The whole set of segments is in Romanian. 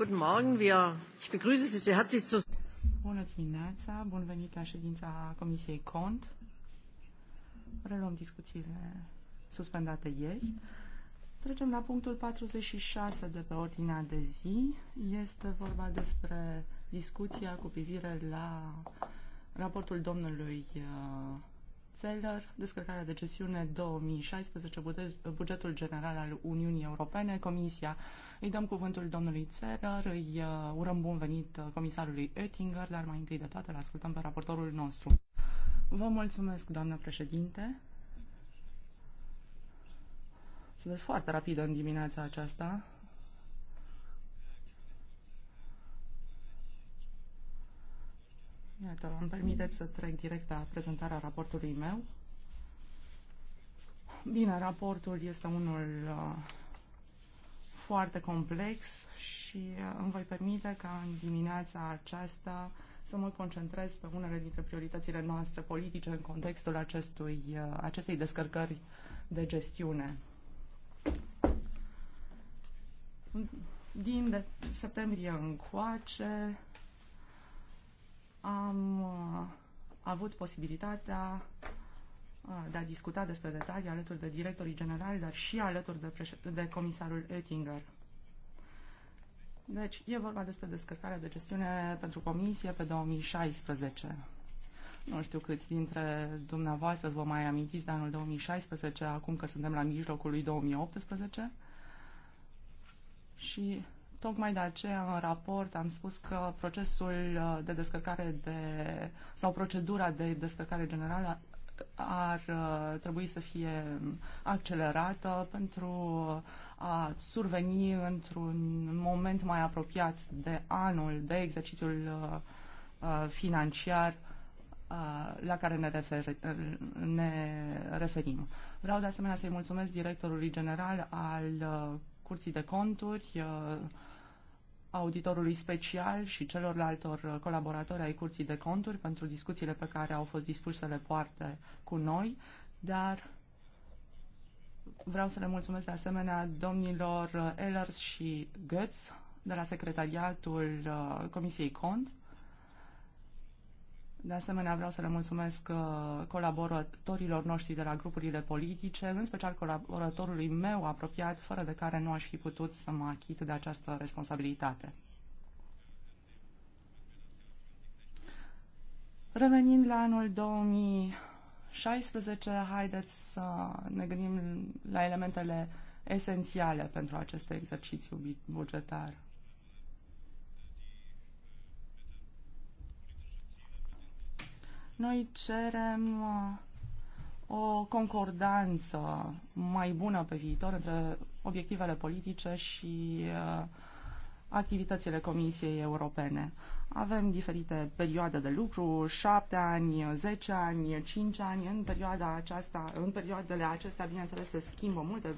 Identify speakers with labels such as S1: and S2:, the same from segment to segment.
S1: Guten Morgen, wir, ich begrüße Sie sehr herzlich
S2: Bună dimineața, bun venit la ședința Comisiei Cont. Reluăm discuțiile suspendate ieri. Trecem la punctul 46 de pe ordinea de zi. Este vorba despre discuția cu privire la raportul domnului uh, Zeller, descărcarea de gestiune 2016, bugetul general al Uniunii Europene, Comisia. Îi dăm cuvântul domnului Zeller, îi uh, urăm bun venit uh, comisarului Oettinger, dar mai întâi de toate îl ascultăm pe raportorul nostru. Vă mulțumesc, doamnă președinte. Sunteți foarte rapidă în dimineața aceasta. Iată, îmi permiteți să trec direct la prezentarea raportului meu. Bine, raportul este unul uh, foarte complex și uh, îmi voi permite ca în dimineața aceasta să mă concentrez pe unele dintre prioritățile noastre politice în contextul acestui, uh, acestei descărcări de gestiune. Din septembrie încoace, am uh, avut posibilitatea uh, de a discuta despre detalii alături de directorii generali, dar și alături de, de comisarul Oettinger. Deci, e vorba despre descărcarea de gestiune pentru comisie pe 2016. Nu știu câți dintre dumneavoastră vă mai amintiți de anul 2016, acum că suntem la mijlocul lui 2018. Și Tocmai de aceea, în raport, am spus că procesul uh, de descărcare de, sau procedura de descărcare generală ar uh, trebui să fie accelerată pentru a surveni într-un moment mai apropiat de anul, de exercițiul uh, financiar la care ne, refer, ne referim. Vreau de asemenea să-i mulțumesc directorului general al Curții de Conturi, auditorului special și celorlaltor colaboratori ai Curții de Conturi pentru discuțiile pe care au fost dispuși să le poarte cu noi, dar vreau să le mulțumesc de asemenea domnilor Ellers și Götz de la secretariatul uh, Comisiei Cont de asemenea, vreau să le mulțumesc uh, colaboratorilor noștri de la grupurile politice, în special colaboratorului meu apropiat, fără de care nu aș fi putut să mă achit de această responsabilitate. Revenind la anul 2016, haideți să ne gândim la elementele esențiale pentru acest exercițiu bugetar. Noi cerem uh, o concordanță mai bună pe viitor între obiectivele politice și uh, activitățile Comisiei Europene. Avem diferite perioade de lucru, 7 ani, 10 ani, 5 ani. În, perioada aceasta, în perioadele acestea, bineînțeles, se schimbă multe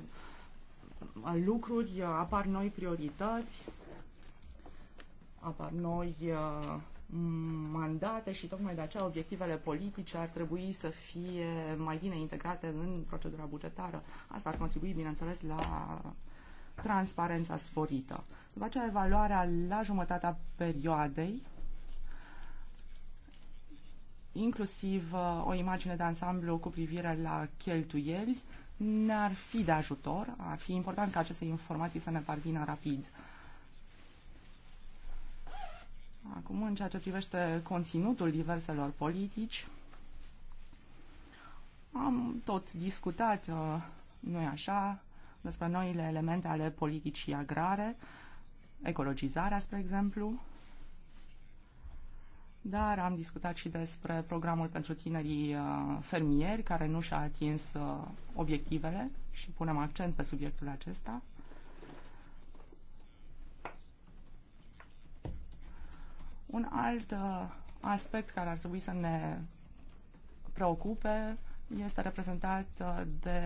S2: uh, lucruri, apar noi priorități, apar noi uh, mandate și tocmai de aceea obiectivele politice ar trebui să fie mai bine integrate în procedura bugetară. Asta ar contribui, bineînțeles, la transparența sporită. După aceea, evaluarea la jumătatea perioadei, inclusiv uh, o imagine de ansamblu cu privire la cheltuieli, ne-ar fi de ajutor, ar fi important ca aceste informații să ne parvină rapid. Acum, în ceea ce privește conținutul diverselor politici, am tot discutat, uh, nu așa, despre noile elemente ale politicii agrare, ecologizarea, spre exemplu, dar am discutat și despre programul pentru tinerii uh, fermieri care nu și-a atins uh, obiectivele și punem accent pe subiectul acesta. Un alt uh, aspect care ar trebui să ne preocupe este reprezentat uh, de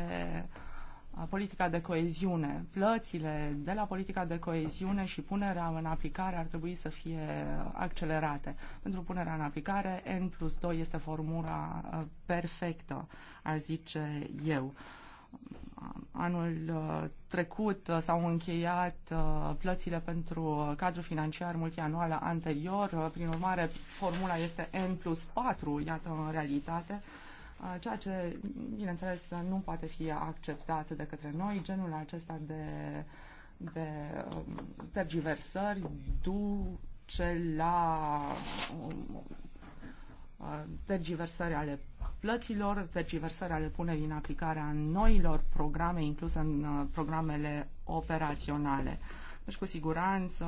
S2: uh, politica de coeziune. Plățile de la politica de coeziune și punerea în aplicare ar trebui să fie accelerate. Pentru punerea în aplicare, N plus 2 este formula perfectă, ar zice eu. Uh, anul uh, trecut uh, s-au încheiat uh, plățile pentru cadrul financiar multianual anterior, prin urmare formula este N plus 4, iată în realitate, ceea ce, bineînțeles, nu poate fi acceptat de către noi, genul acesta de, de um, tergiversări duce la um, tergiversări ale plăților, tergiversări ale punerii în aplicare a noilor programe inclus în uh, programele operaționale. Deci, cu siguranță,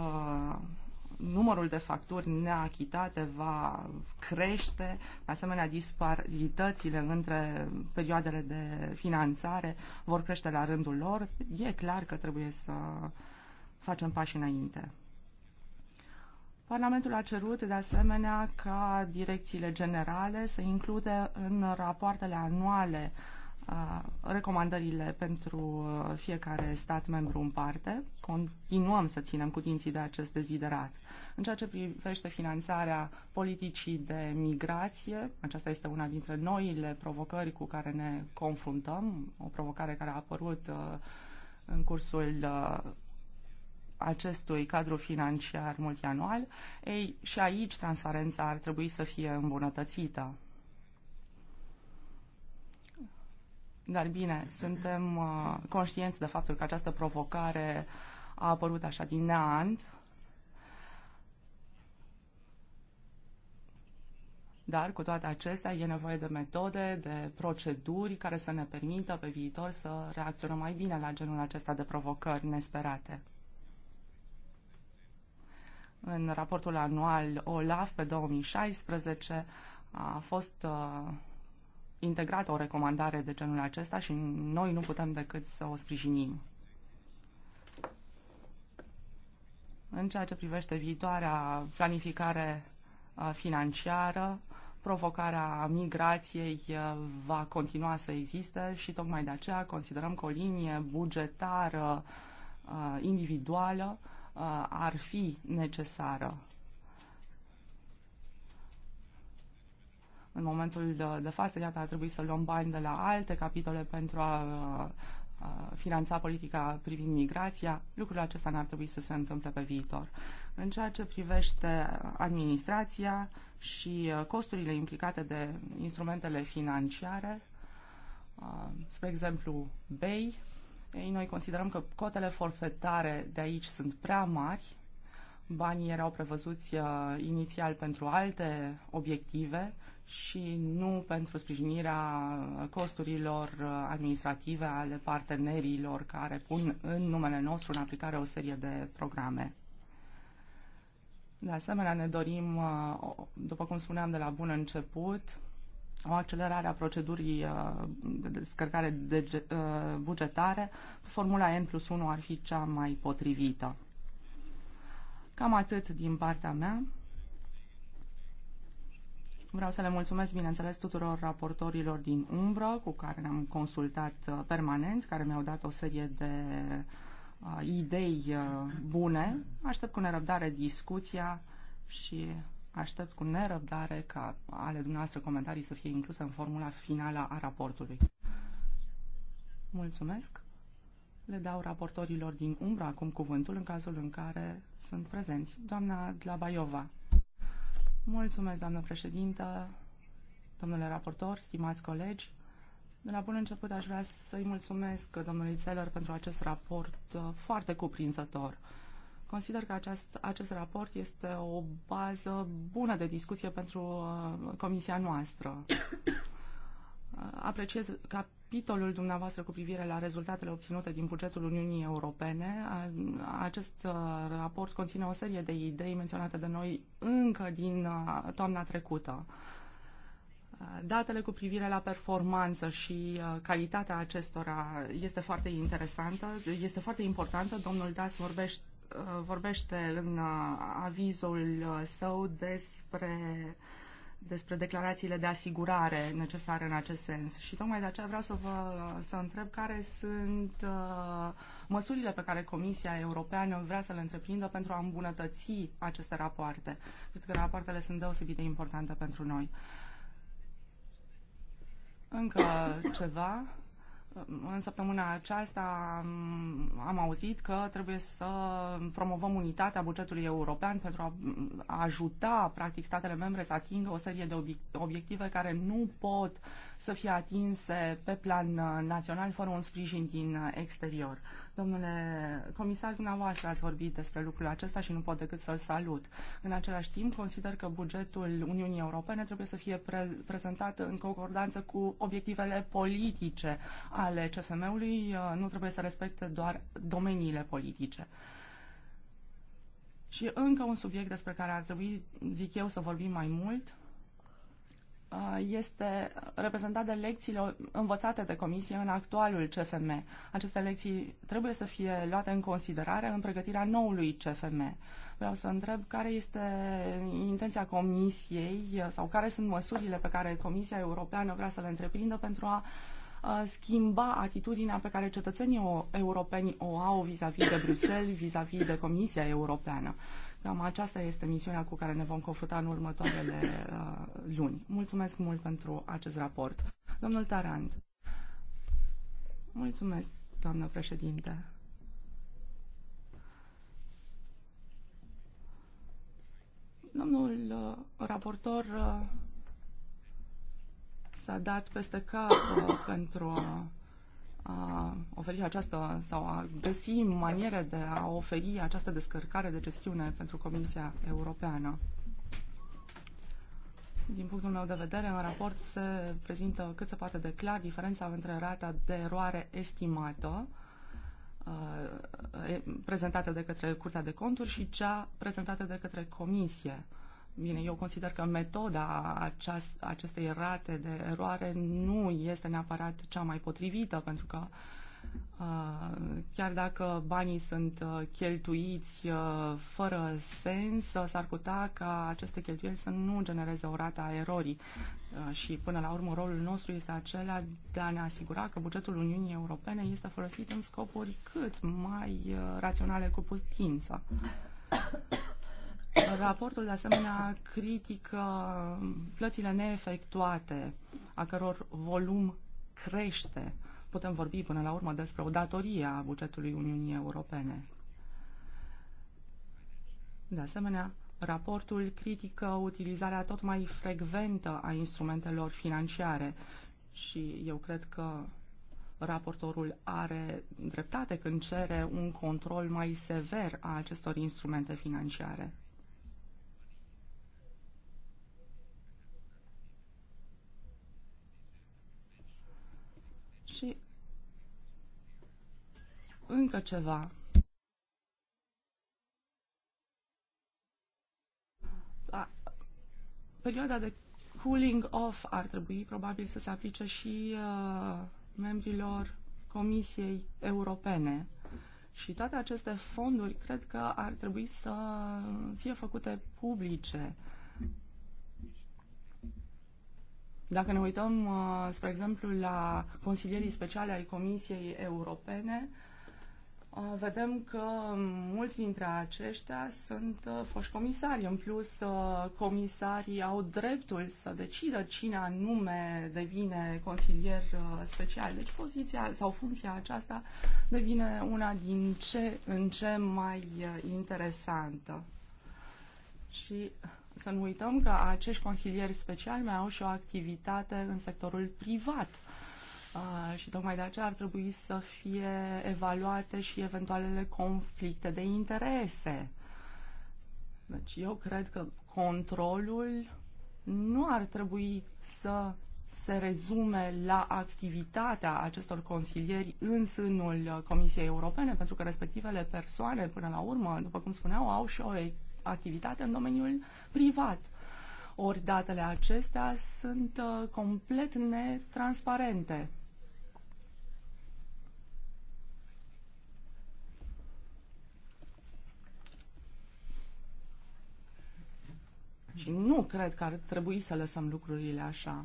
S2: numărul de facturi neachitate va crește, de asemenea disparitățile între perioadele de finanțare vor crește la rândul lor. E clar că trebuie să facem pași înainte. Parlamentul a cerut de asemenea ca direcțiile generale să include în rapoartele anuale uh, recomandările pentru uh, fiecare stat membru în parte. Continuăm să ținem cu dinții de acest deziderat. În ceea ce privește finanțarea politicii de migrație, aceasta este una dintre noile provocări cu care ne confruntăm, o provocare care a apărut uh, în cursul acestui cadru financiar multianual, ei, și aici transparența ar trebui să fie îmbunătățită. Dar bine, suntem uh, conștienți de faptul că această provocare a apărut așa din neant. Dar cu toate acestea e nevoie de metode, de proceduri care să ne permită pe viitor să reacționăm mai bine la genul acesta de provocări nesperate. În raportul anual OLAF pe 2016 a fost uh, integrată o recomandare de genul acesta și noi nu putem decât să o sprijinim. În ceea ce privește viitoarea planificare uh, financiară, provocarea migrației uh, va continua să existe și tocmai de aceea considerăm că o linie bugetară uh, individuală Uh, ar fi necesară. În momentul de, de față, iată, ar trebui să luăm bani de la alte capitole pentru a, a uh, finanța politica privind migrația. Lucrul acesta n-ar trebui să se întâmple pe viitor. În ceea ce privește administrația și uh, costurile implicate de instrumentele financiare, a, spre exemplu BEI, ei, noi considerăm că cotele forfetare de aici sunt prea mari, banii erau prevăzuți uh, inițial pentru alte obiective și nu pentru sprijinirea costurilor uh, administrative ale partenerilor care pun în numele nostru în aplicare o serie de programe. De asemenea, ne dorim, uh, după cum spuneam de la bun început, o accelerare a procedurii uh, de descărcare de uh, bugetare, formula N plus 1 ar fi cea mai potrivită. Cam atât din partea mea. Vreau să le mulțumesc, bineînțeles, tuturor raportorilor din umbră cu care ne-am consultat uh, permanent, care mi-au dat o serie de idei bune. Aștept cu nerăbdare discuția și Aștept cu nerăbdare ca ale dumneavoastră comentarii să fie incluse în formula finală a raportului. Mulțumesc. Le dau raportorilor din umbră acum cuvântul în cazul în care sunt prezenți. Doamna Dlabaiova. Mulțumesc, doamnă președintă, domnule raportor, stimați colegi. De la bun început aș vrea să-i mulțumesc domnului Țeler pentru acest raport uh, foarte cuprinzător. Consider că acest, acest raport este o bază bună de discuție pentru uh, comisia noastră. Uh, apreciez capitolul dumneavoastră cu privire la rezultatele obținute din bugetul Uniunii Europene. Uh, acest raport conține o serie de idei menționate de noi încă din toamna trecută. Datele cu privire la performanță și calitatea acestora este foarte interesantă, este foarte importantă. Domnul Das vorbește Uh, vorbește în uh, avizul uh, său despre despre declarațiile de asigurare necesare în acest sens. Și tocmai de aceea vreau să vă să întreb care sunt măsurile pe care Comisia Europeană vrea să le întreprindă pentru a îmbunătăți aceste rapoarte. Cred că rapoartele sunt deosebit de importante pentru noi. Încă ceva în săptămâna aceasta am auzit că trebuie să promovăm unitatea bugetului european pentru a ajuta, practic, statele membre să atingă o serie de obiective care nu pot uh, să fie atinse pe plan uh, național fără un sprijin din uh, exterior. Domnule comisar, dumneavoastră ați vorbit despre lucrul acesta și nu pot decât să-l salut. În același timp, consider că bugetul Uniunii Europene trebuie să fie pre- prezentat în concordanță cu obiectivele politice ale CFM-ului, uh, nu trebuie să respecte doar domeniile politice. Și încă un subiect despre care ar trebui, zic eu, să vorbim mai mult, Uh, este reprezentat de lecțiile învățate de comisie în actualul CFM. Aceste lecții trebuie să fie luate în considerare în pregătirea noului CFM. Vreau să întreb care este intenția comisiei uh, sau care sunt măsurile pe care Comisia Europeană vrea să le întreprindă pentru a uh, schimba atitudinea pe care cetățenii europeni o au vis-a-vis -vis de Bruxelles, vis-a-vis -vis de Comisia Europeană. Cam aceasta este misiunea cu care ne vom confrunta în următoarele uh, luni. Mulțumesc mult pentru acest raport. Domnul Tarand. Mulțumesc, doamnă președinte. Domnul uh, raportor uh, s-a dat peste cap uh, pentru Uh, a oferi această sau a găsi maniere de a oferi această descărcare de gestiune pentru Comisia Europeană. Din punctul meu de vedere, în raport se prezintă cât se poate de clar diferența între rata de eroare estimată prezentată de către Curtea de Conturi și cea prezentată de către Comisie. Bine, eu consider că metoda aceast, acestei rate de eroare nu este neapărat cea mai potrivită, pentru că uh, chiar dacă banii sunt uh, cheltuiți uh, fără sens, s-ar putea ca aceste cheltuieli să nu genereze o rată a erorii. Și până la urmă rolul nostru este acela de a ne asigura că bugetul Uniunii Europene este folosit în scopuri cât mai raționale cu putință. Raportul, de asemenea, critică plățile neefectuate, a căror volum crește. Putem vorbi până la urmă despre o datorie a bugetului Uniunii Europene. De asemenea, raportul critică utilizarea tot mai frecventă a instrumentelor financiare și eu cred că raportorul are dreptate când cere un control mai sever a acestor instrumente financiare. Și încă ceva. La perioada de cooling off ar trebui probabil să se aplice și uh, membrilor Comisiei Europene. Și toate aceste fonduri cred că ar trebui să fie făcute publice. Uh, Dacă ne uităm, uh, spre exemplu, la consilierii speciale ai Comisiei Europene, uh, vedem că mulți dintre aceștia sunt uh, foști comisari. În plus, comisarii au dreptul să decidă cine anume devine consilier special. Deci poziția sau funcția aceasta devine una din ce în ce mai interesantă. Și să nu uităm că acești consilieri speciali mai au și o activitate în sectorul privat. Uh, și tocmai de aceea ar trebui să fie evaluate și eventualele conflicte de interese. Deci eu cred că controlul nu ar trebui să se rezume la activitatea acestor consilieri în sânul Comisiei Europene, pentru că respectivele persoane, până la urmă, după cum spuneau, au și o activitate în domeniul privat. Ori datele acestea sunt uh, complet netransparente. Și nu cred că ar trebui să lăsăm lucrurile așa.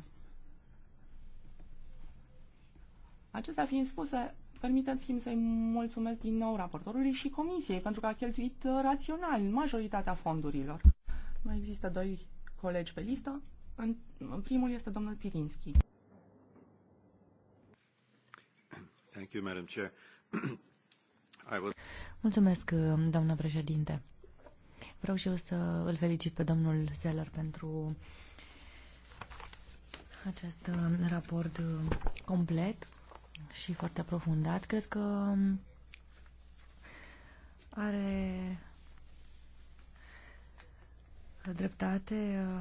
S2: Acestea fiind spuse, Permiteți-mi să-i mulțumesc din nou raportorului și comisiei pentru că a cheltuit uh, rațional majoritatea fondurilor. Mai există doi colegi pe listă. În, primul este domnul Pirinski.
S1: Thank you, Madam Chair. I was...
S2: Mulțumesc,
S3: uh, doamnă președinte. Vreau și eu să îl felicit pe domnul Zeller pentru acest uh, raport complet și foarte aprofundat. Cred că are dreptate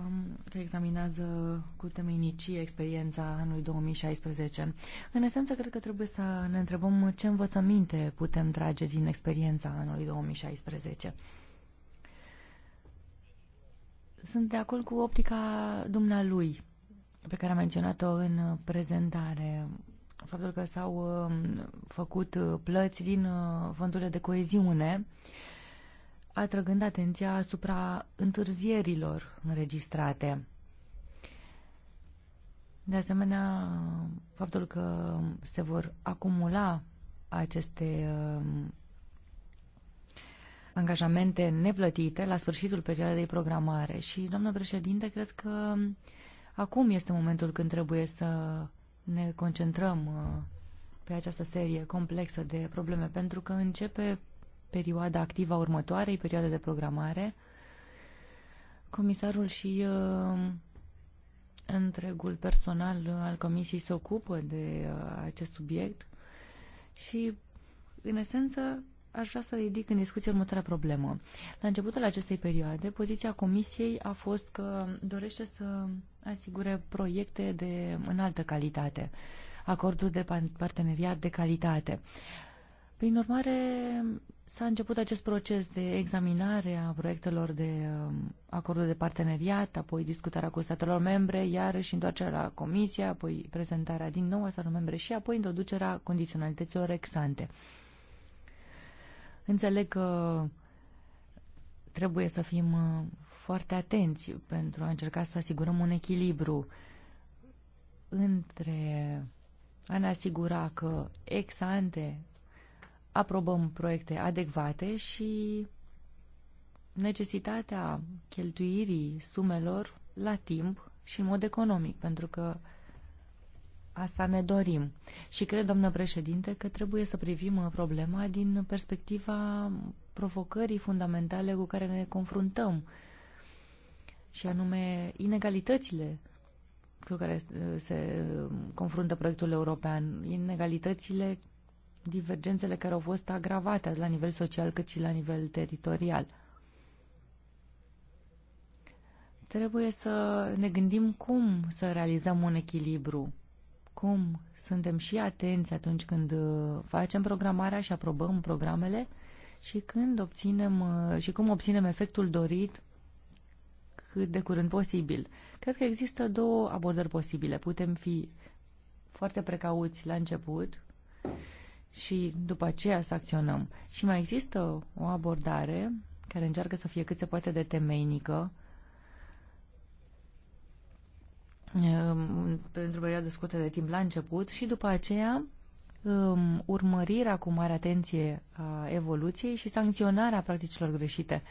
S3: um, reexaminează cu temeinicie experiența anului 2016. În esență, cred că trebuie să ne întrebăm ce învățăminte putem trage din experiența anului 2016. Sunt de acord cu optica dumnealui pe care am menționat-o în prezentare faptul că s-au um, făcut uh, plăți din uh, fondurile de coeziune, atrăgând atenția asupra întârzierilor înregistrate. De asemenea, faptul că se vor acumula aceste um, angajamente neplătite la sfârșitul perioadei programare. Și, doamnă președinte, cred că acum este momentul când trebuie să ne concentrăm uh, pe această serie complexă de probleme, pentru că începe perioada activă a următoarei, perioada de programare. Comisarul și uh, întregul personal al comisiei se ocupă de uh, acest subiect și, în esență, aș vrea să ridic în discuție următoarea problemă. La începutul acestei perioade, poziția Comisiei a fost că dorește să asigure proiecte de înaltă calitate, acorduri de parteneriat de calitate. Prin urmare, s-a început acest proces de examinare a proiectelor de um, acorduri de parteneriat, apoi discutarea cu statelor membre, iarăși întoarcerea la Comisia, apoi prezentarea din nou a statelor membre și apoi introducerea condiționalităților exante. ante Înțeleg că trebuie să fim uh, foarte atenți pentru a încerca să asigurăm un echilibru între a ne asigura că ex ante aprobăm proiecte adecvate și necesitatea cheltuirii sumelor la timp și în mod economic, pentru că Asta ne dorim. Și cred, doamnă președinte, că trebuie să privim uh, problema din perspectiva provocării fundamentale cu care ne confruntăm, și anume inegalitățile cu care uh, se uh, confruntă proiectul european, inegalitățile, divergențele care au fost agravate la nivel social cât și la nivel teritorial. Trebuie să ne gândim cum să realizăm un echilibru cum suntem și atenți atunci când uh, facem programarea și aprobăm programele și când obținem uh, și cum obținem efectul dorit cât de curând posibil. Cred că există două abordări posibile. Putem fi foarte precauți la început și după aceea să acționăm. Și mai există o abordare care încearcă să fie cât se poate de temeinică Ehm, pentru o perioadă scurtă de timp la început și după aceea ehm, urmărirea cu mare atenție a evoluției și sancționarea practicilor greșite.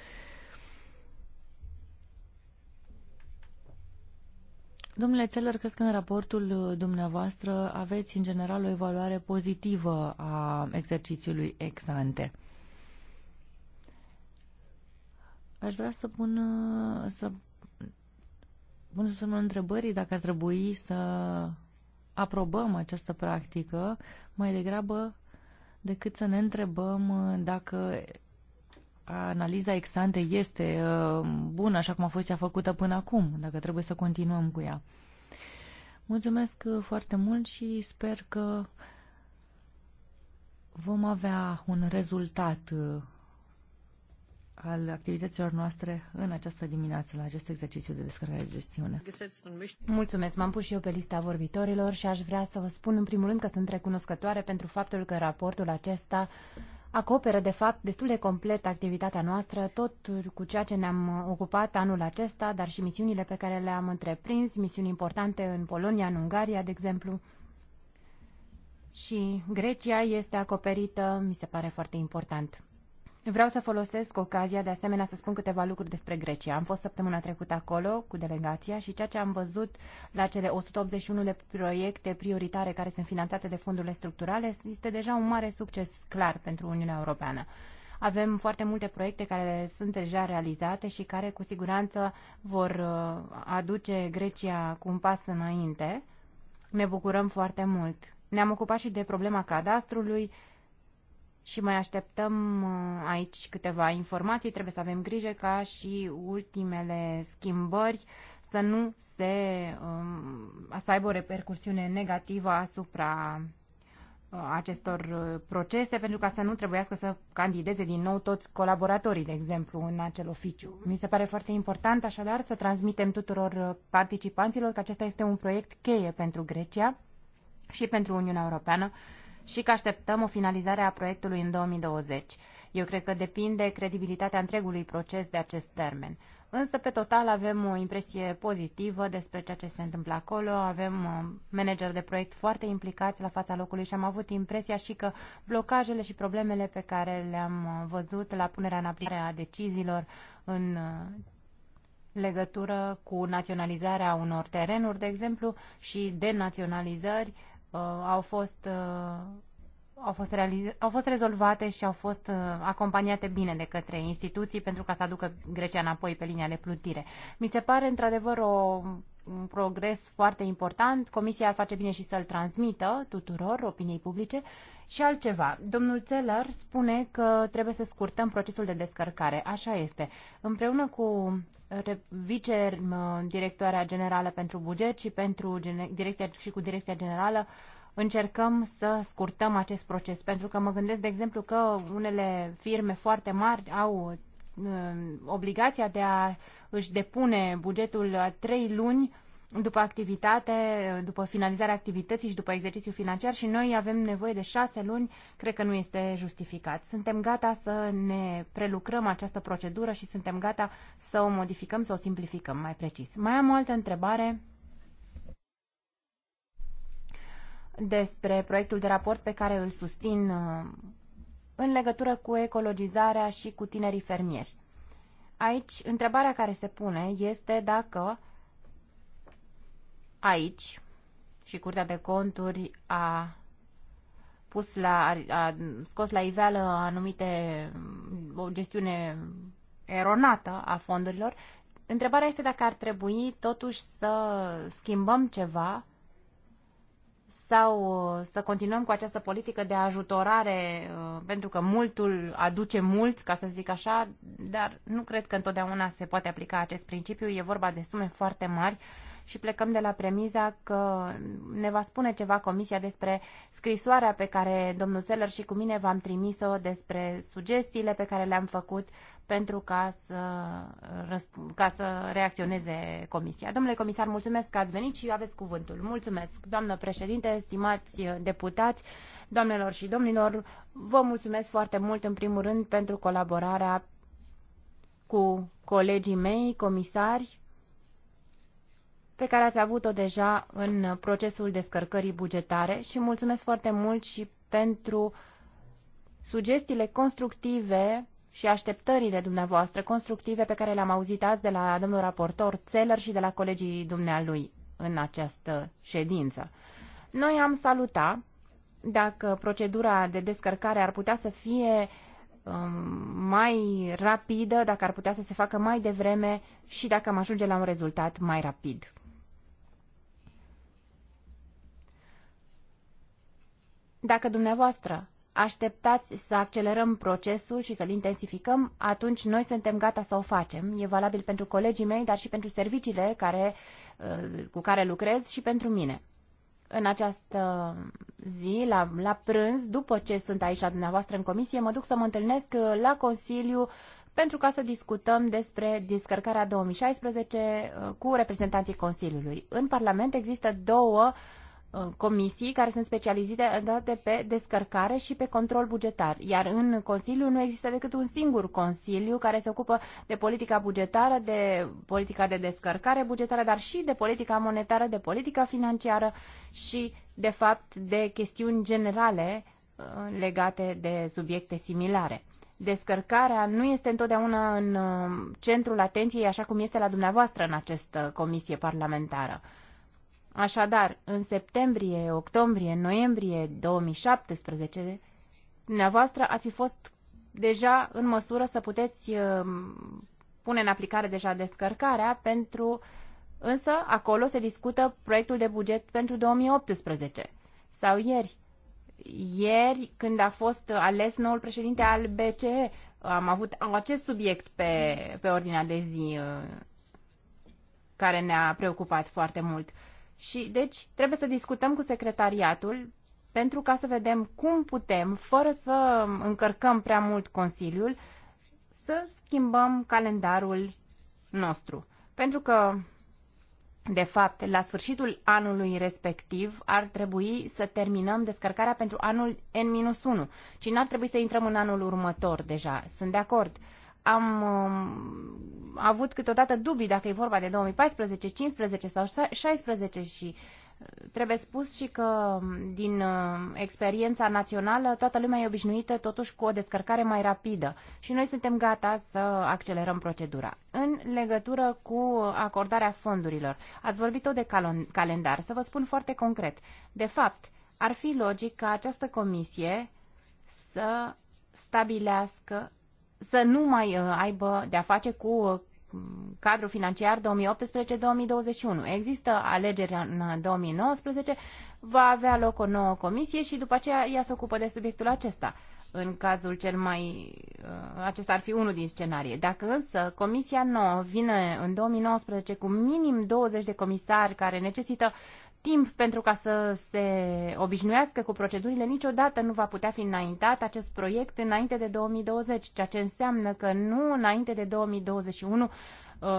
S3: Domnule Țeller, cred că în raportul uh, dumneavoastră aveți în general o evaluare pozitivă a exercițiului ex ante. Aș vrea să pun, uh, să pun sub semnul întrebării dacă ar trebui să aprobăm această practică mai degrabă decât să ne întrebăm uh, dacă analiza exante este uh, bună așa cum a fost ea făcută până acum, dacă trebuie să continuăm cu ea. Mulțumesc uh, foarte mult și sper că vom avea un rezultat al activităților noastre în această dimineață la acest exercițiu de descărcare de gestiune.
S4: Mulțumesc, m-am pus și eu pe lista vorbitorilor și aș vrea să vă spun în primul rând că sunt recunoscătoare pentru faptul că raportul acesta acoperă de fapt destul de complet activitatea noastră, tot cu ceea ce ne-am ocupat anul acesta, dar și misiunile pe care le-am întreprins, misiuni importante în Polonia, în Ungaria, de exemplu. Și Grecia este acoperită, mi se pare foarte important. Vreau să folosesc ocazia de asemenea să spun câteva lucruri despre Grecia. Am fost săptămâna trecută acolo cu delegația și ceea ce am văzut la cele 181 de proiecte prioritare care sunt finanțate de fondurile structurale este deja un mare succes clar pentru Uniunea Europeană. Avem foarte multe proiecte care sunt deja realizate și care cu siguranță vor uh, aduce Grecia cu un pas înainte. Ne bucurăm foarte mult. Ne-am ocupat și de problema cadastrului și mai așteptăm uh, aici câteva informații. Trebuie să avem grijă ca și ultimele schimbări să nu se, um, să aibă o repercursiune negativă asupra uh, acestor uh, procese, pentru ca să nu trebuiască să candideze din nou toți colaboratorii, de exemplu, în acel oficiu. Mi se pare foarte important, așadar, să transmitem tuturor participanților că acesta este un proiect cheie pentru Grecia și pentru Uniunea Europeană și că așteptăm o finalizare a proiectului în 2020. Eu cred că depinde credibilitatea întregului proces de acest termen. Însă, pe total, avem o impresie pozitivă despre ceea ce se întâmplă acolo. Avem uh, manageri de proiect foarte implicați la fața locului și am avut impresia și că blocajele și problemele pe care le-am uh, văzut la punerea în aplicare a deciziilor în uh, legătură cu naționalizarea unor terenuri, de exemplu, și denaționalizări, uh, au fost uh, au fost, realiz- au fost rezolvate și au fost uh, acompaniate bine de către instituții pentru ca să aducă Grecia înapoi pe linia de plutire. Mi se pare într-adevăr o un progres foarte important. Comisia ar face bine și să-l transmită tuturor opiniei publice. Și altceva, domnul Țeller spune că trebuie să scurtăm procesul de descărcare. Așa este. Împreună cu vice vice-directoarea generală pentru buget și, pentru direcția, și cu direcția generală încercăm să scurtăm acest proces. Pentru că mă gândesc, de exemplu, că unele firme foarte mari au Um, obligația de a își depune bugetul a trei luni după activitate, după finalizarea activității și după exercițiul financiar și noi avem nevoie de șase luni, cred că nu este justificat. Suntem gata să ne prelucrăm această procedură și suntem gata să o modificăm, să o simplificăm mai precis. Mai am o altă întrebare despre proiectul de raport pe care îl susțin uh, în legătură cu ecologizarea și cu tinerii fermieri. Aici, întrebarea care se pune este dacă aici și Curtea de Conturi a pus la, a scos la iveală anumite o gestiune eronată a fondurilor. Întrebarea este dacă ar trebui totuși să schimbăm ceva sau uh, să continuăm cu această politică de ajutorare, uh, pentru că multul aduce mult, ca să zic așa, dar nu cred că întotdeauna se poate aplica acest principiu. E vorba de sume foarte mari și plecăm de la premiza că ne va spune ceva Comisia despre scrisoarea pe care domnul Seller și cu mine v-am trimis-o despre sugestiile pe care le-am făcut pentru ca să, ca să reacționeze Comisia. Domnule comisar, mulțumesc că ați venit și aveți cuvântul. Mulțumesc, doamnă președinte, stimați deputați, doamnelor și domnilor, vă mulțumesc foarte mult, în primul rând, pentru colaborarea cu colegii mei, comisari, pe care ați avut-o deja în procesul descărcării bugetare și mulțumesc foarte mult și pentru sugestiile constructive și așteptările dumneavoastră constructive pe care le-am auzit azi de la domnul raportor Țeler și de la colegii dumnealui în această ședință. Noi am salutat dacă procedura de descărcare ar putea să fie um, mai rapidă, dacă ar putea să se facă mai devreme și dacă am ajunge la un rezultat mai rapid. Dacă dumneavoastră așteptați să accelerăm procesul și să-l intensificăm, atunci noi suntem gata să o facem. E valabil pentru colegii mei, dar și pentru serviciile care, uh, cu care lucrez și pentru mine. În această zi, la, la prânz, după ce sunt aici la dumneavoastră în comisie, mă duc să mă întâlnesc uh, la Consiliu pentru ca să discutăm despre descărcarea 2016 uh, cu reprezentanții Consiliului. În Parlament există două uh, Uh, comisii care sunt specializate pe descărcare și pe control bugetar. Iar în Consiliu nu există decât un singur Consiliu care se ocupă de politica bugetară, de politica de descărcare bugetară, dar și de politica monetară, de politica financiară și, de fapt, de chestiuni generale uh, legate de subiecte similare. Descărcarea nu este întotdeauna în uh, centrul atenției așa cum este la dumneavoastră în această comisie parlamentară. Așadar, în septembrie, octombrie, noiembrie 2017, dumneavoastră ați fost deja în măsură să puteți um, pune în aplicare deja descărcarea pentru însă acolo se discută proiectul de buget pentru 2018 sau ieri ieri când a fost ales noul președinte al BCE am avut acest subiect pe, pe ordinea de zi uh, care ne-a preocupat foarte mult. Și deci trebuie să discutăm cu secretariatul pentru ca să vedem cum putem, fără să încărcăm prea mult Consiliul, să schimbăm calendarul nostru. Pentru că, de fapt, la sfârșitul anului respectiv ar trebui să terminăm descărcarea pentru anul N-1, ci n-ar trebui să intrăm în anul următor deja. Sunt de acord. Uh, am uh, avut câteodată dubii dacă e vorba de 2014, 15 sau 16 și uh, trebuie spus și că um, din uh, experiența națională toată lumea e obișnuită totuși cu o descărcare mai rapidă și noi suntem gata să accelerăm procedura. În legătură cu acordarea fondurilor, ați vorbit tot de calendar, să vă spun foarte concret. De fapt, ar fi logic ca această comisie să stabilească să nu mai uh, aibă de-a face cu uh, cadrul financiar 2018-2021. Există alegeri în 2019, uh, va avea loc o nouă comisie și după aceea ea se ocupă de subiectul acesta. În cazul cel mai... acesta ar fi unul din scenarii. Dacă însă comisia nouă vine în 2019 cu minim 20 de comisari care necesită timp pentru ca să se obișnuiască cu procedurile, niciodată nu va putea fi înaintat acest proiect înainte de 2020, ceea ce înseamnă că nu înainte de 2021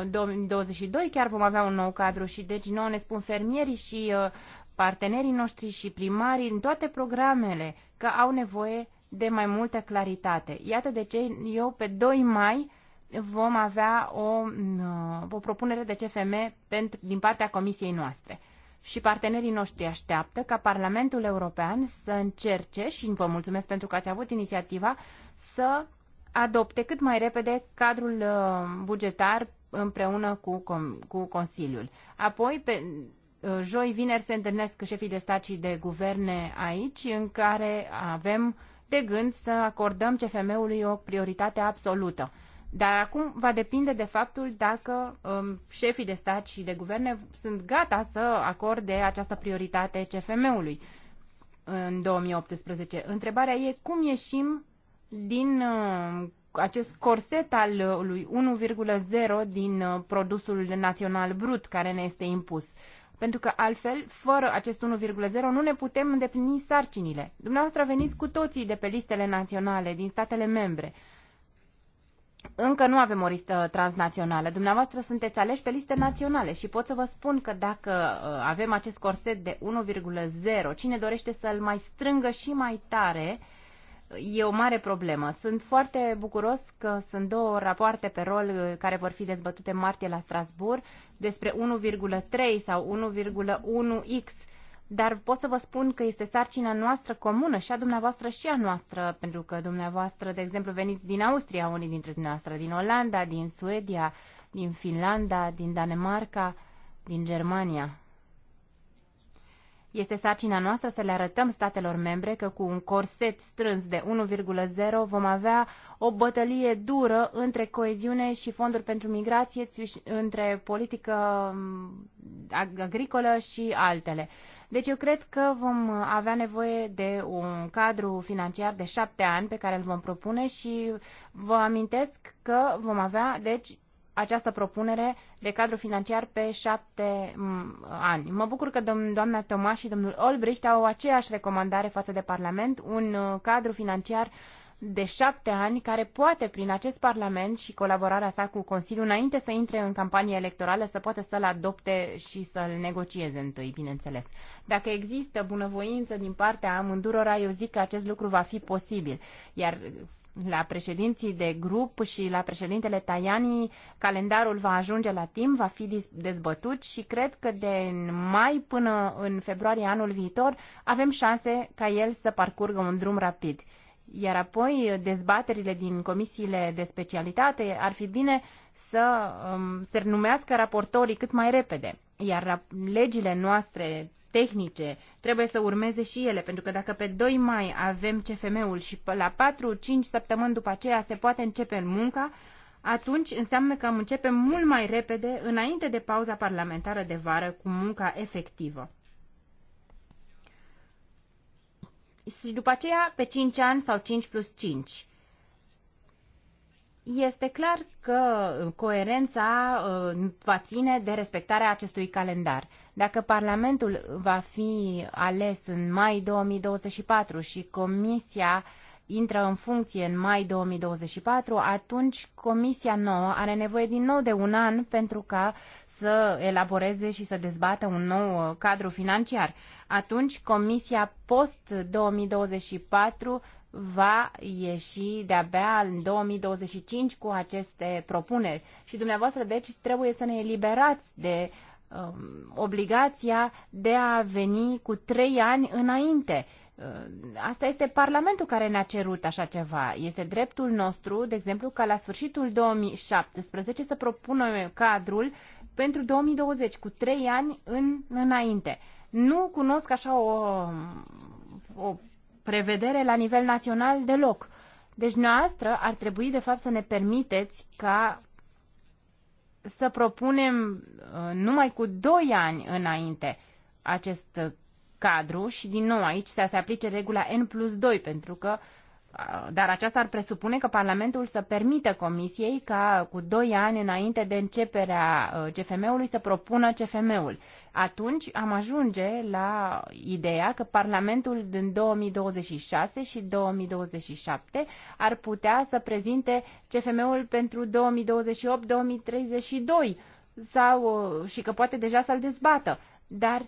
S4: 2022 uh, chiar vom avea un nou cadru și deci nouă ne spun fermierii și uh, partenerii noștri și primarii în toate programele că au nevoie de mai multă claritate. Iată de ce eu pe 2 mai vom avea o, uh, o propunere de CFM pentru, din partea comisiei noastre și partenerii noștri așteaptă ca Parlamentul European să încerce, și vă mulțumesc pentru că ați avut inițiativa, să adopte cât mai repede cadrul uh, bugetar împreună cu, cu Consiliul. Apoi, pe, uh, joi, vineri se întâlnesc șefii de stat și de guverne aici, în care avem de gând să acordăm CFM-ului o prioritate absolută. Dar acum va depinde de faptul dacă um, șefii de stat și de guverne sunt gata să acorde această prioritate CFM-ului în 2018. Întrebarea e cum ieșim din uh, acest corset al lui 1,0 din uh, produsul național brut care ne este impus. Pentru că altfel, fără acest 1,0, nu ne putem îndeplini sarcinile. Dumneavoastră veniți cu toții de pe listele naționale din statele membre. Încă nu avem o listă transnațională. Dumneavoastră sunteți aleși pe liste naționale și pot să vă spun că dacă uh, avem acest corset de 1,0, cine dorește să-l mai strângă și mai tare, e o mare problemă. Sunt foarte bucuros că sunt două rapoarte pe rol uh, care vor fi dezbătute martie la Strasbourg despre 1,3 sau 1,1x dar pot să vă spun că este sarcina noastră comună și a dumneavoastră și a noastră, pentru că dumneavoastră, de exemplu, veniți din Austria, unii dintre dumneavoastră, din Olanda, din Suedia, din Finlanda, din Danemarca, din Germania. Este sarcina noastră să le arătăm statelor membre că cu un corset strâns de 1,0 vom avea o bătălie dură între coeziune și fonduri pentru migrație, între politică mm, agricolă și altele. Deci eu cred că vom avea nevoie de un cadru financiar de șapte ani pe care îl vom propune și vă amintesc că vom avea, deci, această propunere de cadru financiar pe șapte ani. Mă bucur că dom- doamna Tomaș și domnul Olbricht au aceeași recomandare față de Parlament, un uh, cadru financiar uh, de șapte ani care poate prin acest Parlament și colaborarea sa cu Consiliul înainte să intre în campanie electorală să poată să-l adopte și să-l negocieze întâi, bineînțeles. Dacă există bunăvoință din partea amândurora, eu zic că acest lucru va fi posibil. Iar la președinții de grup și la președintele Tajani calendarul va ajunge la timp, va fi dezbătut și cred că de mai până în februarie anul viitor avem șanse ca el să parcurgă un drum rapid. Iar apoi dezbaterile din comisiile de specialitate ar fi bine să um, se numească raportorii cât mai repede. Iar legile noastre tehnice trebuie să urmeze și ele, pentru că dacă pe 2 mai avem CFM-ul și la 4-5 săptămâni după aceea se poate începe munca, atunci înseamnă că am începe mult mai repede, înainte de pauza parlamentară de vară, cu munca efectivă. și după aceea pe 5 ani sau 5 plus 5. Este clar că coerența uh, va ține de respectarea acestui calendar. Dacă Parlamentul va fi ales în mai 2024 și Comisia intră în funcție în mai 2024, atunci Comisia nouă are nevoie din nou de un an pentru ca să elaboreze și să dezbată un nou uh, cadru financiar atunci Comisia post-2024 va ieși de-abia în 2025 cu aceste propuneri. Și dumneavoastră, deci, trebuie să ne eliberați de uh, obligația de a veni cu trei ani înainte. Uh, asta este Parlamentul care ne-a cerut așa ceva. Este dreptul nostru, de exemplu, ca la sfârșitul 2017 să propunem cadrul pentru 2020 cu trei ani în, înainte nu cunosc așa o, o prevedere la nivel național deloc. Deci noastră ar trebui de fapt să ne permiteți ca să propunem uh, numai cu 2 ani înainte acest cadru și din nou aici să se aplice regula N plus 2 pentru că uh, Uh, dar aceasta ar presupune că Parlamentul să permită Comisiei ca cu doi ani înainte de începerea uh, CFM-ului să propună CFM-ul. Atunci am ajunge la ideea că Parlamentul din 2026 și 2027 ar putea să prezinte CFM-ul pentru 2028-2032 sau, uh, și că poate deja să-l dezbată. Dar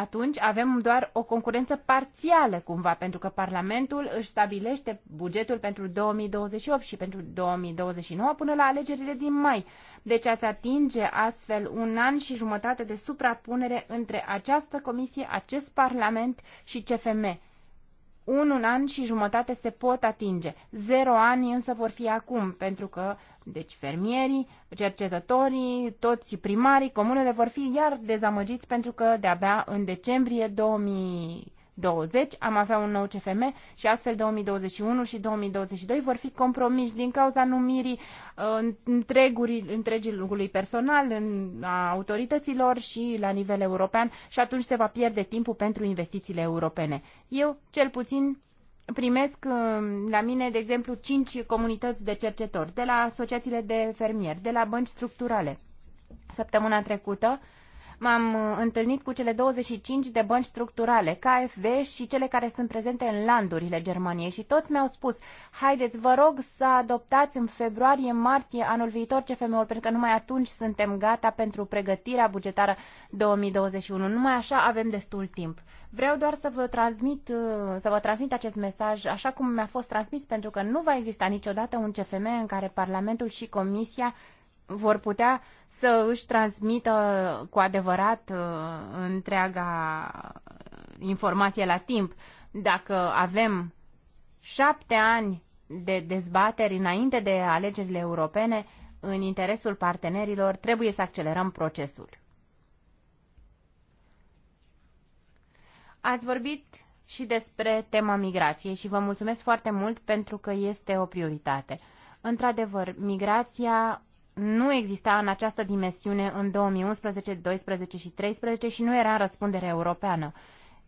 S4: atunci avem doar o concurență parțială cumva, pentru că Parlamentul își stabilește bugetul pentru 2028 și pentru 2029 până la alegerile din mai. Deci ați atinge astfel un an și jumătate de suprapunere între această comisie, acest Parlament și CFM un, un an și jumătate se pot atinge. Zero ani însă vor fi acum, pentru că deci fermierii, cercetătorii, toți primarii, comunele vor fi iar dezamăgiți pentru că de-abia în decembrie 2000 2020, am avea un nou CFM și astfel 2021 și 2022 vor fi compromiși din cauza numirii uh, întregului personal, în, a autorităților și la nivel european și atunci se va pierde timpul pentru investițiile europene. Eu, cel puțin, primesc uh, la mine, de exemplu, cinci comunități de cercetori, de la asociațiile de fermieri, de la bănci structurale. Săptămâna trecută, m-am uh, întâlnit cu cele 25 de bănci structurale, KfW și cele care sunt prezente în landurile Germaniei și toți mi-au spus, haideți, vă rog să adoptați în februarie-martie anul viitor CFM-ul, pentru că numai atunci suntem gata pentru pregătirea bugetară 2021. Numai așa avem destul timp. Vreau doar să vă transmit, uh, să vă transmit acest mesaj așa cum mi-a fost transmis, pentru că nu va exista niciodată un CFM în care Parlamentul și Comisia vor putea să își transmită cu adevărat uh, întreaga informație la timp. Dacă avem șapte ani de dezbateri înainte de alegerile europene, în interesul partenerilor, trebuie să accelerăm procesul. Ați vorbit și despre tema migrației și vă mulțumesc foarte mult pentru că este o prioritate. Într-adevăr, migrația nu exista în această dimensiune în 2011, 2012 și 2013 și nu era răspundere europeană.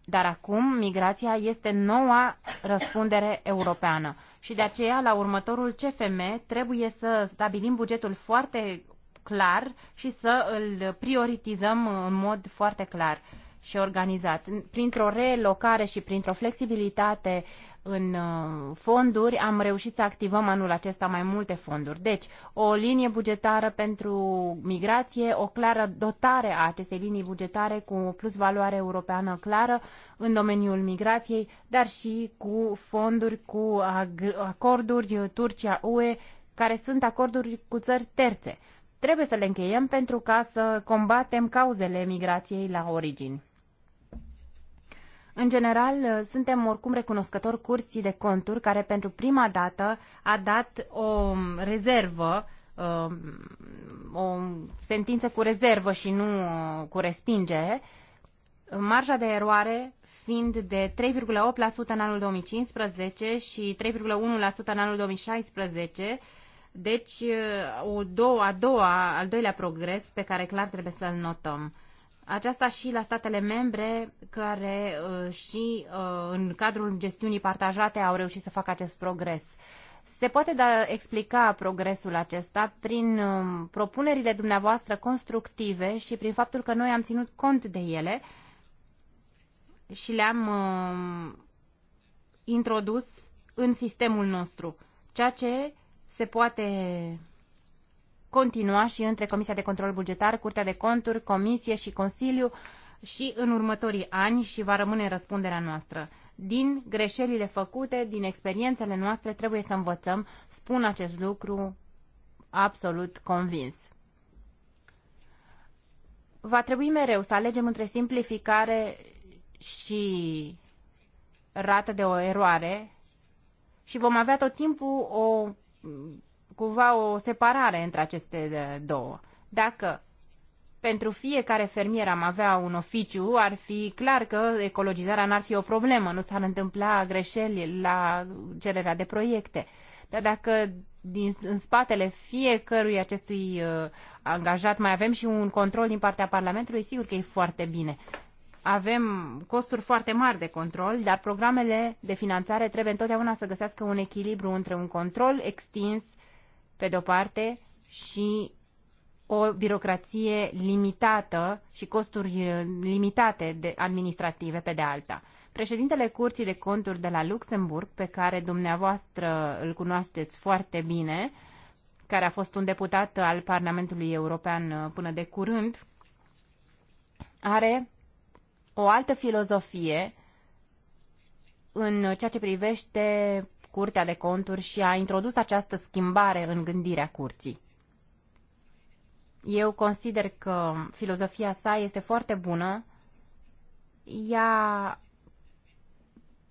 S4: Dar acum migrația este noua răspundere europeană și de aceea la următorul CFM trebuie să stabilim bugetul foarte clar și să îl prioritizăm în mod foarte clar și organizat. Printr-o relocare și printr-o flexibilitate în uh, fonduri, am reușit să activăm anul acesta mai multe fonduri. Deci, o linie bugetară pentru migrație, o clară dotare a acestei linii bugetare cu o plus valoare europeană clară în domeniul migrației, dar și cu fonduri, cu acorduri uh, Turcia-UE, care sunt acorduri cu țări terțe. Trebuie să le încheiem pentru ca să combatem cauzele migrației la origini. În general, uh, suntem oricum recunoscători curții de conturi care pentru prima dată a dat o rezervă, uh, o sentință cu rezervă și nu uh, cu respingere, marja de eroare fiind de 3,8% în anul 2015 și 3,1% în anul 2016, deci o doua, a doua, al doilea progres pe care clar trebuie să-l notăm. Aceasta și la statele membre care uh, și uh, în cadrul gestiunii partajate au reușit să facă acest progres. Se poate da, explica progresul acesta prin um, propunerile dumneavoastră constructive și prin faptul că noi am ținut cont de ele și le-am um, introdus în sistemul nostru, ceea ce se poate continua și între Comisia de Control Bugetar, Curtea de Conturi, Comisie și Consiliu și în următorii ani și va rămâne răspunderea noastră. Din greșelile făcute, din experiențele noastre, trebuie să învățăm, spun acest lucru absolut convins. Va trebui mereu să alegem între simplificare și rată de o eroare și vom avea tot timpul o cumva o separare între aceste uh, două. Dacă pentru fiecare fermier am avea un oficiu, ar fi clar că ecologizarea n-ar fi o problemă, nu s-ar întâmpla greșeli la cererea de proiecte. Dar dacă din, în spatele fiecărui acestui uh, angajat mai avem și un control din partea Parlamentului, sigur că e foarte bine. Avem costuri foarte mari de control, dar programele de finanțare trebuie întotdeauna să găsească un echilibru între un control extins pe de-o parte, și o birocrație limitată și costuri uh, limitate de administrative pe de alta. Președintele Curții de Conturi de la Luxemburg, pe care dumneavoastră îl cunoașteți foarte bine, care a fost un deputat al Parlamentului European uh, până de curând, are o altă filozofie în ceea ce privește Curtea de Conturi și a introdus această schimbare în gândirea Curții. Eu consider că filozofia sa este foarte bună. Ea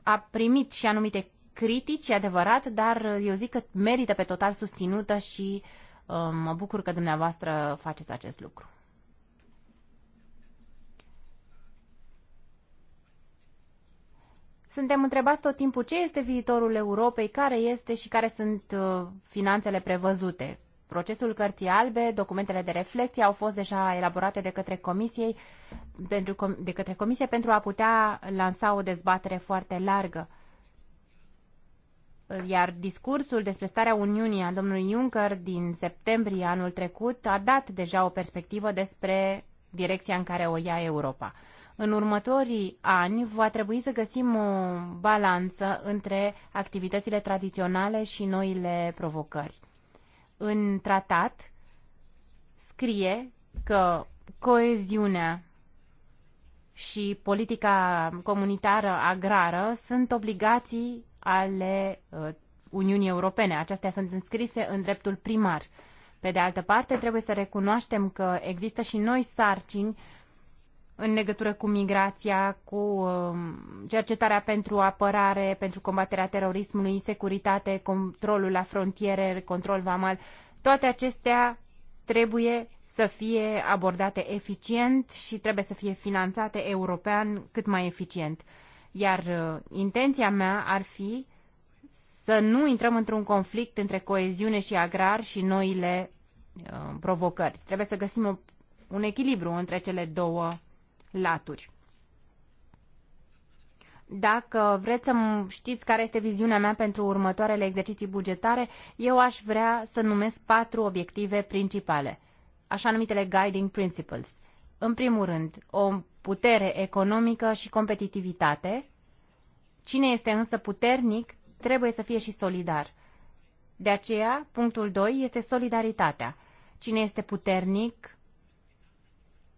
S4: a primit și anumite critici, adevărat, dar eu zic că merită pe total susținută și uh, mă bucur că dumneavoastră faceți acest lucru. Suntem întrebați tot timpul ce este viitorul Europei, care este și care sunt uh, finanțele prevăzute. Procesul cărții albe, documentele de reflecție au fost deja elaborate de către, comisiei, pentru, de către comisie pentru a putea lansa o dezbatere foarte largă. Iar discursul despre starea Uniunii a domnului Juncker din septembrie anul trecut a dat deja o perspectivă despre direcția în care o ia Europa. În următorii ani va trebui să găsim o balanță între activitățile tradiționale și noile provocări. În tratat scrie că coeziunea și politica comunitară agrară sunt obligații ale uh, Uniunii Europene. Acestea sunt înscrise în dreptul primar. Pe de altă parte, trebuie să recunoaștem că există și noi sarcini în legătură cu migrația, cu um, cercetarea pentru apărare, pentru combaterea terorismului, securitate, controlul la frontiere, control vamal, toate acestea trebuie să fie abordate eficient și trebuie să fie finanțate european cât mai eficient. Iar uh, intenția mea ar fi să nu intrăm într-un conflict între coeziune și agrar și noile uh, provocări. Trebuie să găsim o, un echilibru între cele două laturi. Dacă vreți să știți care este viziunea mea pentru următoarele exerciții bugetare, eu aș vrea să numesc patru obiective principale, așa numitele guiding principles. În primul rând, o putere economică și competitivitate. Cine este însă puternic, trebuie să fie și solidar. De aceea, punctul 2 este solidaritatea. Cine este puternic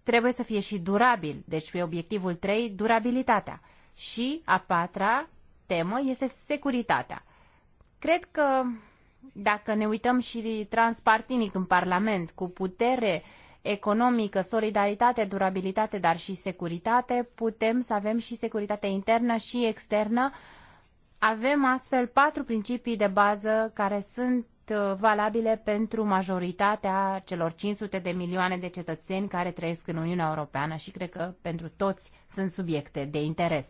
S4: trebuie să fie și durabil. Deci pe obiectivul 3, durabilitatea. Și a patra temă este securitatea. Cred că dacă ne uităm și transpartinic în Parlament, cu putere economică, solidaritate, durabilitate, dar și securitate, putem să avem și securitate internă și externă. Avem astfel patru principii de bază care sunt Uh, valabile pentru majoritatea celor 500 de milioane de cetățeni care trăiesc în Uniunea Europeană și cred că pentru toți sunt subiecte de interes.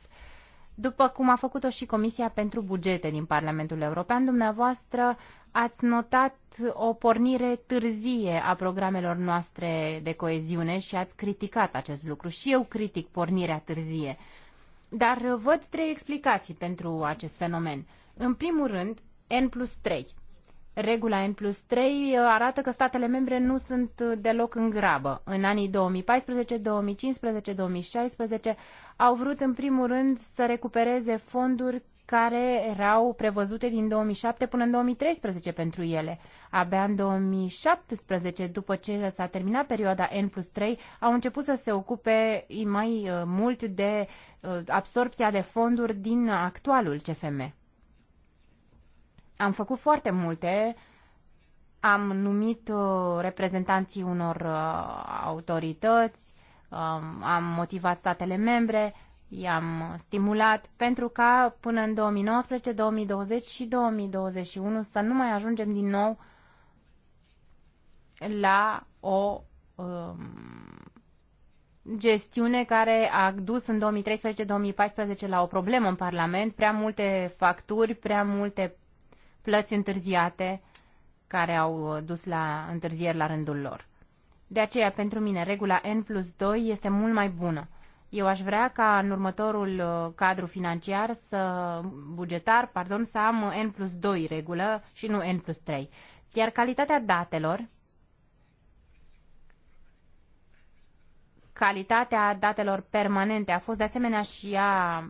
S4: După cum a făcut-o și Comisia pentru Bugete din Parlamentul European, dumneavoastră ați notat o pornire târzie a programelor noastre de coeziune și ați criticat acest lucru. Și eu critic pornirea târzie. Dar văd trei explicații pentru acest fenomen. În primul rând, N plus 3 regula N plus 3 uh, arată că statele membre nu sunt uh, deloc în grabă. În anii 2014, 2015, 2016 au vrut în primul rând să recupereze fonduri care erau prevăzute din 2007 până în 2013 pentru ele. Abia în 2017, după ce s-a terminat perioada N plus 3, au început să se ocupe uh, mai mult de absorpția de fonduri din actualul CFM. Am făcut foarte multe. Am numit uh, reprezentanții unor uh, autorități, um, am motivat statele membre, i-am stimulat pentru ca până în 2019, 2020 și 2021 să nu mai ajungem din nou la o um, gestiune care a dus în 2013-2014 la o problemă în Parlament, prea multe facturi, prea multe plăți întârziate care au dus la întârzieri la rândul lor. De aceea, pentru mine, regula N plus 2 este mult mai bună. Eu aș vrea ca în următorul uh, cadru financiar să, bugetar, pardon, să am uh, N plus 2 regulă și nu N plus 3. Iar calitatea datelor, calitatea datelor permanente a fost de asemenea și ea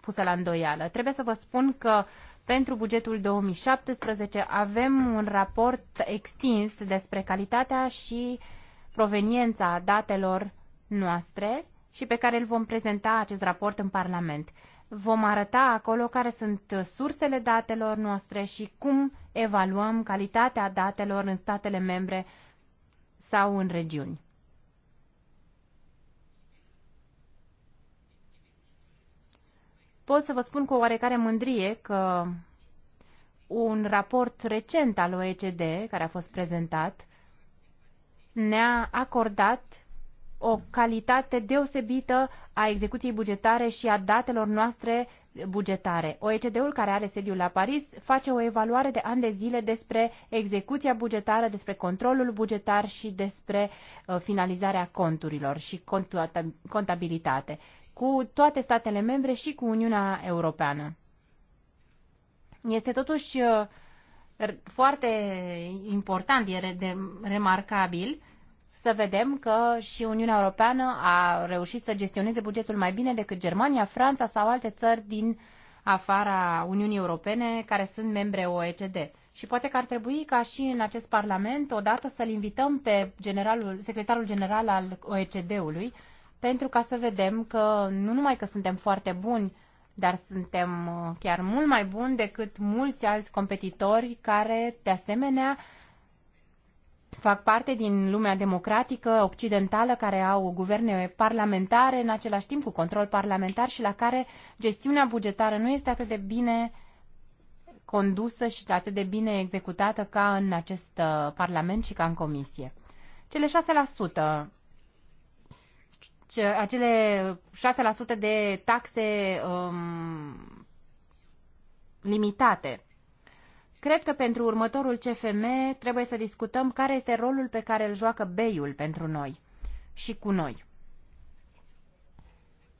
S4: pusă la îndoială. Trebuie să vă spun că uh, pentru bugetul 2017 avem un raport extins despre calitatea și proveniența datelor noastre și pe care îl vom prezenta acest raport în Parlament. Vom arăta acolo care sunt sursele datelor noastre și cum evaluăm calitatea datelor în statele membre sau în regiuni. Pot să vă spun cu oarecare mândrie că un raport recent al OECD, care a fost prezentat, ne-a acordat o calitate deosebită a execuției bugetare și a datelor noastre bugetare. OECD-ul, care are sediul la Paris, face o evaluare de ani de zile despre execuția bugetară, despre controlul bugetar și despre uh, finalizarea conturilor și contabilitate cu toate statele membre și cu Uniunea Europeană. Este totuși uh, foarte important, e de remarcabil să vedem că și Uniunea Europeană a reușit să gestioneze bugetul mai bine decât Germania, Franța sau alte țări din afara Uniunii Europene care sunt membre OECD. Și poate că ar trebui ca și în acest Parlament odată să-l invităm pe generalul, secretarul general al OECD-ului pentru ca să vedem că nu numai că suntem foarte buni, dar suntem uh, chiar mult mai buni decât mulți alți competitori care, de asemenea, fac parte din lumea democratică occidentală, care au guverne parlamentare, în același timp cu control parlamentar și la care gestiunea bugetară nu este atât de bine condusă și atât de bine executată ca în acest uh, Parlament și ca în Comisie. Cele acele 6% de taxe um, limitate. Cred că pentru următorul CFM trebuie să discutăm care este rolul pe care îl joacă Beiul pentru noi și cu noi.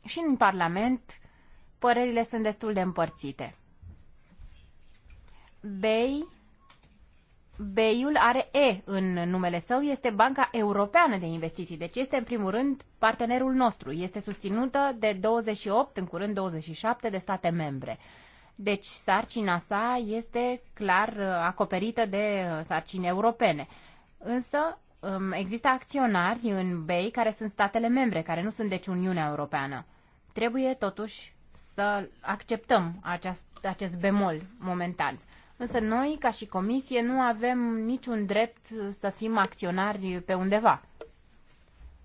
S4: Și în Parlament părerile sunt destul de împărțite. BEI BEI-ul are E în numele său, este Banca Europeană de Investiții, deci este în primul rând partenerul nostru. Este susținută de 28, în curând 27 de state membre. Deci sarcina sa este clar uh, acoperită de uh, sarcini europene. Însă um, există acționari în BEI care sunt statele membre, care nu sunt deci Uniunea Europeană. Trebuie totuși să acceptăm acest, acest bemol momentan. Însă noi, ca și comisie, nu avem niciun drept să fim acționari pe undeva.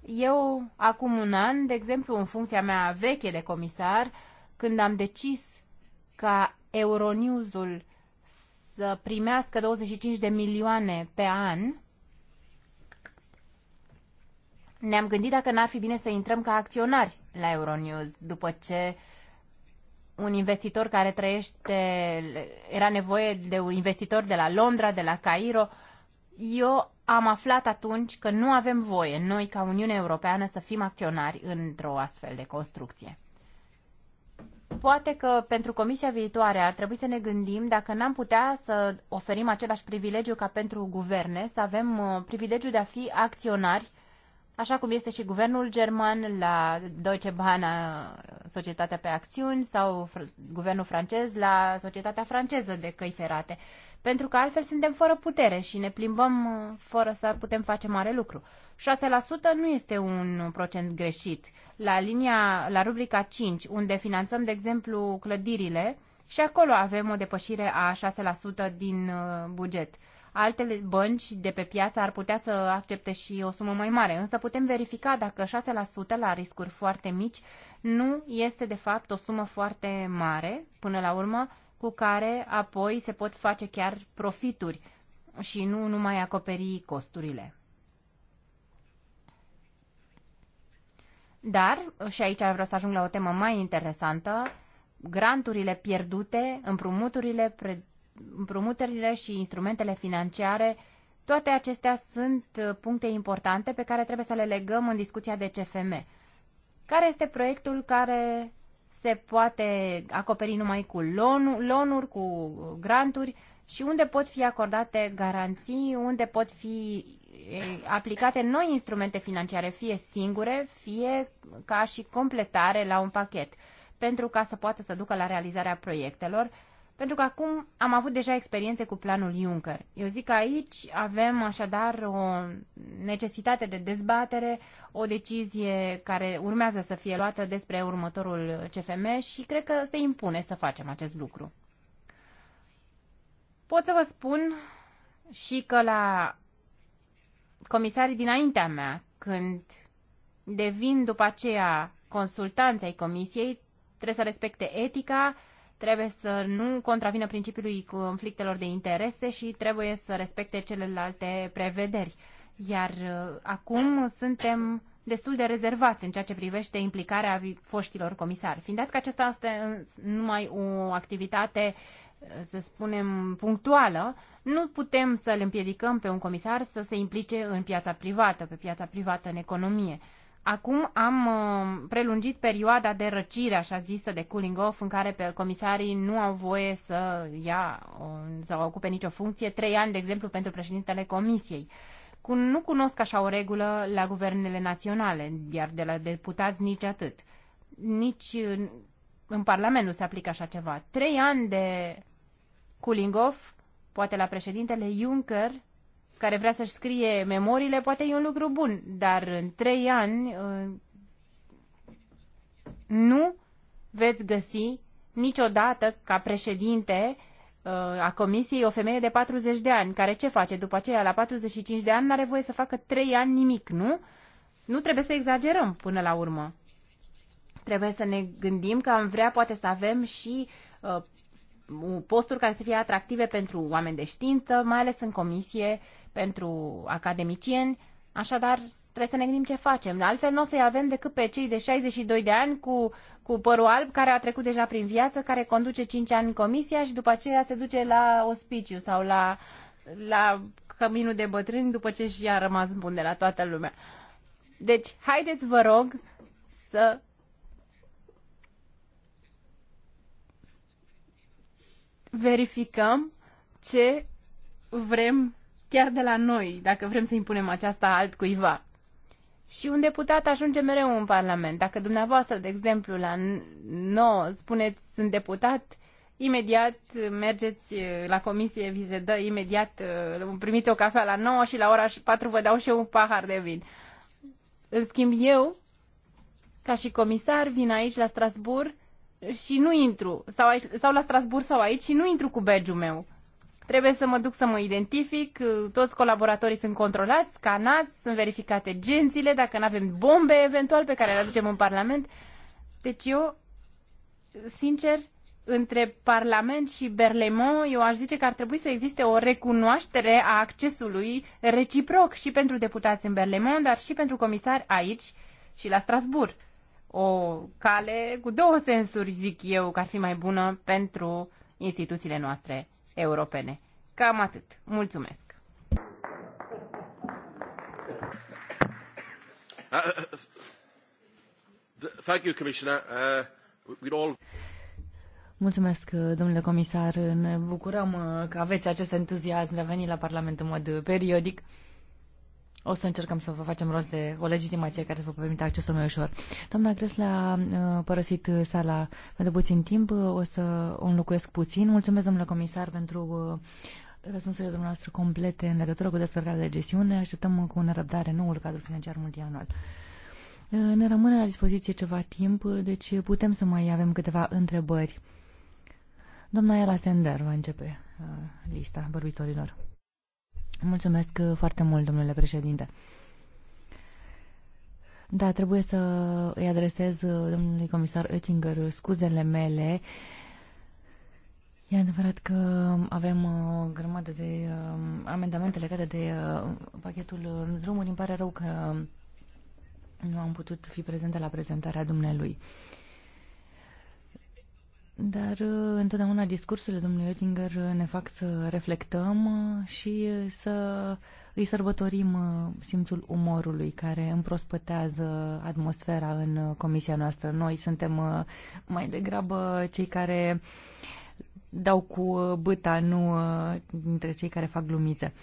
S4: Eu, acum un an, de exemplu, în funcția mea veche de comisar, când am decis ca Euronews-ul să primească 25 de milioane pe an, ne-am gândit dacă n-ar fi bine să intrăm ca acționari la Euronews după ce uh, un investitor care trăiește, era nevoie de un investitor de la Londra, de la Cairo. Eu am aflat atunci că nu avem voie noi ca Uniunea Europeană să fim acționari într-o astfel de construcție. Poate că pentru comisia viitoare ar trebui să ne gândim dacă n-am putea să oferim același privilegiu ca pentru guverne, să avem uh, privilegiu de a fi acționari așa cum este și guvernul german la Deutsche Bahn, uh, societatea pe acțiuni, sau fr- guvernul francez la societatea franceză de căi ferate. Pentru că altfel suntem fără putere și ne plimbăm uh, fără să putem face mare lucru. 6% nu este un procent greșit. La linia, la rubrica 5, unde finanțăm, de exemplu, clădirile, și acolo avem o depășire a 6% din uh, buget. Alte bănci de pe piață ar putea să accepte și o sumă mai mare, însă putem verifica dacă 6% la riscuri foarte mici nu este de fapt o sumă foarte mare, până la urmă, cu care apoi se pot face chiar profituri și nu numai acoperi costurile. Dar, și aici vreau să ajung la o temă mai interesantă, granturile pierdute, împrumuturile împrumuturile și instrumentele financiare, toate acestea sunt uh, puncte importante pe care trebuie să le legăm în discuția de CFM. Care este proiectul care se poate acoperi numai cu lonuri, cu granturi și unde pot fi acordate garanții, unde pot fi aplicate noi instrumente financiare, fie singure, fie ca și completare la un pachet, pentru ca să poată să ducă la realizarea proiectelor pentru că acum am avut deja experiențe cu planul Juncker. Eu zic că aici avem așadar o necesitate de dezbatere, o decizie care urmează să fie luată despre următorul CFM și cred că se impune să facem acest lucru. Pot să vă spun și că la comisarii dinaintea mea, când devin după aceea consultanța ai comisiei, trebuie să respecte etica, trebuie să nu contravină principiului conflictelor de interese și trebuie să respecte celelalte prevederi. Iar uh, acum suntem destul de rezervați în ceea ce privește implicarea foștilor comisari. Fiind dat că acesta este numai o activitate, uh, să spunem, punctuală, nu putem să-l împiedicăm pe un comisar să se implice în piața privată, pe piața privată în economie. Acum am uh, prelungit perioada de răcire, așa zisă, de cooling off, în care comisarii nu au voie să ia uh, sau ocupe nicio funcție, trei ani, de exemplu, pentru președintele comisiei. Nu cunosc așa o regulă la guvernele naționale, iar de la deputați nici atât. Nici uh, în Parlament nu se aplică așa ceva. Trei ani de cooling off, poate la președintele Juncker, care vrea să-și scrie memoriile, poate e un lucru bun, dar în trei ani uh, nu veți găsi niciodată ca președinte uh, a comisiei o femeie de 40 de ani, care ce face după aceea la 45 de ani, n-are voie să facă trei ani nimic, nu? Nu trebuie să exagerăm până la urmă. Trebuie să ne gândim că am vrea poate să avem și uh, posturi care să fie atractive pentru oameni de știință, mai ales în comisie pentru academicieni, așadar trebuie să ne gândim ce facem. Altfel nu o să-i avem decât pe cei de 62 de ani cu, cu părul alb, care a trecut deja prin viață, care conduce 5 ani în comisia și după aceea se duce la ospiciu sau la, la căminul de bătrâni după ce și-a rămas bun de la toată lumea. Deci, haideți, vă rog, să verificăm ce vrem chiar de la noi, dacă vrem să impunem aceasta altcuiva. Și un deputat ajunge mereu în Parlament. Dacă dumneavoastră, de exemplu, la nouă spuneți sunt deputat, imediat uh, mergeți uh, la comisie, vi se dă imediat, uh, primiți o cafea la nouă și la ora 4 vă dau și eu un pahar de vin. În schimb, eu, ca și comisar, vin aici la Strasbourg și nu intru, sau, aici, sau la Strasbourg sau aici și nu intru cu badge meu. Trebuie să mă duc să mă identific, toți colaboratorii sunt controlați, scanați, sunt verificate gențile, dacă nu avem bombe eventual pe care le aducem în Parlament. Deci eu, sincer, între Parlament și Berlemont, eu aș zice că ar trebui să existe o recunoaștere a accesului reciproc și pentru deputați în Berlemont, dar și pentru comisari aici și la Strasbourg. O cale cu două sensuri, zic eu, că ar fi mai bună pentru instituțiile noastre europene. Cam atât. Mulțumesc!
S1: Uh, uh, uh,
S3: Mulțumesc, domnule comisar. Ne bucurăm că aveți acest entuziasm de a veni la Parlament în mod periodic. O să încercăm să vă facem rost de o legitimație care să vă permită accesul mai ușor. Doamna Gres a uh, părăsit uh, sala pentru puțin timp, o să o înlocuiesc puțin. Mulțumesc, domnule comisar, pentru uh, răspunsurile dumneavoastră complete în legătură cu descărcarea de gestiune. Așteptăm cu nerăbdare noul cadru financiar multianual. Ne rămâne la dispoziție ceva timp, deci putem să mai avem câteva întrebări. Doamna Iala Sender va începe lista vorbitorilor. Mulțumesc uh, foarte mult, domnule președinte. Da, trebuie să îi adresez uh, domnului comisar Oettinger scuzele mele. E adevărat că avem uh, o grămadă de amendamente legate de pachetul drumuri. Îmi pare rău că nu am putut fi prezentă la prezentarea dumnealui. Dar uh, întotdeauna discursurile domnului Oettinger ne fac să reflectăm uh, și să îi sărbătorim uh, simțul umorului care împrospătează atmosfera în comisia noastră. Noi suntem mai degrabă cei care dau cu băta, nu dintre cei care fac glumițe.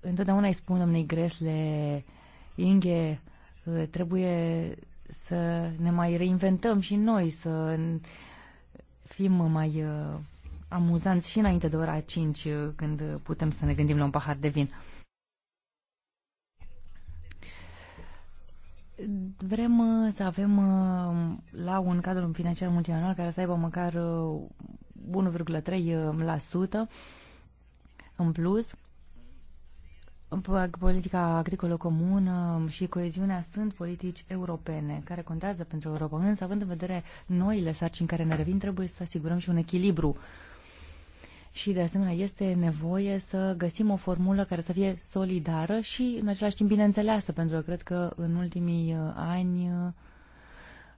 S3: Întotdeauna îi spun domnului Gresle, Inge, trebuie să ne mai reinventăm și noi, să fim mai uh, amuzanți și înainte de ora 5, uh, când putem să ne gândim la un pahar de vin. Vrem uh, să avem uh, la un cadru financiar multianual care să aibă măcar 1,3% în plus Politica agricolă comună și coeziunea sunt politici europene care contează pentru Europa, însă având în vedere noile sarcini care ne revin, trebuie să asigurăm și un echilibru. Și de asemenea este nevoie să găsim o formulă care să fie solidară și în același timp bineînțeleasă, pentru că cred că în ultimii uh, ani,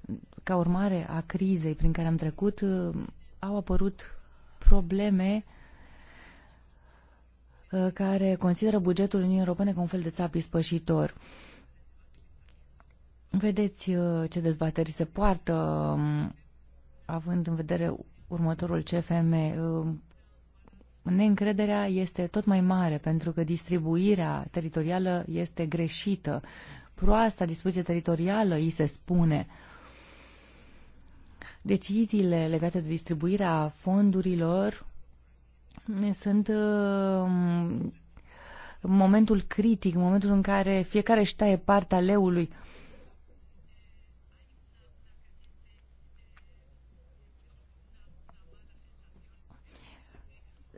S3: uh, ca urmare a crizei prin care am trecut, uh, au apărut probleme uh, Uh, care consideră bugetul Uniunii Europene ca un fel de țap ispășitor. Vedeți uh, ce dezbateri se poartă, um, având în vedere următorul CFM. Uh, neîncrederea este tot mai mare, pentru că distribuirea teritorială este greșită. Proasta dispoziție teritorială, îi se spune. Deciziile legate de distribuirea fondurilor sunt uh, momentul critic, momentul în care fiecare își taie partea leului.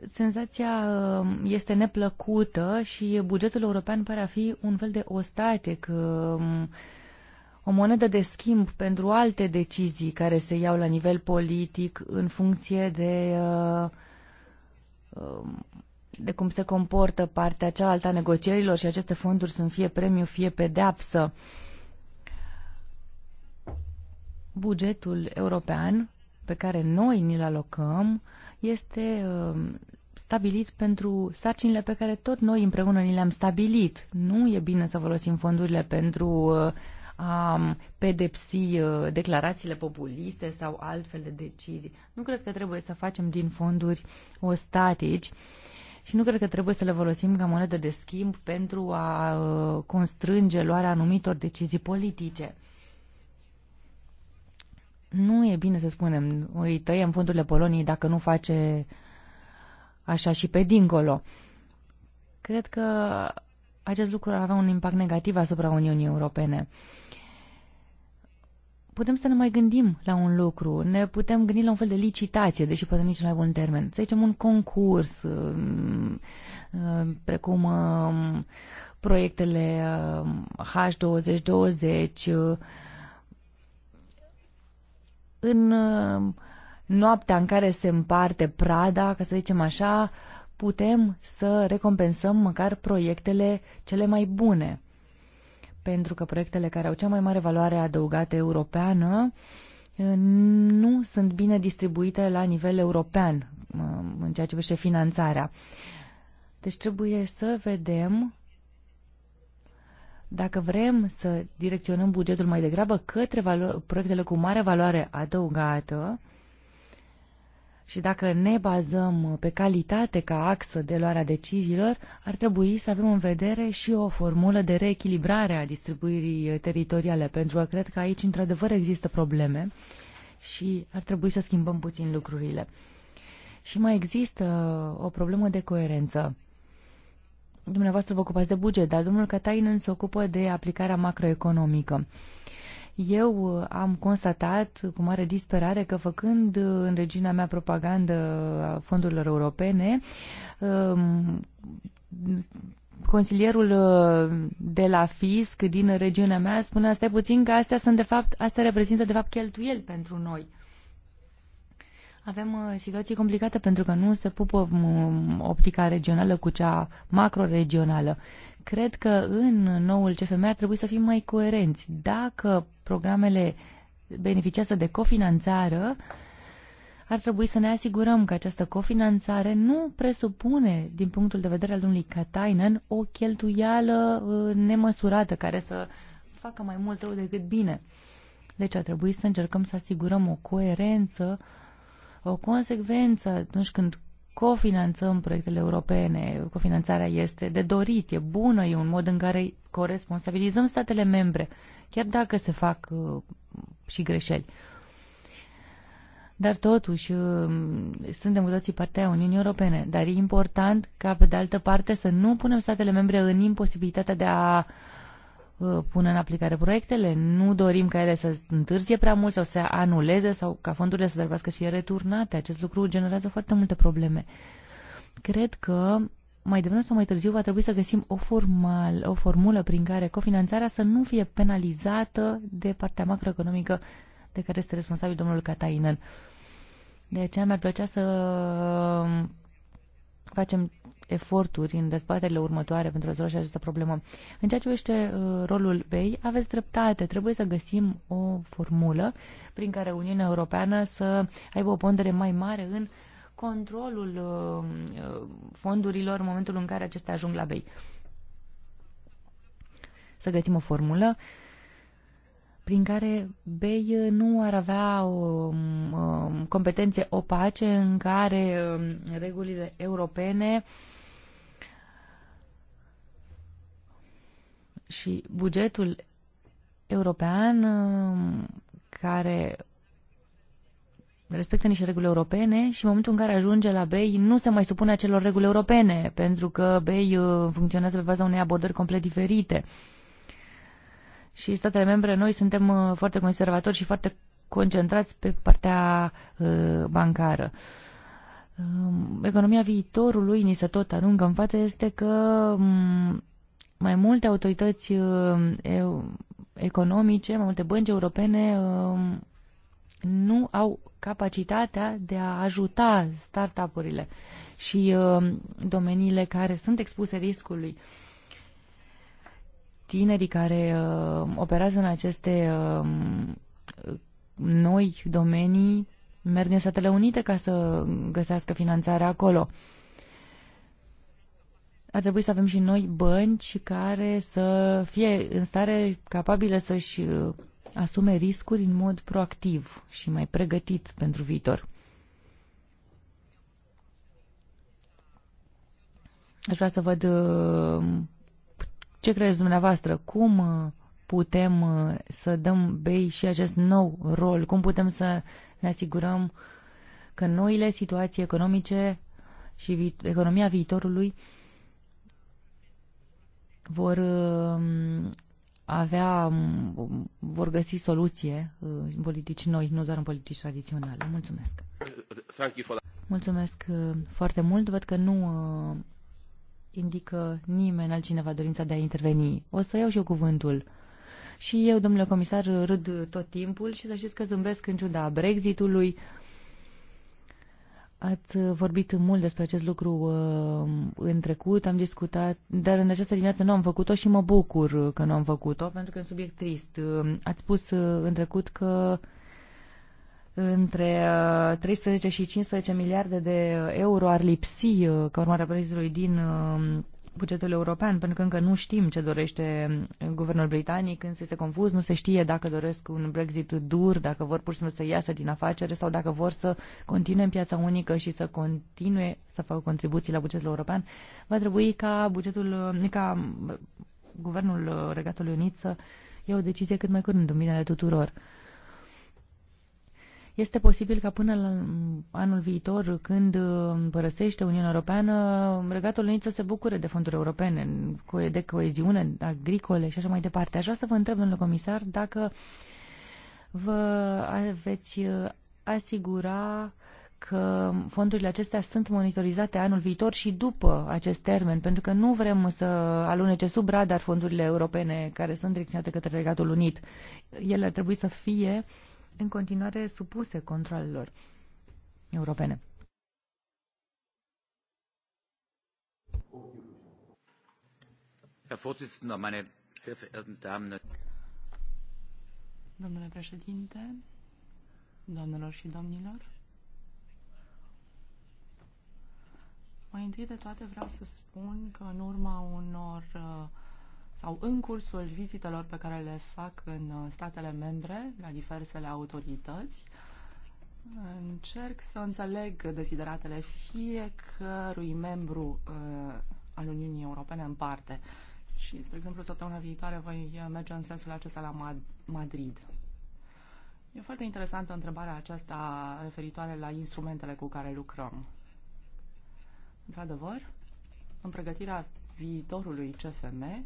S3: Senzația uh, este neplăcută și bugetul european pare a fi un fel de ostatec, um, o monedă de schimb pentru alte decizii care se iau la nivel politic în funcție de uh, Um, de cum se comportă partea cealaltă a negocierilor și aceste fonduri sunt fie premiu, fie pedeapsă. Bugetul european pe care noi ni-l alocăm este um, stabilit pentru sarcinile pe care tot noi împreună ni le-am stabilit. Nu e bine să folosim fondurile pentru uh, a pedepsi uh, declarațiile populiste sau altfel de decizii. Nu cred că trebuie să facem din fonduri ostatici și nu cred că trebuie să le folosim ca monedă de schimb pentru a uh, constrânge luarea anumitor decizii politice. Nu e bine să spunem, îi tăiem fondurile Poloniei dacă nu face așa și pe dincolo. Cred că acest lucru ar avea un impact negativ asupra Uniunii Europene. Putem să ne mai gândim la un lucru, ne putem gândi la un fel de licitație, deși poate nici mai bun termen. Să zicem un concurs, uh, uh, precum uh, proiectele H2020, în noaptea în care se împarte prada, ca să zicem așa, putem să recompensăm măcar proiectele cele mai bune. Pentru că proiectele care au cea mai mare valoare adăugată europeană eh, nu sunt bine distribuite la nivel european eh, în ceea ce privește finanțarea. Deci trebuie să vedem dacă vrem să direcționăm bugetul mai degrabă către valo- proiectele cu mare valoare adăugată, și dacă ne bazăm uh, pe calitate ca axă de luarea deciziilor, ar trebui să avem în vedere și o formulă de reechilibrare a distribuirii uh, teritoriale, pentru că cred că aici într-adevăr există probleme și ar trebui să schimbăm puțin lucrurile. Și mai există uh, o problemă de coerență. Dumneavoastră vă ocupați de buget, dar domnul Catainen se ocupă de aplicarea macroeconomică. Eu uh, am constatat cu mare disperare că făcând uh, în regiunea mea propagandă a fondurilor europene, um, consilierul uh, de la fisc din regiunea mea spunea, stai puțin că astea sunt de fapt, astea reprezintă de fapt cheltuieli pentru noi. Avem uh, situații complicate pentru că nu se pupă optica regională cu cea macroregională. Cred că în noul CFM ar trebui să fim mai coerenți. Dacă programele beneficiază de cofinanțare, ar trebui să ne asigurăm că această cofinanțare nu presupune, din punctul de vedere al domnului Katainen, o cheltuială uh, nemăsurată care să facă mai mult rău decât bine. Deci ar trebui să încercăm să asigurăm o coerență uh, o consecvență atunci când cofinanțăm proiectele europene, cofinanțarea este de dorit, e bună, e un mod în care coresponsabilizăm statele membre, chiar dacă se fac uh, și greșeli. Dar totuși, uh, suntem cu toții partea Uniunii Europene, dar e important ca, pe de altă parte, să nu punem statele membre în imposibilitatea de a uh, Uh, pună în aplicare proiectele. Nu dorim ca ele să întârzie prea mult sau să se anuleze sau ca fondurile să trebuiască să fie returnate. Acest lucru generează foarte multe probleme. Cred că mai devreme sau mai târziu va trebui să găsim o, formal, o formulă prin care cofinanțarea să nu fie penalizată de partea macroeconomică de care este responsabil domnul Catainen. De aceea mi-ar plăcea să facem eforturi în dezbaterile următoare pentru a rezolva această problemă. În ceea ce este uh, rolul BEI, aveți dreptate. Trebuie să găsim o formulă prin care Uniunea Europeană să aibă o pondere mai mare în controlul uh, uh fondurilor în momentul în care acestea ajung la BEI. Să găsim o formulă uh, prin care BEI nu ar avea o, um, um, competențe opace în care um, regulile europene și bugetul european care respectă niște reguli europene și în momentul în care ajunge la BEI nu se mai supune acelor reguli europene, pentru că BEI uh, funcționează pe baza unei abordări complet diferite și statele membre, noi suntem uh, foarte conservatori și foarte concentrați pe partea uh, bancară. Um, economia viitorului, ni se tot aruncă în față, este că um, mai multe autorități uh, economice, mai multe bănci europene um, nu au capacitatea de a ajuta startup-urile și domeniile care sunt expuse riscului tinerii care uh, operează în aceste uh, noi domenii merg în Statele Unite ca să găsească finanțarea acolo. Ar trebui să avem și noi bănci care să fie în stare capabile să-și uh, asume riscuri în mod proactiv și mai pregătit pentru viitor. Aș vrea să văd uh, ce credeți dumneavoastră? Cum uh, putem uh, să dăm bei și acest nou rol? Cum putem să ne asigurăm că noile situații economice și vi- economia viitorului vor um, avea, um, vor găsi soluție uh, în politici noi, nu doar în politici tradiționale. Mulțumesc! Mulțumesc foarte mult. Văd că nu indică nimeni altcineva dorința de a interveni. O să iau și eu cuvântul. Și eu, domnule comisar, râd tot timpul și să știți că zâmbesc în ciuda Brexitului. Ați vorbit mult despre acest lucru uh, în trecut, am discutat, dar în această dimineață nu am făcut-o și mă bucur că nu am făcut-o, pentru că e un subiect trist. Uh, ați spus uh, în trecut că uh, între 13 uh, și 15 miliarde de euro ar lipsi uh, ca urmare a Brexitului din um, bugetul european, pentru că încă nu știm ce dorește uh, guvernul britanic, însă este confuz, nu se știe dacă doresc un Brexit dur, dacă vor pur și simplu să iasă din afacere sau dacă vor să continue în piața unică și să continue să facă contribuții la bugetul european. Va trebui ca bugetul, ca guvernul Regatului Unit să ia o decizie cât mai curând în binele tuturor. Este posibil ca până la anul viitor, când uh, părăsește Uniunea Europeană, Regatul Unit să se bucure de fonduri europene, de coeziune, agricole și așa mai departe. Aș vrea să vă întreb, domnule comisar, dacă vă veți uh, asigura că fondurile acestea sunt monitorizate anul viitor și după acest termen, pentru că nu vrem să alunece sub radar fondurile europene care sunt direcționate către Regatul Unit. Ele ar trebui să fie uh, în continuare supuse controlelor europene.
S2: Domnule președinte, doamnelor și domnilor, mai întâi de toate vreau să spun că în urma unor uh, sau în cursul vizitelor pe care le fac în uh, statele membre, la diversele autorități, încerc să înțeleg desideratele fiecărui membru uh, al Uniunii Europene în parte. Și, spre exemplu, săptămâna viitoare voi uh, merge în sensul acesta la Madrid. E foarte interesantă întrebarea aceasta referitoare la instrumentele cu care lucrăm. Într-adevăr, în pregătirea viitorului CFM,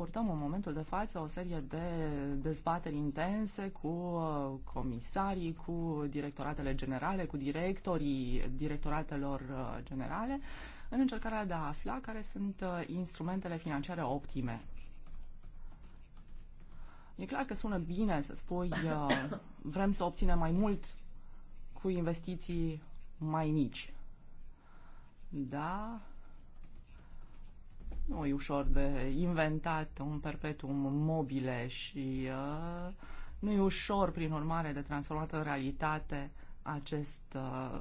S2: purtăm în momentul de față o serie de dezbateri intense cu uh, comisarii, cu directoratele generale, cu directorii directoratelor uh, generale, în încercarea de a afla care sunt uh, instrumentele financiare optime. E clar că sună bine să spui vrem să obținem mai mult cu investiții mai mici. Da, nu e ușor de inventat un perpetuum mobile și uh, nu e ușor, prin urmare, de transformat în realitate acest, uh,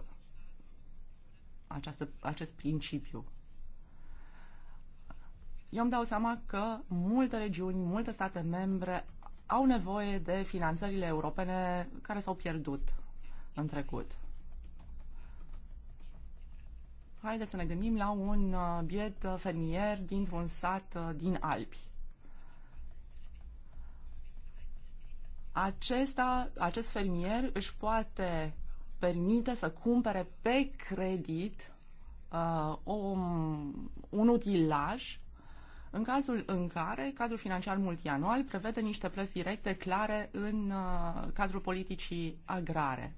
S2: această, acest principiu. Eu îmi dau seama că multe regiuni, multe state membre au nevoie de finanțările europene care s-au pierdut în trecut. Haideți să ne gândim la un uh, biet uh, fermier dintr-un sat uh, din Alpi. Acesta, acest fermier își poate permite să cumpere pe credit uh, un, un utilaj în cazul în care cadrul financiar multianual prevede niște plăți directe clare în uh, cadrul politicii agrare.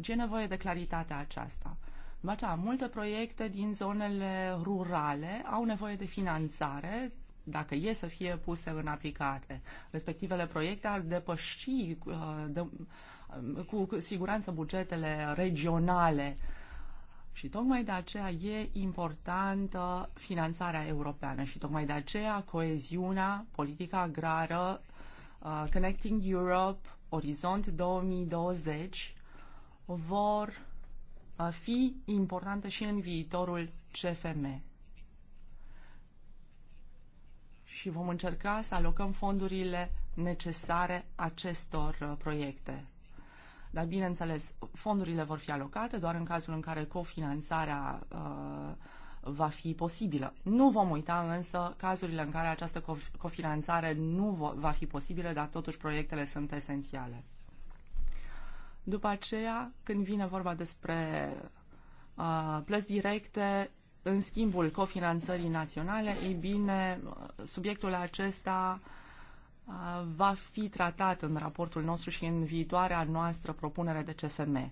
S2: Ce e nevoie de claritatea aceasta. Uh, după deci, aceea, da, multe proiecte din zonele rurale au nevoie de finanțare dacă e să fie puse în aplicare. Respectivele proiecte ar depăși uh, de, uh, cu, cu siguranță bugetele regionale și tocmai de aceea e importantă finanțarea europeană și tocmai de aceea coeziunea, politica agrară, uh, Connecting Europe, Orizont 2020 vor va fi importantă și în viitorul CFM. Și vom încerca să alocăm fondurile necesare acestor uh, proiecte. Dar, bineînțeles, fondurile vor fi alocate doar în cazul în care cofinanțarea uh, va fi posibilă. Nu vom uita însă cazurile în care această cofinanțare nu va fi posibilă, dar totuși proiectele sunt esențiale. După aceea, când vine vorba despre uh, plăți directe, în schimbul cofinanțării naționale, ei bine, subiectul acesta uh, va fi tratat în raportul nostru și în viitoarea noastră propunere de CFM.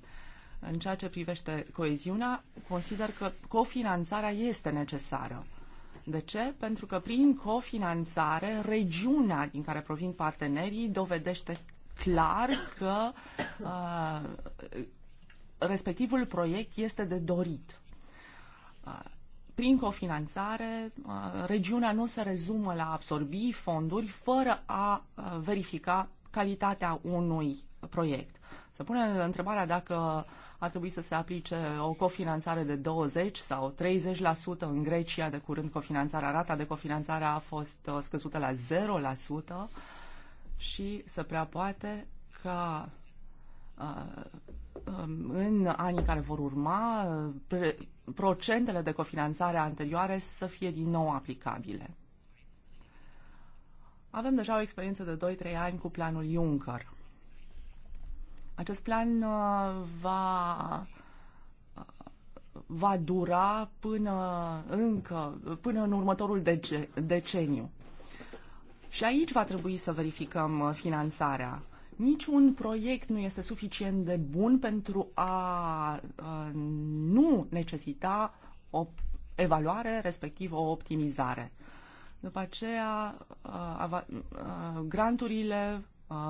S2: În ceea ce privește coeziunea, consider că cofinanțarea este necesară. De ce? Pentru că prin cofinanțare, regiunea din care provin partenerii dovedește clar că uh, respectivul proiect este de dorit. Uh, prin cofinanțare, uh, regiunea nu se rezumă la absorbi fonduri fără a uh, verifica calitatea unui proiect. Se pune întrebarea dacă ar trebui să se aplice o cofinanțare de 20 sau 30% în Grecia de curând cofinanțarea. Rata de cofinanțare a fost uh, scăzută la și se prea poate ca uh, um, în anii care vor urma procentele de cofinanțare anterioare să fie din nou aplicabile. Avem deja o experiență de 2-3 ani cu planul Juncker. Acest plan uh, va, uh, va dura până, încă, până în următorul dece, deceniu. Și aici va trebui să verificăm uh, finanțarea. Niciun proiect nu este suficient de bun pentru a uh, nu necesita o evaluare, respectiv o optimizare. După aceea, uh, granturile,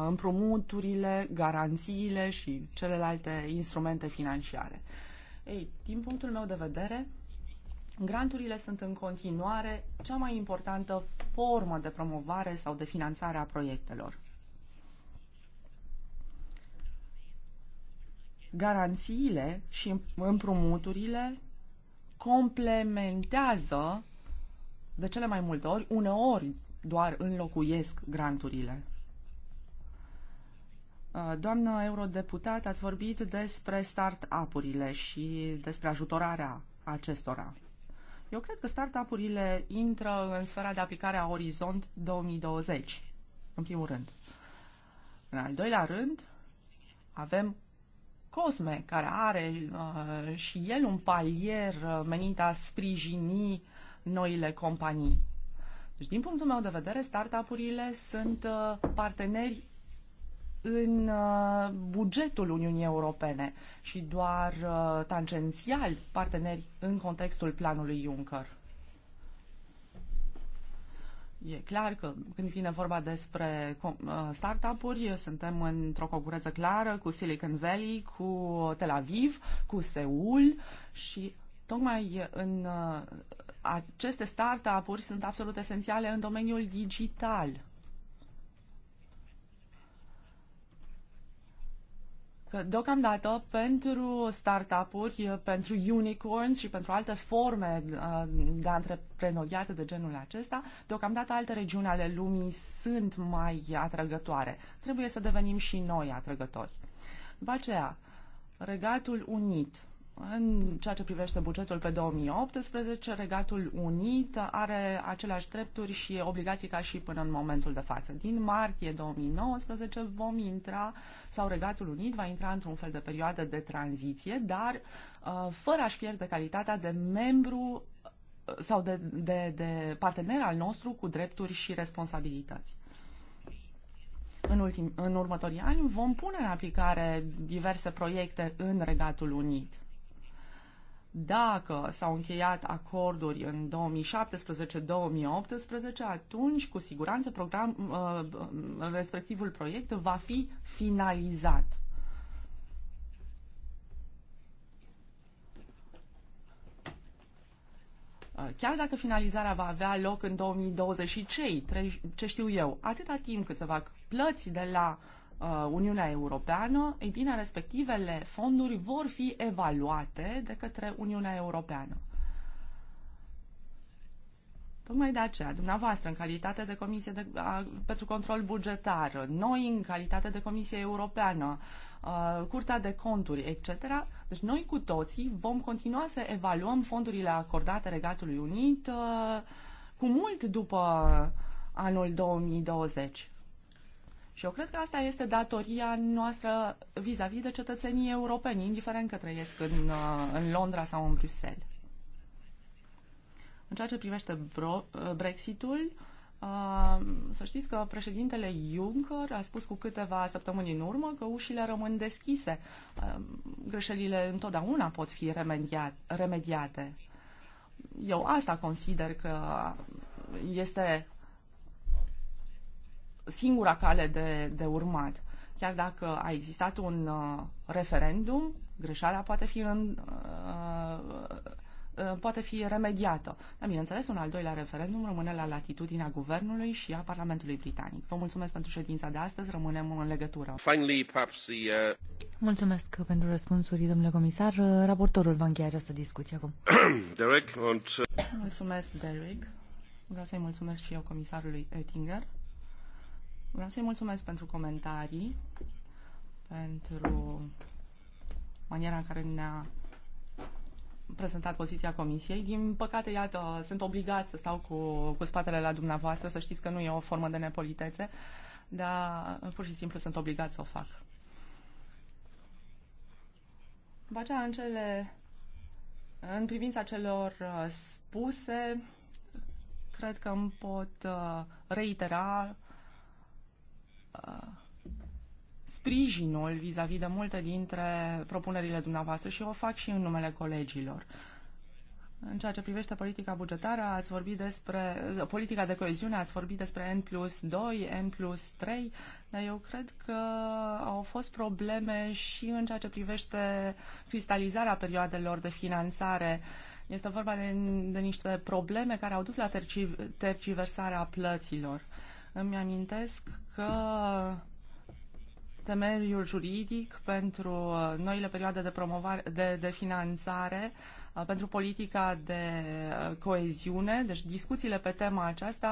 S2: împrumuturile, garanțiile și celelalte instrumente financiare. Ei, din punctul meu de vedere, Granturile sunt în continuare cea mai importantă formă de promovare sau de finanțare a proiectelor. Garanțiile și împrumuturile complementează de cele mai multe ori, uneori doar înlocuiesc granturile. Uh, doamnă eurodeputat, ați vorbit despre start-up-urile și despre ajutorarea acestora. Eu cred că startup-urile intră în sfera de aplicare a Orizont 2020, în primul rând. În al doilea rând, avem Cosme, care are uh, și el un palier uh, menit a sprijini noile companii. Deci, din punctul meu de vedere, startup-urile sunt uh, parteneri în uh, bugetul Uniunii Europene și doar uh, tangențial parteneri în contextul planului Juncker. E clar că când vine vorba despre uh, startup-uri, suntem într-o concurență clară cu Silicon Valley, cu Tel Aviv, cu Seul și tocmai în aceste startup-uri sunt absolut esențiale în domeniul digital. deocamdată pentru startup-uri, pentru unicorns și pentru alte forme uh, de antreprenoriat de genul acesta, deocamdată alte regiuni ale lumii sunt mai atrăgătoare. Trebuie să devenim și noi atrăgători. După aceea, Regatul Unit în ceea ce privește bugetul pe 2018, Regatul Unit are aceleași drepturi și obligații ca și până în momentul de față. Din martie 2019 vom intra, sau Regatul Unit va intra într-un fel de perioadă de tranziție, dar uh, fără a-și pierde calitatea de membru uh, sau de, de, de partener al nostru cu drepturi și responsabilități în, ultim, în următorii ani vom pune în aplicare diverse proiecte în Regatul Unit. Dacă s-au încheiat acorduri în 2017-2018, atunci cu siguranță program, uh, uh, respectivul proiect va fi finalizat. Uh, chiar dacă finalizarea va avea loc în 2023, ce știu eu, atâta timp cât se fac plăți de la Uh, Uniunea Europeană, ei bine, respectivele fonduri vor fi evaluate de către Uniunea Europeană. Tocmai de aceea, dumneavoastră, în calitate de Comisie de, a, pentru Control Bugetar, noi, în calitate de Comisie Europeană, a, uh, Curtea de Conturi, etc., deci noi cu toții vom continua să evaluăm fondurile acordate Regatului Unit a, uh, cu mult după anul 2020. Și eu cred că asta este datoria noastră vis-a-vis -vis de cetățenii europeni, indiferent că trăiesc în, uh, în Londra sau în Bruxelles. În ceea ce privește uh, Brexitul, uh, să știți că președintele Juncker a spus cu câteva săptămâni în urmă că ușile rămân deschise. Greșelile întotdeauna pot fi remediate. Eu asta consider că este singura cale de, de urmat. Chiar dacă a existat un uh, referendum, greșeala poate fi în, uh, uh, poate fi remediată. Dar, bineînțeles, un al doilea referendum rămâne la latitudinea guvernului și a Parlamentului Britanic. Vă mulțumesc pentru ședința de astăzi, rămânem în legătură.
S1: Finally, perhaps the, uh...
S2: Mulțumesc pentru răspunsuri, domnule comisar. Raportorul va încheia această discuție acum.
S1: Derek, want...
S2: Mulțumesc, Derek. Vreau să-i mulțumesc și eu comisarului Oettinger. Vreau să-i mulțumesc pentru comentarii, pentru maniera în care ne-a prezentat poziția comisiei. Din păcate, iată, sunt obligat să stau cu, cu spatele la dumneavoastră, să știți că nu e o formă de nepolitețe, dar pur și simplu sunt obligat să o fac. După aceea, în, cele, în privința celor uh, spuse, cred că îmi pot uh, reitera sprijinul vis-a-vis -vis de multe dintre propunerile dumneavoastră și o fac și în numele colegilor. În ceea ce privește politica bugetară, ați vorbit despre politica de coeziune, ați vorbit despre N plus 2, N plus 3, dar eu cred că au fost probleme și în ceea ce privește cristalizarea perioadelor de finanțare. Este vorba de, de niște probleme care au dus la terciversarea plăților. Îmi amintesc că temeiul juridic pentru uh, noile perioade de, promovare, de, de finanțare uh, pentru politica de uh, coeziune. Deci discuțiile pe tema aceasta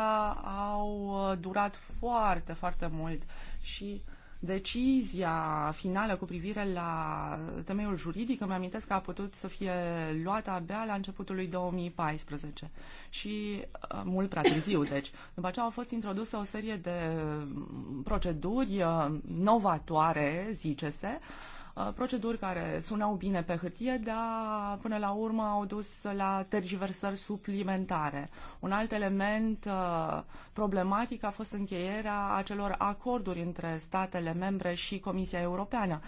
S2: au durat foarte, foarte mult și uh, Decizia finală cu privire la temeiul juridic, îmi amintesc că a putut să fie luată abia la începutul lui 2014 și uh, mult prea târziu, deci. După aceea au fost introduse o serie de proceduri uh, novatoare, zice-se, uh, Uh, proceduri care sunau bine pe hârtie, dar până la urmă au dus la tergiversări suplimentare. Un alt element uh, problematic a fost încheierea acelor acorduri între statele membre și Comisia Europeană.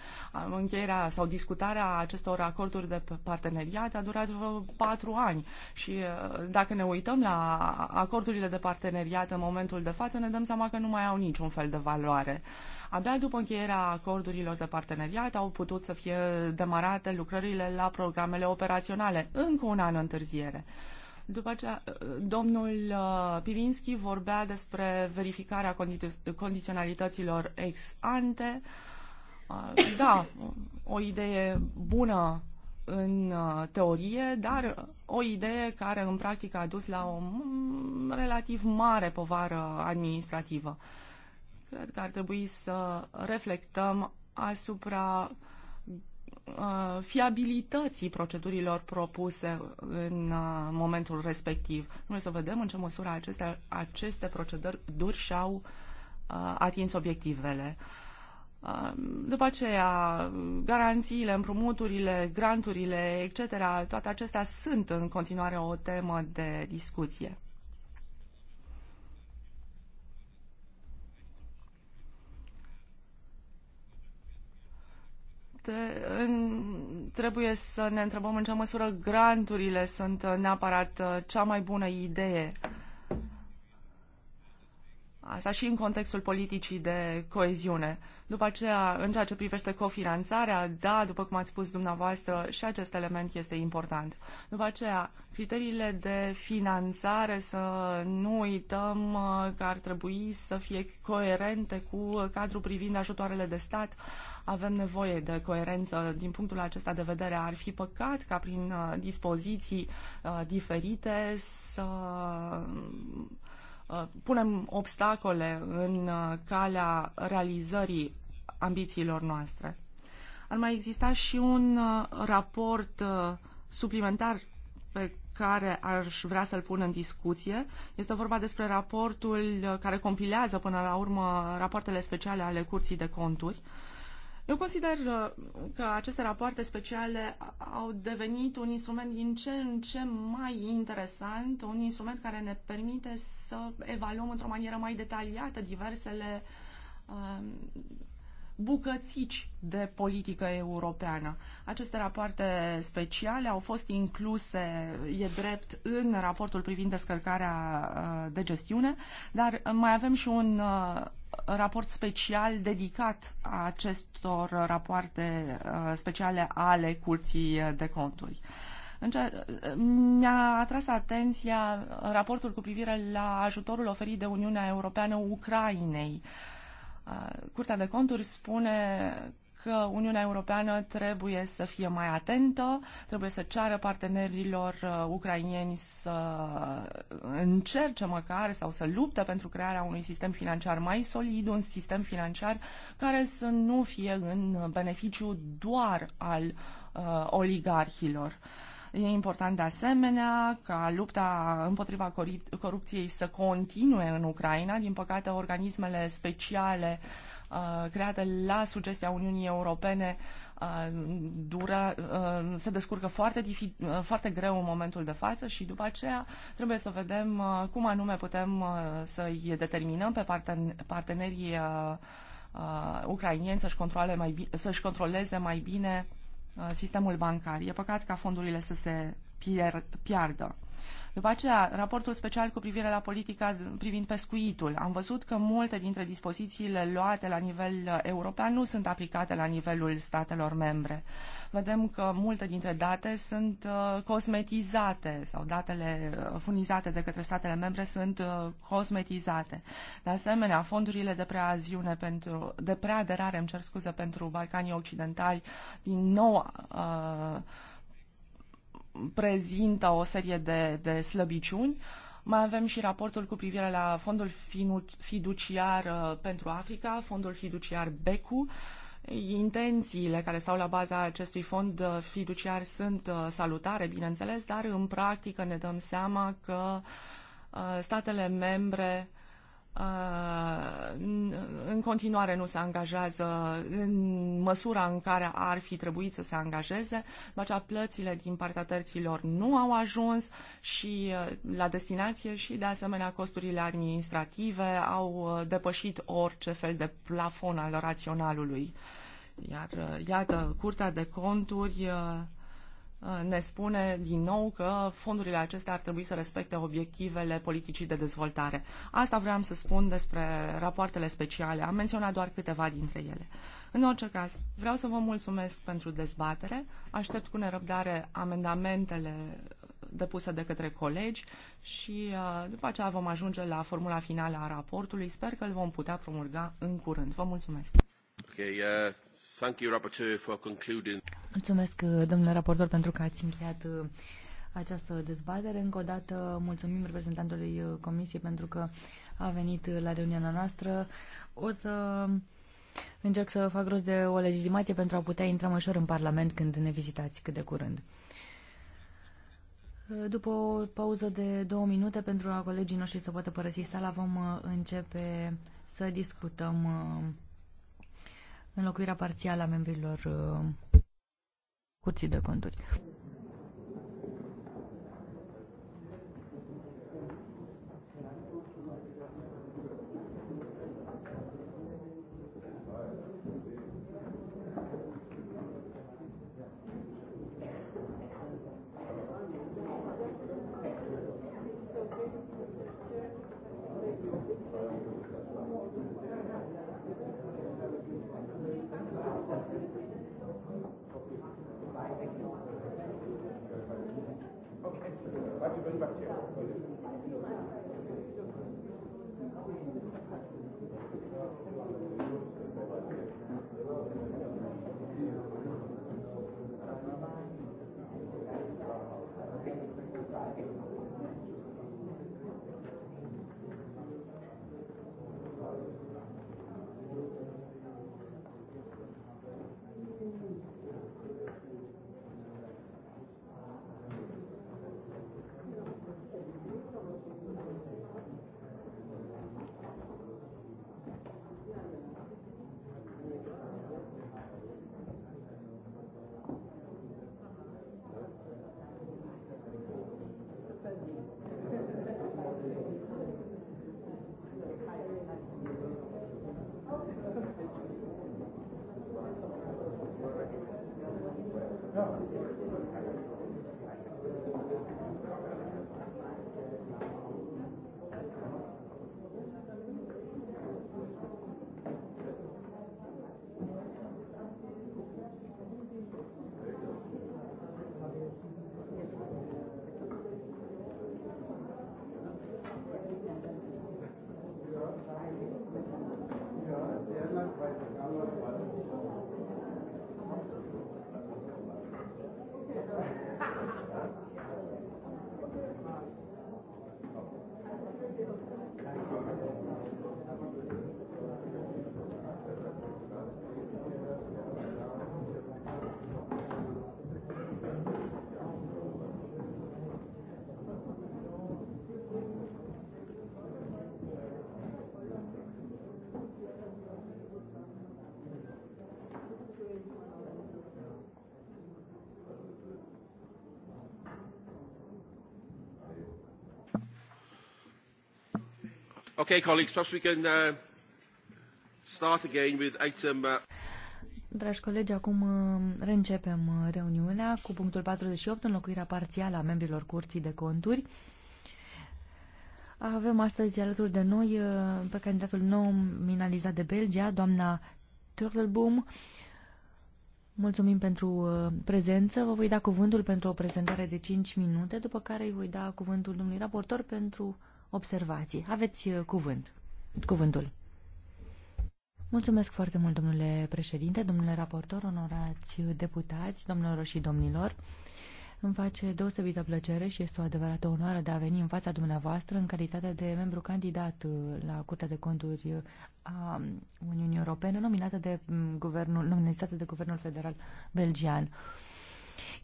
S2: Încheierea sau discutarea acestor acorduri de parteneriat a durat patru ani și uh, dacă ne uităm la acordurile de parteneriat în momentul de față, ne dăm seama că nu mai au niciun fel de valoare. Uh, Abia după încheierea acordurilor de parteneriat au putut să fie demarate lucrările la programele operaționale, încă un an întârziere. După ce domnul uh, Pivinski vorbea despre verificarea condi- condiționalităților ex ante. Uh, da, o idee bună în uh, teorie, dar o idee care în practică a dus la o relativ mare povară administrativă. Uh, Cred că ar trebui să reflectăm asupra uh, fiabilității procedurilor propuse în uh, momentul respectiv. Noi să vedem în ce măsură aceste, aceste proceduri și-au uh, atins obiectivele. După aceea, garanțiile, împrumuturile, granturile, etc., toate acestea sunt în continuare o temă de discuție. este, în, trebuie să ne întrebăm în ce măsură granturile sunt uh, neapărat uh, cea mai bună idee. Asta și în contextul politicii de coeziune. După aceea, în ceea ce privește cofinanțarea, da, după cum ați spus dumneavoastră, și acest element este important. După aceea, criteriile de finanțare, să nu uităm uh, că ar trebui să fie coerente cu cadrul privind ajutoarele de stat. Avem nevoie de coerență din punctul acesta de vedere. Ar fi păcat ca prin uh, dispoziții uh, diferite să Uh, punem obstacole în uh, calea realizării ambițiilor noastre. Ar mai exista și un uh, raport suplimentar pe care aș vrea să-l pun în discuție. Este vorba despre raportul care compilează până la urmă rapoartele speciale ale Curții de Conturi. Uh, eu consider uh, că aceste rapoarte speciale au devenit un instrument din ce în ce mai interesant, un instrument care ne permite să evaluăm într-o manieră mai detaliată diversele um, bucățici de politică europeană. Aceste rapoarte speciale au fost incluse, e drept, în raportul privind descărcarea uh, de gestiune, dar mai avem și un uh, raport special dedicat a acestor rapoarte uh, speciale ale Curții de Conturi. Mi-a atras atenția raportul cu privire la ajutorul oferit de Uniunea Europeană Ucrainei. Uh, Curtea de Conturi spune că Uniunea Europeană trebuie să fie mai atentă, trebuie să ceară partenerilor uh, ucrainieni să încerce măcar sau să lupte pentru crearea unui sistem financiar mai solid, un sistem financiar care să nu fie în beneficiu doar al uh, oligarhilor. E important de asemenea ca lupta împotriva corupției să continue în Ucraina. Din păcate, organismele speciale uh, Uh, creată la sugestia Uniunii Europene uh, dură, uh, se descurcă foarte, foarte greu în momentul de față și după aceea trebuie să vedem cum anume putem să-i determinăm pe parten partenerii ucrainieni să-și, controle mai bine, să-și controleze mai bine sistemul bancar. E păcat ca fondurile să se pier- piardă. După aceea, raportul special cu privire la politica privind pescuitul. Am văzut că multe dintre dispozițiile luate la nivel uh, european nu sunt aplicate la nivelul statelor membre. Vedem că multe dintre date sunt uh, cosmetizate sau datele uh, furnizate de către statele membre sunt cosmetizate. De asemenea, fondurile de preaziune pentru, de preaderare, îmi cer scuze, pentru Balcanii Occidentali, din nou uh, prezintă o serie de, de slăbiciuni. Mai avem și raportul cu privire la fondul fiduciar uh, pentru Africa, fondul fiduciar BECU. Intențiile care stau la baza acestui fond uh, fiduciar sunt uh, salutare, bineînțeles, dar în practică ne dăm seama că statele membre Uh, în continuare nu se angajează în măsura în care ar fi trebuit să se angajeze, după aceea plățile din partea terților nu au ajuns și uh, la destinație și de asemenea costurile administrative au uh, depășit orice fel de plafon al raționalului. Iar iată, Curtea de Conturi Uh, ne spune din nou că fondurile acestea ar trebui să respecte obiectivele politicii de dezvoltare. Asta vreau să spun despre rapoartele speciale. Am menționat doar câteva dintre ele. În orice caz, vreau să vă mulțumesc pentru dezbatere. Aștept cu nerăbdare amendamentele depuse de către colegi și uh, după aceea vom ajunge la formula finală a raportului. Sper că îl vom putea promulga în curând. Vă mulțumesc!
S1: Okay, uh,
S2: Mulțumesc, domnule raportor, pentru că ați încheiat
S3: uh, această dezbatere. Încă o dată mulțumim reprezentantului uh, Comisiei pentru că a venit uh, la reuniunea noastră. O să încerc să fac rost de o legitimație pentru a putea intra mai ușor în Parlament când ne vizitați cât de curând. După o pauză de două minute pentru a colegii noștri să poată părăsi sala, vom începe să discutăm înlocuirea parțială a membrilor uh, Curții de Conturi.
S1: Okay, colleagues, perhaps we can uh, start again with item. Uh...
S3: Dragi colegi, acum uh, reîncepem uh, reuniunea cu punctul 48, înlocuirea parțială a membrilor Curții de Conturi. Avem astăzi alături de noi uh, pe candidatul nou minalizat de Belgia, doamna Turtleboom. Mulțumim pentru prezență. Vă voi da cuvântul pentru o prezentare de 5 minute, după care îi voi da cuvântul domnului raportor pentru observații. Aveți uh, cuvânt, cuvântul. Mulțumesc foarte mult, domnule președinte, domnule raportor, onorați deputați, domnilor și domnilor. Îmi face deosebită plăcere și este o adevărată onoare de a veni în fața dumneavoastră în calitate de membru candidat uh, la Curtea de Conturi uh, a Uniunii Europene, nominată de mm, guvernul, nominalizată de Guvernul Federal Belgian. Uh,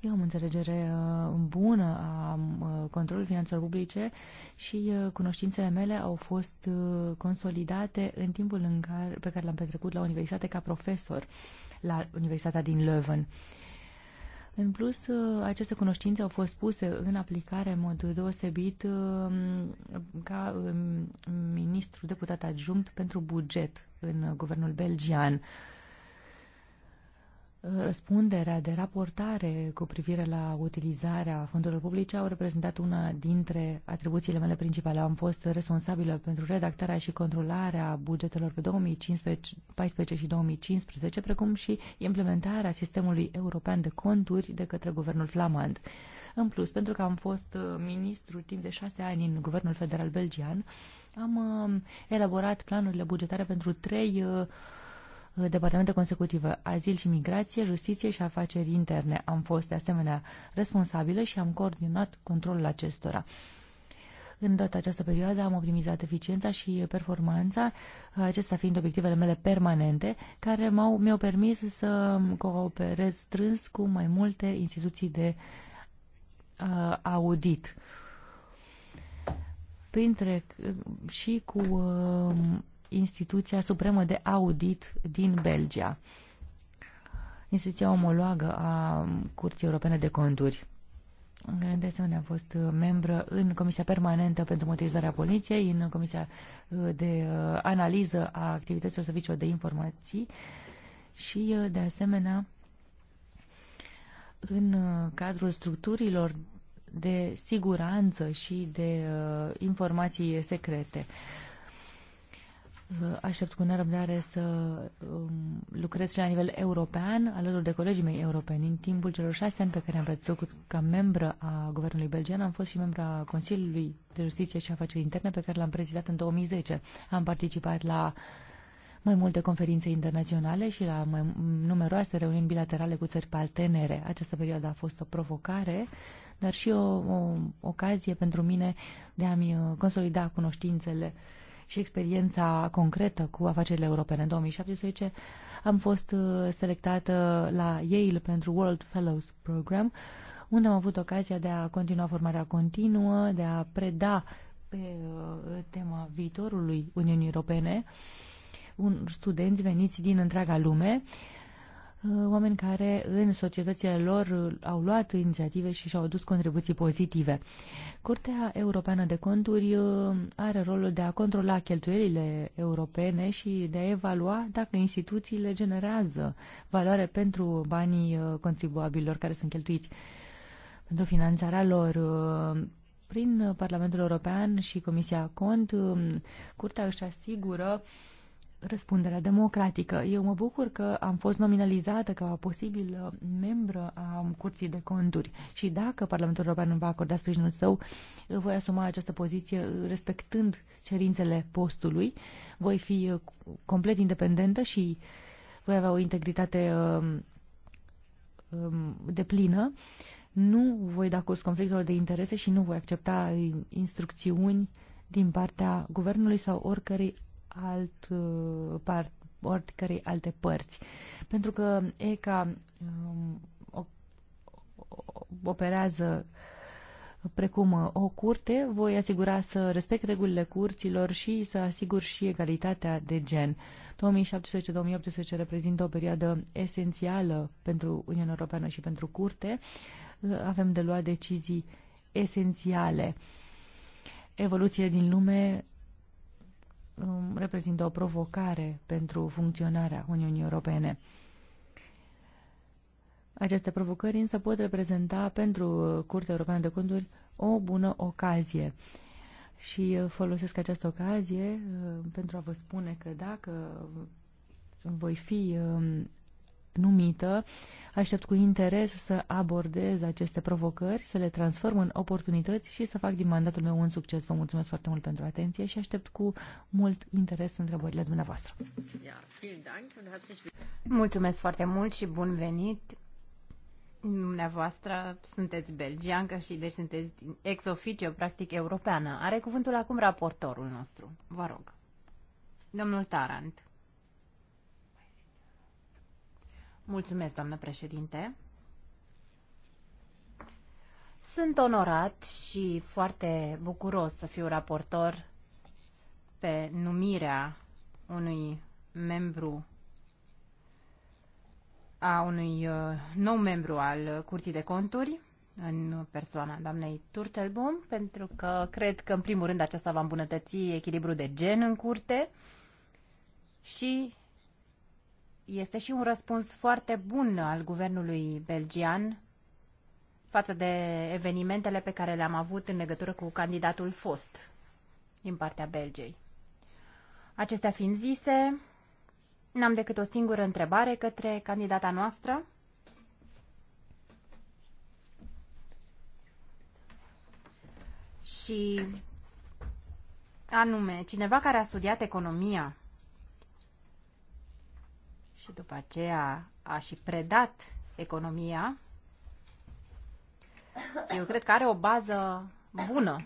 S3: eu am înțelegere uh, bună a uh, controlului finanțelor publice și uh, cunoștințele mele au fost consolidate în timpul în care, pe care l-am petrecut la universitate ca profesor la Universitatea din Leuven. În plus, aceste cunoștințe au fost puse în aplicare în mod deosebit ca um, ministru deputat adjunct pentru buget în guvernul belgian. Răspunderea de raportare cu privire la utilizarea fondurilor publice au reprezentat una dintre atribuțiile mele principale. Am fost responsabilă pentru redactarea și controlarea bugetelor pe 2014 și 2015, precum și implementarea sistemului european de conturi de către guvernul flamand. În plus, pentru că am fost uh, ministru timp de șase ani în guvernul federal belgian, am uh, elaborat planurile bugetare pentru trei uh, departamente consecutive, azil și migrație, justiție și afaceri interne. Am fost de asemenea responsabilă și am coordonat controlul acestora. În toată această perioadă am optimizat eficiența și performanța, acestea fiind obiectivele mele permanente, care m-au, mi-au permis să cooperez strâns cu mai multe instituții de uh, audit. Printre și cu uh, instituția supremă de audit din Belgia, instituția omologă a Curții Europene de Conturi. De asemenea, a fost membră în Comisia Permanentă pentru Motorizarea Poliției, în Comisia de Analiză a Activităților Serviciilor de Informații și, de asemenea, în cadrul structurilor de siguranță și de uh, informații secrete. Aștept cu nerăbdare să um, lucrez și la nivel european, alături de colegii mei europeni. În timpul celor șase ani pe care am petrecut ca membră a Guvernului Belgian, am fost și membra Consiliului de Justiție și Afaceri Interne, pe care l-am prezidat în 2010. Am participat la mai multe conferințe internaționale și la mai numeroase reuniuni bilaterale cu țări partenere. Această perioadă a fost o provocare, dar și o, o ocazie pentru mine de a-mi consolida cunoștințele uh, și experiența concretă cu afacerile europene. În 2017 am fost uh, selectată la Yale pentru World Fellows Program, unde am avut ocazia de a continua formarea continuă, de a preda pe uh, tema viitorului Uniunii Europene un, studenți veniți din întreaga lume Uh, oameni care în societățile lor au luat inițiative și și-au adus contribuții pozitive. Curtea Europeană de Conturi uh, are rolul de a controla cheltuielile europene și de a evalua dacă instituțiile generează valoare pentru banii uh, contribuabililor care sunt cheltuiți pentru finanțarea lor. Prin Parlamentul European și Comisia Cont, Curtea își asigură uh, răspunderea democratică. Eu mă bucur că am fost nominalizată ca posibil uh, membră a Curții de Conturi și dacă Parlamentul European îmi va acorda sprijinul său, uh, voi asuma această poziție uh, respectând cerințele postului, voi fi complet independentă și voi avea o integritate um, um, de plină, nu voi da curs conflictelor de interese și nu voi accepta instrucțiuni din partea guvernului sau oricărei alt uh, part, oricărei alte părți. Pentru că ECA um, operează precum uh, o curte, voi asigura să respect regulile curților și să asigur și egalitatea de gen. 2017-2018 reprezintă o perioadă esențială pentru Uniunea Europeană și pentru curte. Uh, avem de luat decizii esențiale. Evoluțiile din lume Um, reprezintă o provocare pentru funcționarea Uniunii Europene. Aceste provocări însă pot reprezenta pentru Curtea Europeană de Conturi o bună ocazie. Și folosesc această ocazie uh, pentru a vă spune că dacă voi fi um, numită. Aștept cu interes să abordez aceste provocări, să le transform în oportunități și să fac din mandatul meu un succes. Vă mulțumesc foarte mult pentru atenție și aștept cu
S4: mult interes întrebările dumneavoastră. Mulțumesc foarte mult și bun venit! Dumneavoastră sunteți belgiancă și deci sunteți ex oficiu practic, europeană. Are cuvântul acum raportorul nostru. Vă rog. Domnul Tarant. Mulțumesc, președinte. Sunt onorat și foarte bucuros să fiu raportor pe numirea unui membru a unui uh, nou membru al Curții de Conturi în persoana doamnei Turtelbaum, pentru că cred că, în primul rând, aceasta va îmbunătăți echilibrul de gen în curte și este și un răspuns foarte bun al guvernului belgian față de evenimentele pe care le-am avut în legătură cu candidatul fost din partea Belgiei. Acestea fiind zise, n-am decât o singură întrebare către candidata noastră. Și anume, cineva care a studiat economia și după aceea a și predat economia, eu cred că are o bază bună.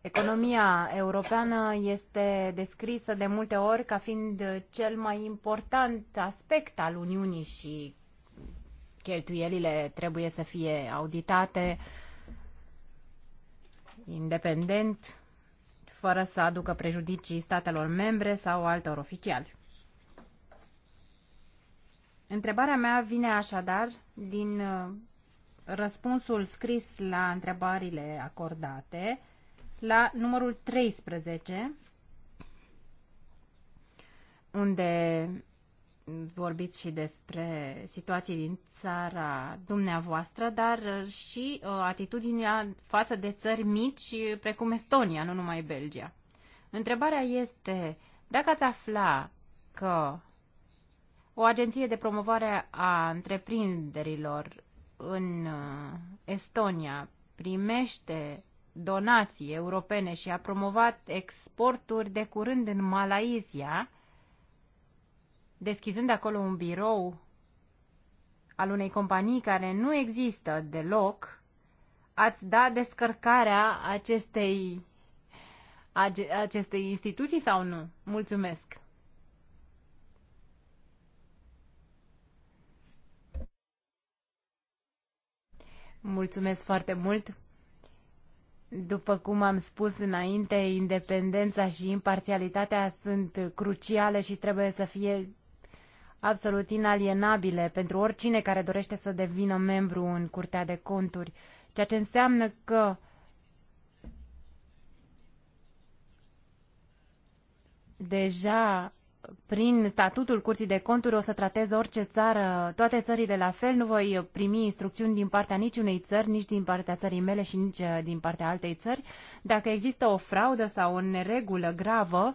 S4: Economia europeană este descrisă de multe ori ca fiind cel mai important aspect al Uniunii și cheltuielile trebuie să fie auditate independent, fără să aducă prejudicii statelor membre sau altor oficiali. Întrebarea mea vine așadar din uh, răspunsul scris la întrebările acordate la numărul 13, unde vorbiți și despre situații din țara dumneavoastră, dar uh, și uh, atitudinea față de țări mici, precum Estonia, nu numai Belgia. Întrebarea este, dacă ați afla că o agenție de promovare a întreprinderilor în uh, Estonia primește donații europene și a promovat exporturi de curând în Malaizia, deschizând acolo un birou al unei companii care nu există deloc, ați da descărcarea acestei, acestei instituții sau nu? Mulțumesc! Mulțumesc foarte mult! După cum am spus înainte, independența și imparțialitatea sunt cruciale și trebuie să fie absolut inalienabile pentru oricine care dorește să devină membru în Curtea de Conturi, ceea ce înseamnă că deja prin statutul Curții de Conturi o să tratez orice țară, toate țările la fel, nu voi primi instrucțiuni din partea niciunei țări, nici din partea țării mele și nici uh, din partea altei țări. Dacă există o fraudă sau o neregulă gravă,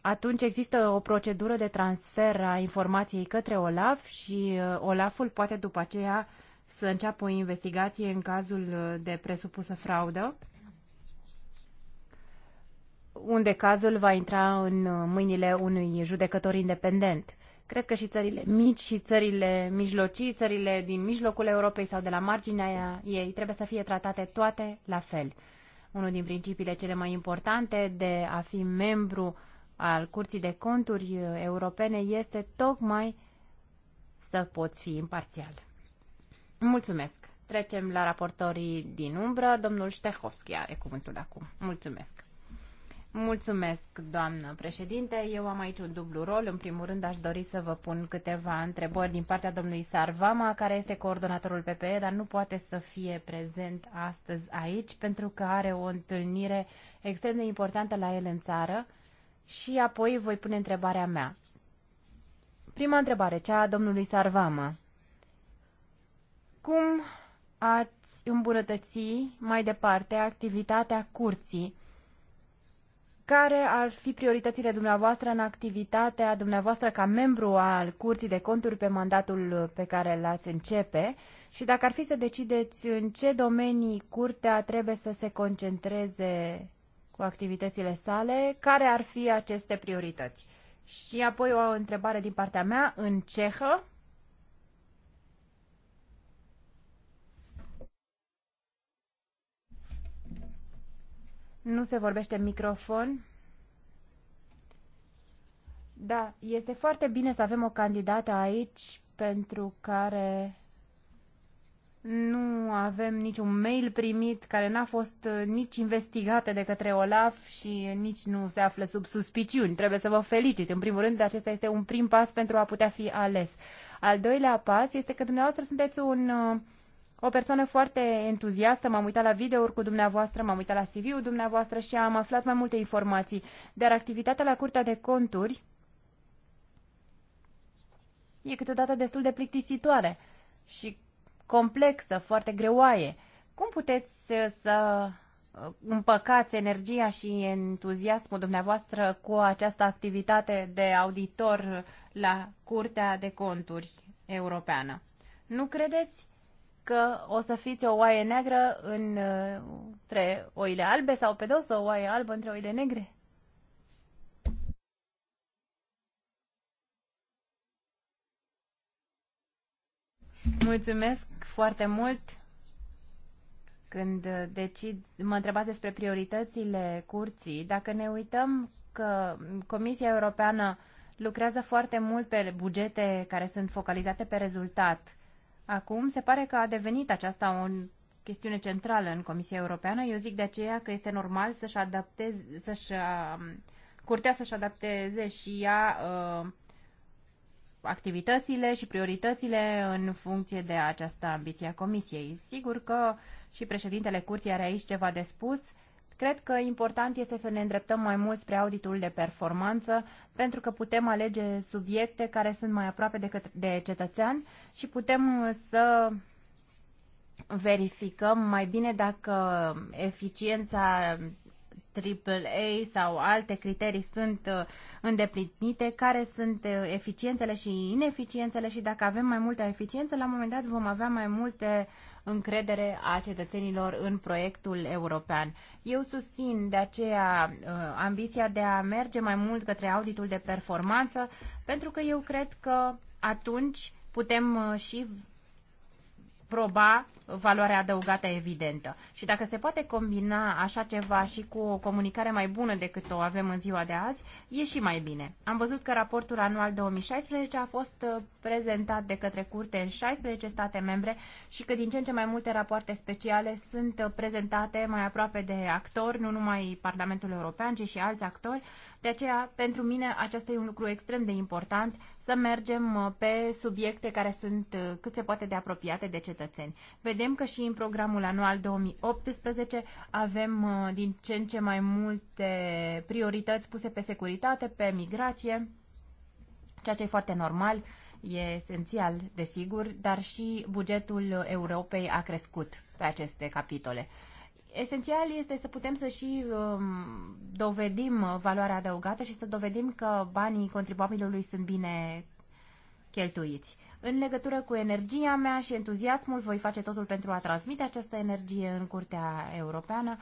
S4: atunci există o procedură de transfer a informației către OLAF și uh, OLAF-ul poate după aceea să înceapă o investigație în cazul uh, de presupusă fraudă unde cazul va intra în mâinile unui judecător independent. Cred că și țările mici și țările mijlocii, țările din mijlocul Europei sau de la marginea ei, trebuie să fie tratate toate la fel. Unul din principiile cele mai importante de a fi membru al Curții de Conturi Europene este tocmai să poți fi imparțial. Mulțumesc! Trecem la raportorii din umbră. Domnul Ștehovski are cuvântul acum. Mulțumesc! Mulțumesc, doamnă președinte. Eu am aici un dublu rol. În primul rând, aș dori să vă pun câteva întrebări din partea domnului Sarvama, care este coordonatorul PPE, dar nu poate să fie prezent astăzi aici, pentru că are o întâlnire extrem de importantă la el în țară. Și apoi voi pune întrebarea mea. Prima întrebare, cea a domnului Sarvama. Cum ați îmbunătăți mai departe activitatea curții? care ar fi prioritățile dumneavoastră în activitatea dumneavoastră ca membru al Curții de Conturi pe mandatul pe care l-ați începe și dacă ar fi să decideți în ce domenii Curtea trebuie să se concentreze cu activitățile sale, care ar fi aceste priorități? Și apoi o întrebare din partea mea în cehă. Nu se vorbește microfon. Da, este foarte bine să avem o candidată aici pentru care nu avem niciun mail primit care n-a fost uh, nici investigată de către Olaf și nici nu se află sub suspiciuni. Trebuie să vă felicit. În primul rând, acesta este un prim pas pentru a putea fi ales. Al doilea pas este că dumneavoastră sunteți un uh, o persoană foarte entuziastă, m-am uitat la videouri cu dumneavoastră, m-am uitat la CV-ul dumneavoastră și am aflat mai multe informații. Dar activitatea la Curtea de Conturi e câteodată destul de plictisitoare și complexă, foarte greoaie. Cum puteți să uh, împăcați energia și entuziasmul dumneavoastră cu această activitate de auditor la Curtea de Conturi Europeană? Nu credeți că o să fiți o oaie neagră între oile albe sau pe dos o oaie albă între oile negre? Mulțumesc foarte mult! Când decid, mă întrebați despre prioritățile curții, dacă ne uităm că Comisia Europeană lucrează foarte mult pe bugete care sunt focalizate pe rezultat, Acum se pare că a devenit aceasta o chestiune centrală în Comisia Europeană. Eu zic de aceea că este normal să-și adapteze, să-și, uh, curtea să-și adapteze și ea uh, activitățile și prioritățile în funcție de această ambiție a Comisiei. Sigur că și președintele curții are aici ceva de spus, Cred că important este să ne îndreptăm mai mult spre auditul de performanță, pentru că putem alege subiecte care sunt mai aproape de, de cetățean și putem uh, să verificăm mai bine dacă eficiența AAA sau alte criterii sunt uh, îndeplinite, care sunt uh, eficiențele și ineficiențele și dacă avem mai multă eficiență, la un moment dat vom avea mai multe încredere a cetățenilor în proiectul european. Eu susțin de aceea uh, ambiția de a merge mai mult către auditul de performanță, pentru că eu cred că atunci putem uh, și proba valoarea adăugată evidentă. Și dacă se poate combina așa ceva și cu o comunicare mai bună decât o avem în ziua de azi, e și mai bine. Am văzut că raportul anual 2016 a fost uh, prezentat de către curte în 16 state membre și că din ce în ce mai multe rapoarte speciale sunt uh, prezentate mai aproape de actori, nu numai Parlamentul European, ci și alți actori. De aceea, pentru mine, acesta e un lucru extrem de important să mergem uh, pe subiecte care sunt uh, cât se poate de apropiate de cetățeni. Vedem că și în programul anual 2018 avem uh, din ce în ce mai multe priorități puse pe securitate, pe migrație, ceea ce e foarte normal, e esențial, desigur, dar și bugetul Europei a crescut pe aceste capitole. Esențial este să putem să și um, dovedim uh, valoarea adăugată și să dovedim că banii contribuabilului sunt bine cheltuiți. În legătură cu energia mea și entuziasmul, voi face totul pentru a transmite această energie în Curtea Europeană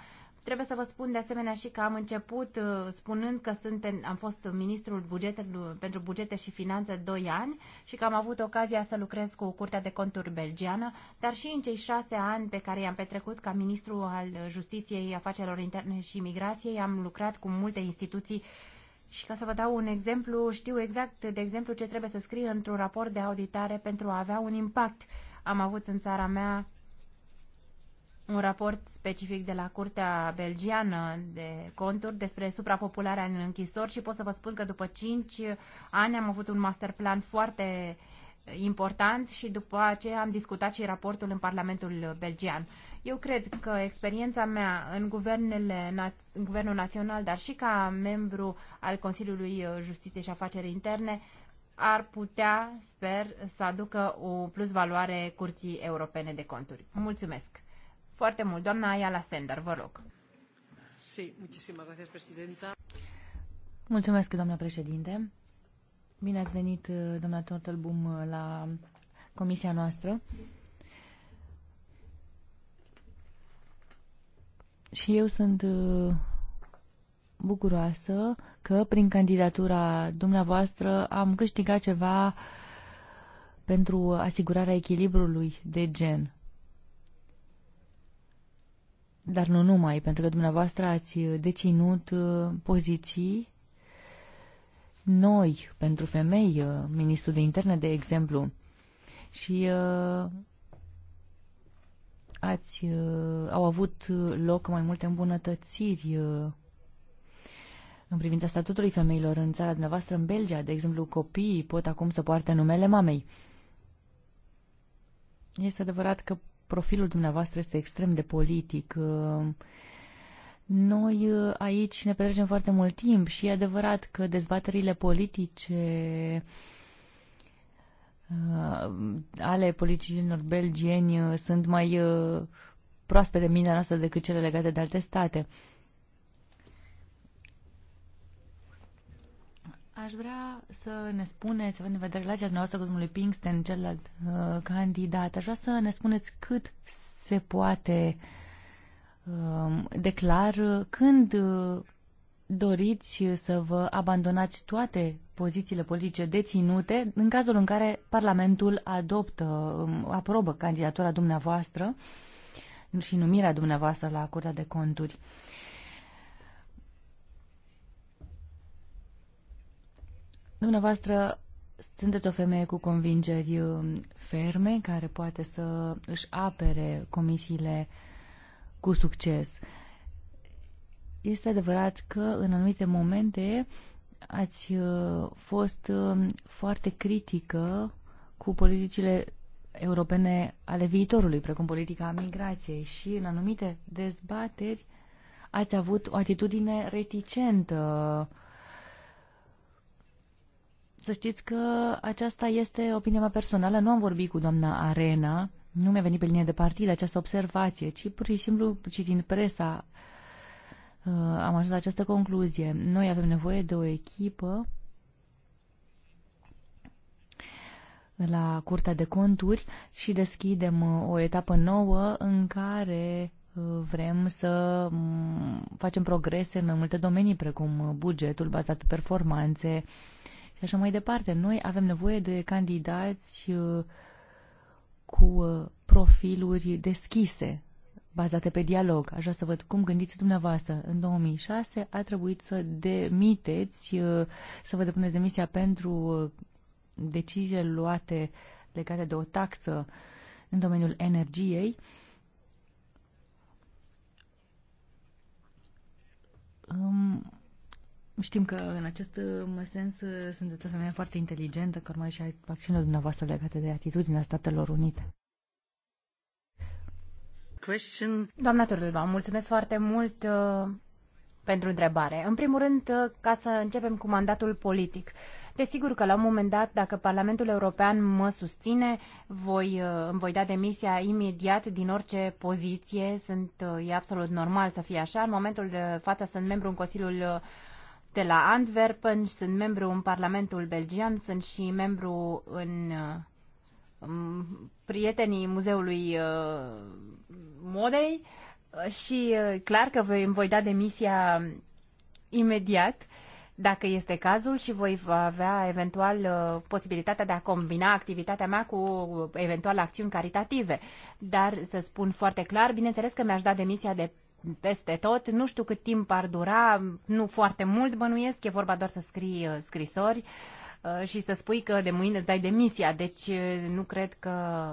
S4: Trebuie să vă spun de asemenea și că am început uh, spunând că sunt, am fost ministrul bugetelor, pentru bugete și finanțe 2 ani și că am avut ocazia să lucrez cu Curtea de Conturi belgiană, dar și în cei 6 ani pe care i-am petrecut ca ministru al Justiției, Afacerilor Interne și Migrației, am lucrat cu multe instituții și ca să vă dau un exemplu, știu exact, de exemplu, ce trebuie să scrie într-un raport de auditare pentru a avea un impact. Am avut în țara mea un raport specific de la Curtea Belgiană de Conturi despre suprapopularea în închisori și pot să vă spun că după 5 ani am avut un master plan foarte important și după aceea am discutat și raportul în Parlamentul Belgian. Eu cred că experiența mea în, guvernele, în Guvernul Național, dar și ca membru al Consiliului Justiției și Afaceri Interne, ar putea, sper, să aducă o plus valoare Curții Europene de Conturi. Mulțumesc! foarte mult. Doamna Ayala Sender, vă rog.
S1: Sí, muchísimas gracias, presidenta.
S3: Mulțumesc, doamna președinte. Bine ați venit, uh, doamna Tortelbum, uh, la comisia noastră. Și eu sunt uh, bucuroasă că prin candidatura dumneavoastră am câștigat ceva pentru asigurarea echilibrului de gen dar nu numai, pentru că dumneavoastră ați deținut uh, poziții noi pentru femei, uh, ministrul de interne, de exemplu, și uh, ați, au avut loc mai multe îmbunătățiri în privința statutului femeilor în țara dumneavoastră, în Belgia, de exemplu, copiii pot acum să poarte numele mamei. Este adevărat că profilul dumneavoastră este extrem de politic. Noi uh, aici ne petrecem foarte mult timp și e adevărat că dezbaterile politice uh, ale politicilor belgieni uh, sunt mai proaspete mintea noastră decât cele legate de alte state. Aș vrea să ne spuneți, având în vedere relația dumneavoastră cu domnul Pinkston, celălalt uh, candidat, aș vrea să ne spuneți cât se poate uh, declar când uh, doriți să vă abandonați toate pozițiile politice deținute în cazul în care Parlamentul adoptă, um, aprobă candidatura dumneavoastră și numirea dumneavoastră la Curtea de Conturi. Uh, Dumneavoastră sunteți o femeie cu convingeri um, ferme care poate să își apere comisiile cu succes. Este adevărat că în anumite momente ați uh, fost um, foarte critică cu politicile europene ale viitorului, precum politica migrației și în anumite dezbateri ați avut o atitudine reticentă să știți că aceasta este opinia mea personală. Nu am vorbit cu doamna Arena, nu mi-a venit pe linie de partid această observație, ci pur și simplu citind presa uh, am ajuns la această concluzie. Noi avem nevoie de o echipă la Curtea de Conturi și deschidem uh, o etapă nouă în care uh, vrem să facem progrese în mai multe domenii, precum bugetul bazat pe performanțe, și așa mai departe. Noi avem nevoie de candidați uh, cu uh, profiluri deschise, bazate pe dialog. Aș vrea să văd cum gândiți dumneavoastră. În 2006 a trebuit să demiteți, uh, să vă depuneți demisia pentru deciziile luate legate de o taxă în domeniul energiei. Um, Știm că în acest um, sens uh, sunteți o femeie foarte inteligentă, că urmări și acțiunile dumneavoastră legate de atitudinea Statelor Unite.
S4: Question. Doamna Turdelba, mulțumesc foarte mult uh, pentru întrebare. În primul rând, uh, ca să începem cu mandatul politic. Desigur că la un moment dat, dacă Parlamentul European mă susține, voi, uh, îmi voi da demisia imediat din orice poziție. Sunt, uh, e absolut normal să fie așa. În momentul de față sunt membru în Consiliul uh, de la Antwerpen, sunt membru în Parlamentul Belgian, sunt și membru în uh, prietenii Muzeului uh, Modei uh, și clar că voi, îmi voi da demisia imediat dacă este cazul și voi avea eventual posibilitatea de a combina activitatea mea cu eventual acțiuni caritative. Dar să spun foarte clar, bineînțeles că mi-aș da demisia de peste tot. Nu știu cât timp ar dura, nu foarte mult bănuiesc, e vorba doar să scrii uh, scrisori uh, și să spui că de mâine îți dai demisia, deci uh, nu cred că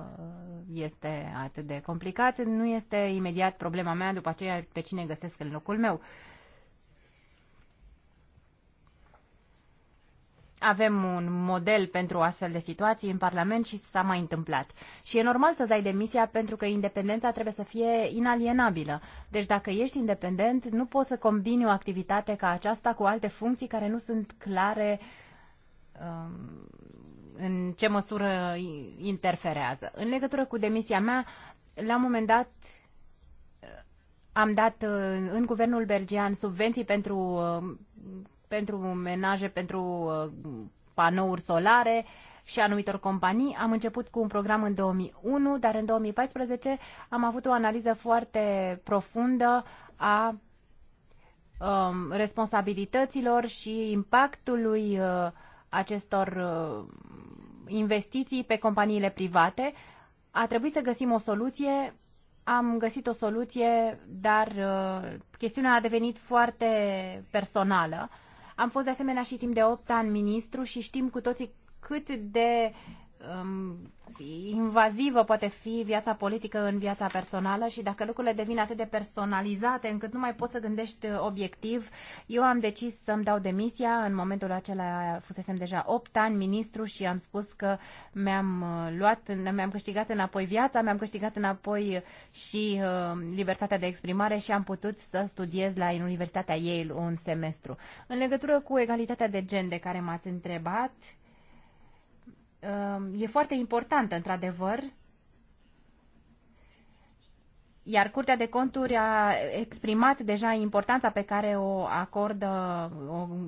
S4: este atât de complicat. Nu este imediat problema mea, după aceea pe cine găsesc în locul meu. Avem un model pentru astfel de situații în Parlament și s-a mai întâmplat. Și e normal să dai demisia pentru că independența trebuie să fie inalienabilă. Deci dacă ești independent, nu poți să combini o activitate ca aceasta cu alte funcții care nu sunt clare um, în ce măsură interferează. În legătură cu demisia mea, la un moment dat uh, am dat uh, în guvernul belgian subvenții pentru uh, pentru menaje, pentru uh, panouri solare și anumitor companii. Am început cu un program în 2001, dar în 2014 am avut o analiză foarte profundă a um, responsabilităților și impactului uh, acestor uh, investiții pe companiile private. A trebuit să găsim o soluție. Am găsit o soluție, dar uh, chestiunea a devenit foarte personală. Uh, am fost de asemenea și timp de 8 ani ministru și știm cu toții cât de um, invazivă poate fi viața politică în viața personală și dacă lucrurile devin atât de personalizate încât nu mai poți să gândești uh, obiectiv, eu am decis să-mi dau demisia. În momentul acela fusesem deja 8 ani ministru și am spus că mi-am uh, luat, mi-am câștigat înapoi viața, mi-am câștigat înapoi uh, și uh, libertatea de exprimare și am putut să studiez la Universitatea Yale un semestru. În legătură cu egalitatea de gen de care m-ați întrebat, Um, e foarte importantă, într-adevăr, iar Curtea de Conturi a exprimat deja importanța pe care o acordă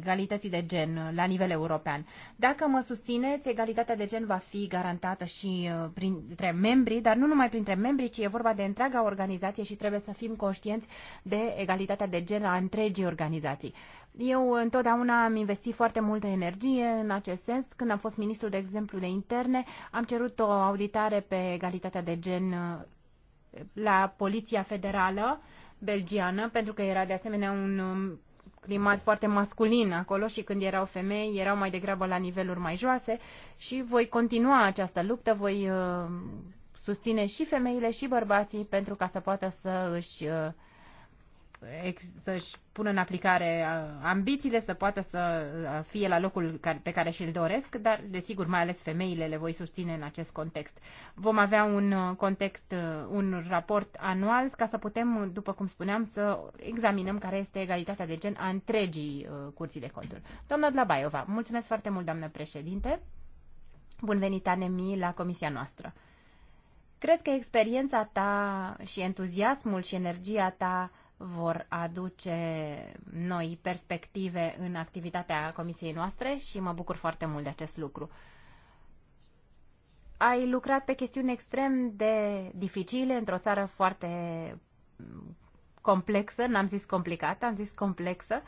S4: egalității de gen la nivel european. Dacă mă susțineți, egalitatea de gen va fi garantată și uh, printre membrii, dar nu numai printre membrii, ci e vorba de întreaga organizație și trebuie să fim conștienți de egalitatea de gen a întregii organizații. Eu întotdeauna am investit foarte multă energie în acest sens. Când am fost ministru, de exemplu, de interne, am cerut o auditare pe egalitatea de gen uh, la Poliția Federală belgiană, pentru că era de asemenea un um, climat foarte masculin acolo și când erau femei erau mai degrabă la niveluri mai joase și voi continua această luptă, voi uh, susține și femeile și bărbații pentru ca să poată să își uh, să-și pună în aplicare uh, ambițiile, să poată să uh, fie la locul pe care și-l doresc, dar, desigur, mai ales femeile le voi susține în acest context. Vom avea un uh, context, un raport anual ca să putem, după cum spuneam, să examinăm care este egalitatea de gen a întregii curții de conturi. Doamna Dlabaiova, mulțumesc foarte mult, doamnă președinte. Bun venit, Anemi, la comisia noastră. Cred că experiența ta și entuziasmul și energia ta vor aduce noi perspective în activitatea comisiei noastre și mă bucur foarte mult de acest lucru. Ai lucrat pe chestiuni extrem de dificile într-o țară foarte complexă, n-am zis complicată, am zis complexă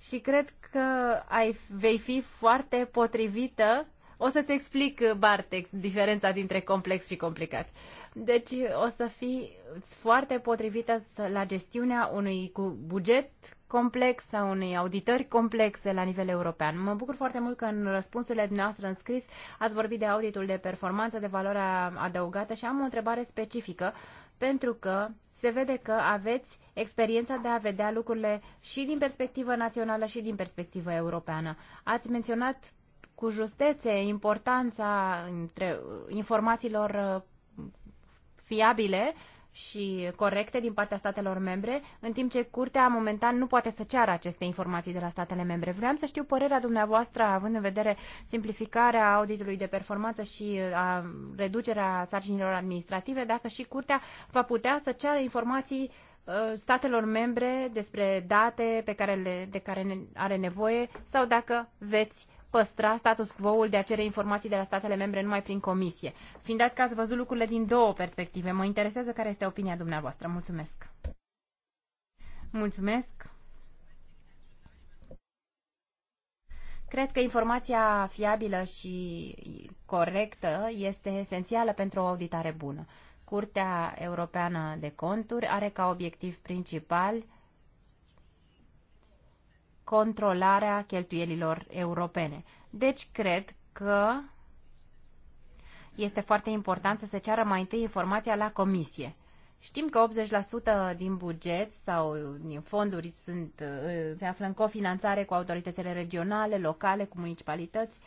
S4: și cred că ai, vei fi foarte potrivită o să-ți explic, uh, Bartex, diferența dintre complex și complicat. Deci o să fii foarte potrivită la gestiunea unui cu buget complex sau unei auditări complexe la nivel european. Mă bucur foarte mult că în răspunsurile dumneavoastră scris ați vorbit de auditul de performanță, de valoarea adăugată și am o întrebare specifică pentru că se vede că aveți experiența de a vedea lucrurile și din perspectivă națională și din perspectivă europeană. Ați menționat cu justețe importanța între informațiilor uh, fiabile și corecte din partea statelor membre, în timp ce curtea momentan nu poate să ceară aceste informații de la statele membre. Vreau să știu părerea dumneavoastră, având în vedere simplificarea auditului de performanță și uh, a reducerea sarcinilor administrative, dacă și curtea va putea să ceară informații uh, statelor membre despre date pe care le, de care are nevoie sau dacă veți păstra status quo-ul de a cere informații de la statele membre numai prin comisie. Fiind dat că ați văzut lucrurile din două perspective, mă interesează care este opinia dumneavoastră. Mulțumesc! Mulțumesc! Cred că informația fiabilă și corectă este esențială pentru o auditare bună. Curtea Europeană de Conturi are ca obiectiv principal controlarea cheltuielilor europene. Deci, cred că este foarte important să se ceară mai întâi informația la comisie. Știm că 80% din buget sau din fonduri sunt, uh, se află în cofinanțare cu autoritățile regionale, locale, cu municipalități.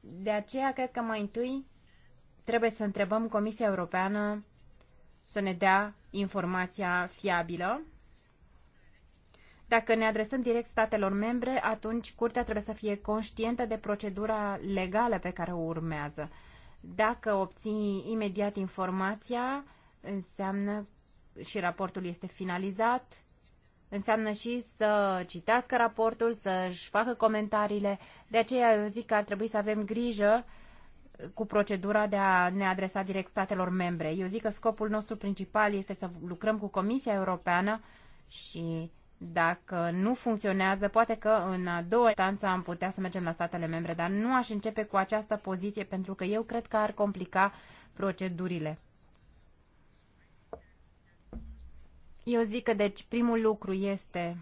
S4: De aceea, cred că mai întâi trebuie să întrebăm Comisia Europeană să ne dea informația fiabilă dacă ne adresăm direct statelor membre, atunci curtea trebuie să fie conștientă de procedura legală pe care o urmează. Dacă obții imediat informația, înseamnă și raportul este finalizat, înseamnă și să citească raportul, să-și facă comentariile. De aceea eu zic că ar trebui să avem grijă cu procedura de a ne adresa direct statelor membre. Eu zic că scopul nostru principal este să lucrăm cu Comisia Europeană și dacă nu funcționează, poate că în a doua instanță am putea să mergem la statele membre, dar nu aș începe cu această poziție pentru că eu cred că ar complica procedurile. Eu zic că, deci, primul lucru este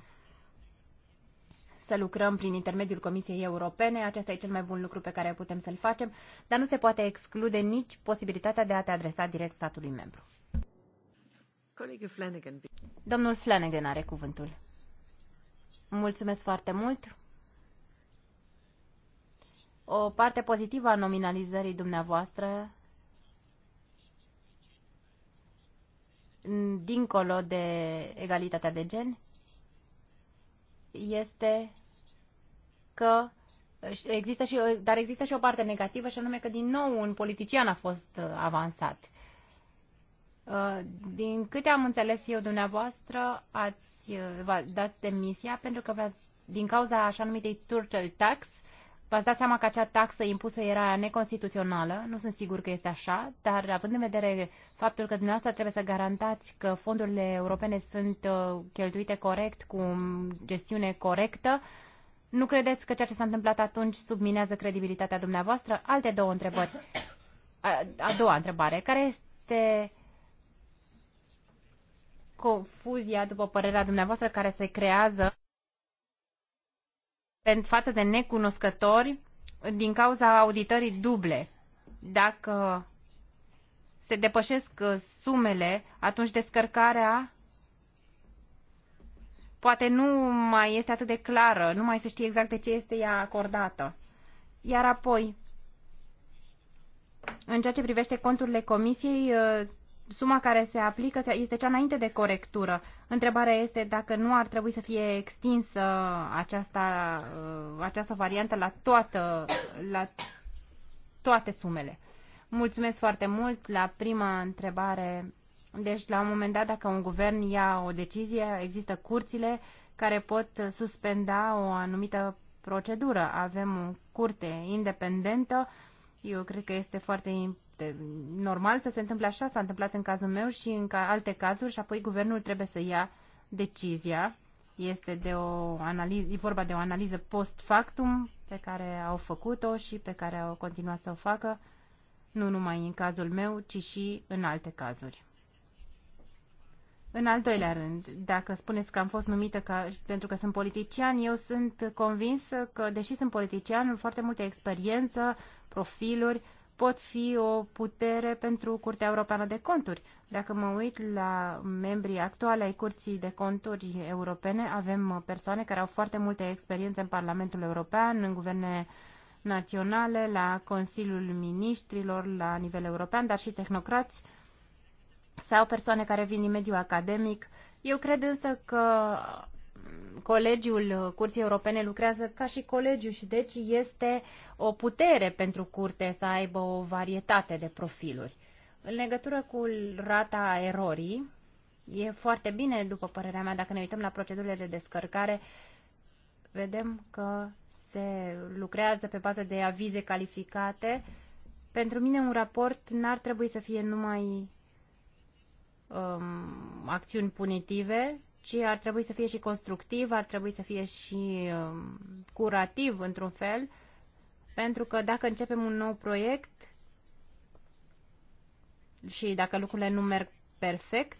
S4: să lucrăm prin intermediul Comisiei Europene. Acesta e cel mai bun lucru pe care putem să-l facem, dar nu se poate exclude nici posibilitatea de a te adresa direct statului membru. Domnul Flanagan are cuvântul. Mulțumesc foarte mult! O parte pozitivă a nominalizării dumneavoastră, dincolo de egalitatea de gen, este că există și, o, dar există și o parte negativă și anume că din nou un politician a fost avansat. Uh, din câte am înțeles eu dumneavoastră, ați, uh, dați demisia pentru că din cauza așa numitei turtle tax, v-ați dat seama că acea taxă impusă era neconstituțională, nu sunt sigur că este așa, dar având în vedere faptul că dumneavoastră trebuie să garantați că fondurile europene sunt uh, cheltuite corect, cu gestiune corectă, nu credeți că ceea ce s-a întâmplat atunci subminează credibilitatea dumneavoastră? Alte două întrebări. A, a doua întrebare. Care este confuzia, după părerea dumneavoastră, care se creează în față de necunoscători din cauza auditării duble. Dacă se depășesc uh, sumele, atunci descărcarea poate nu mai este atât de clară, nu mai se știe exact de ce este ea acordată. Iar apoi, în ceea ce privește conturile comisiei, uh, suma care se aplică este cea înainte de corectură. Întrebarea este dacă nu ar trebui să fie extinsă aceasta, uh, această variantă la, toată, la toate sumele. Mulțumesc foarte mult. La prima întrebare, deci la un moment dat dacă un guvern ia o decizie, există curțile care pot suspenda o anumită procedură. Avem o curte independentă. Eu cred că este foarte important este normal să se întâmple așa, s-a întâmplat în cazul meu și în alte cazuri și apoi guvernul trebuie să ia decizia. Este de o analiză, e vorba de o analiză post factum pe care au făcut-o și pe care au continuat să o facă, nu numai în cazul meu, ci și în alte cazuri. În al doilea rând, dacă spuneți că am fost numită ca, pentru că sunt politician, eu sunt convins că, deși sunt politician, foarte multă experiență, profiluri pot fi o putere pentru Curtea Europeană de Conturi. Dacă mă uit la membrii actuale ai Curții de Conturi Europene, avem persoane care au foarte multe experiențe în Parlamentul European, în guverne naționale, la Consiliul Ministrilor, la nivel european, dar și tehnocrați sau persoane care vin din mediul academic. Eu cred însă că colegiul uh, Curții Europene lucrează ca și colegiu și deci este o putere pentru curte să aibă o varietate de profiluri. În legătură cu rata erorii, e foarte bine, după părerea mea, dacă ne uităm la procedurile de descărcare, vedem că se lucrează pe bază de avize calificate. Pentru mine un raport n-ar trebui să fie numai um, acțiuni punitive, deci ar trebui să fie și constructiv, ar trebui să fie și um, curativ într-un fel, pentru că dacă începem un nou proiect și dacă lucrurile nu merg perfect,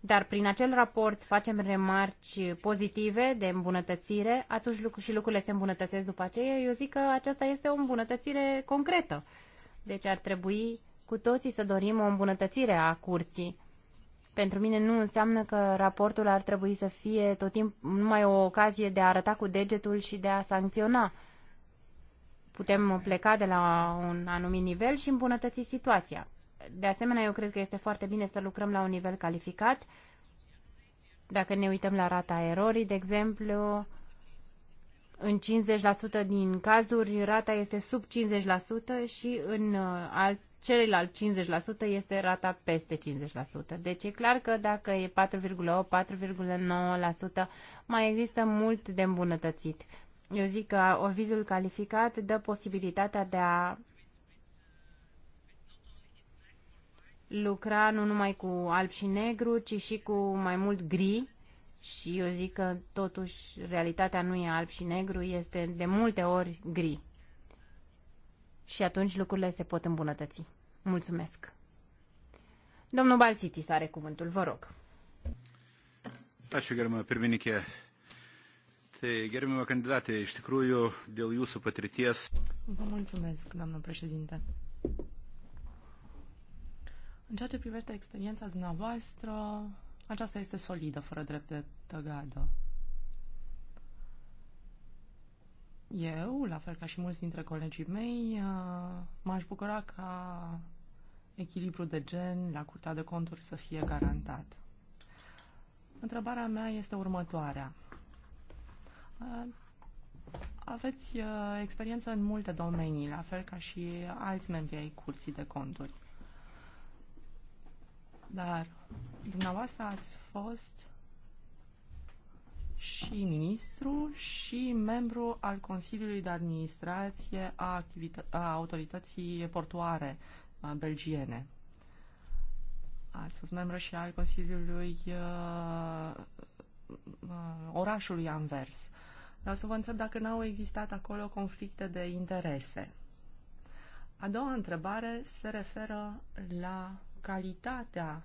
S4: dar prin acel raport facem remarci pozitive de îmbunătățire, atunci și lucrurile se îmbunătățesc după aceea, eu zic că aceasta este o îmbunătățire concretă. Deci ar trebui cu toții să dorim o îmbunătățire a curții pentru mine nu înseamnă că raportul ar trebui să fie tot timpul numai o ocazie de a arăta cu degetul și de a sancționa. Putem pleca de la un anumit nivel și îmbunătăți situația. De asemenea, eu cred că este foarte bine să lucrăm la un nivel calificat. Dacă ne uităm la rata erorii, de exemplu, în 50% din cazuri rata este sub 50% și în uh, alt, celălalt 50% este rata peste 50%. Deci e clar că dacă e 4,8-4,9% mai există mult de îmbunătățit. Eu zic că avizul calificat dă posibilitatea de a lucra nu numai cu alb și negru, ci și cu mai mult gri și eu zic că totuși realitatea nu e alb și negru, este de multe ori gri. Și atunci lucrurile se pot îmbunătăți. Mulțumesc. Domnul Balsiti are cuvântul, vă rog.
S3: Ačiū, gerbiamą pirmininkė. Tai, gerbiamą kandidatę, iš tikrųjų, dėl jūsų patirties.
S2: Vă mulțumesc, doamnă președinte. În ceea ce privește experiența dumneavoastră, aceasta este solidă, fără drept de tăgadă. Eu, la fel ca și mulți dintre colegii mei, uh, m-aș bucura ca echilibru de gen la Curtea de Conturi să fie garantat. Întrebarea mea este următoarea. Uh, aveți uh, experiență în multe domenii, la fel ca și alți membri ai Curții de Conturi. Dar dumneavoastră ați fost și ministru și membru al Consiliului de Administrație a, a Autorității Portoare Belgiene. Ați fost membru și al Consiliului uh, uh, orașului Anvers. Vreau să vă întreb dacă n-au existat acolo conflicte de interese. A doua întrebare se referă la calitatea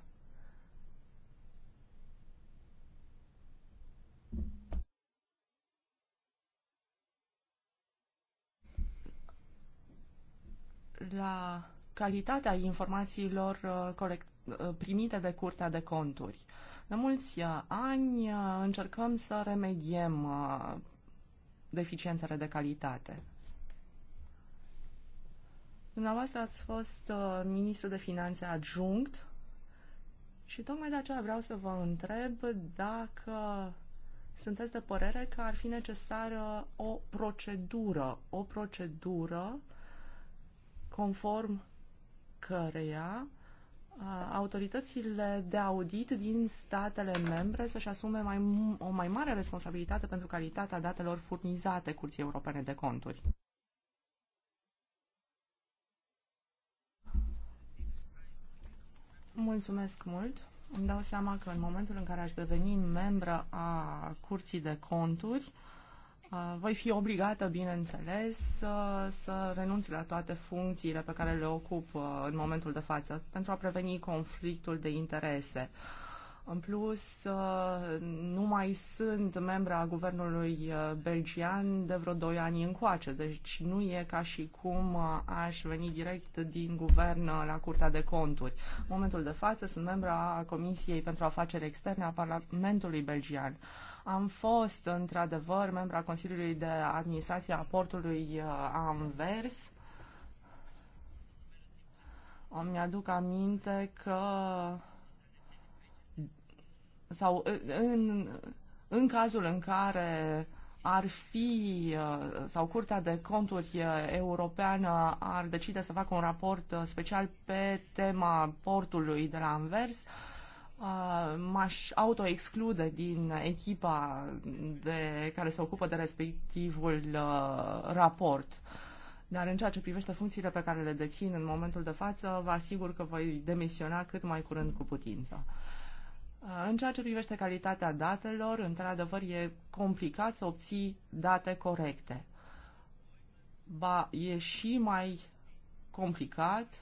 S2: la calitatea informațiilor uh, uh, primite de Curtea de Conturi. De mulți uh, ani încercăm să remediem deficiențele de calitate. Dumneavoastră ați fost uh, ministru de finanțe adjunct și tocmai de aceea vreau să vă întreb dacă sunteți de părere că ar fi necesară o procedură, o procedură conform căreia uh, autoritățile de audit din statele membre să-și asume mai, o mai mare responsabilitate pentru calitatea datelor furnizate Curții Europene de Conturi. Mulțumesc mult. Îmi dau seama că în momentul în care aș deveni membră a Curții de Conturi, voi fi obligată, bineînțeles, să, să renunț la toate funcțiile pe care le ocup în momentul de față pentru a preveni conflictul de interese. Uh, în plus, uh, nu mai sunt membra guvernului uh, belgian de vreo 2 ani încoace, deci nu e ca și cum uh, aș veni direct din guvern la Curtea de Conturi. În momentul de față sunt membra a Comisiei pentru Afaceri Externe a Parlamentului Belgian. Am fost, într-adevăr, membra Consiliului de Administrație a portului Anvers. Îmi aduc aminte că sau în, în cazul în care ar fi uh, sau Curtea de Conturi uh, Europeană ar decide să facă un raport uh, special pe tema portului de la Anvers, m-aș autoexclude din echipa de, care se ocupă de respectivul raport. Dar în ceea ce privește funcțiile pe care le dețin în momentul de față, vă asigur că voi demisiona cât mai curând cu putință. În ceea ce privește calitatea datelor, într-adevăr e complicat să obții date corecte. Ba, e și mai complicat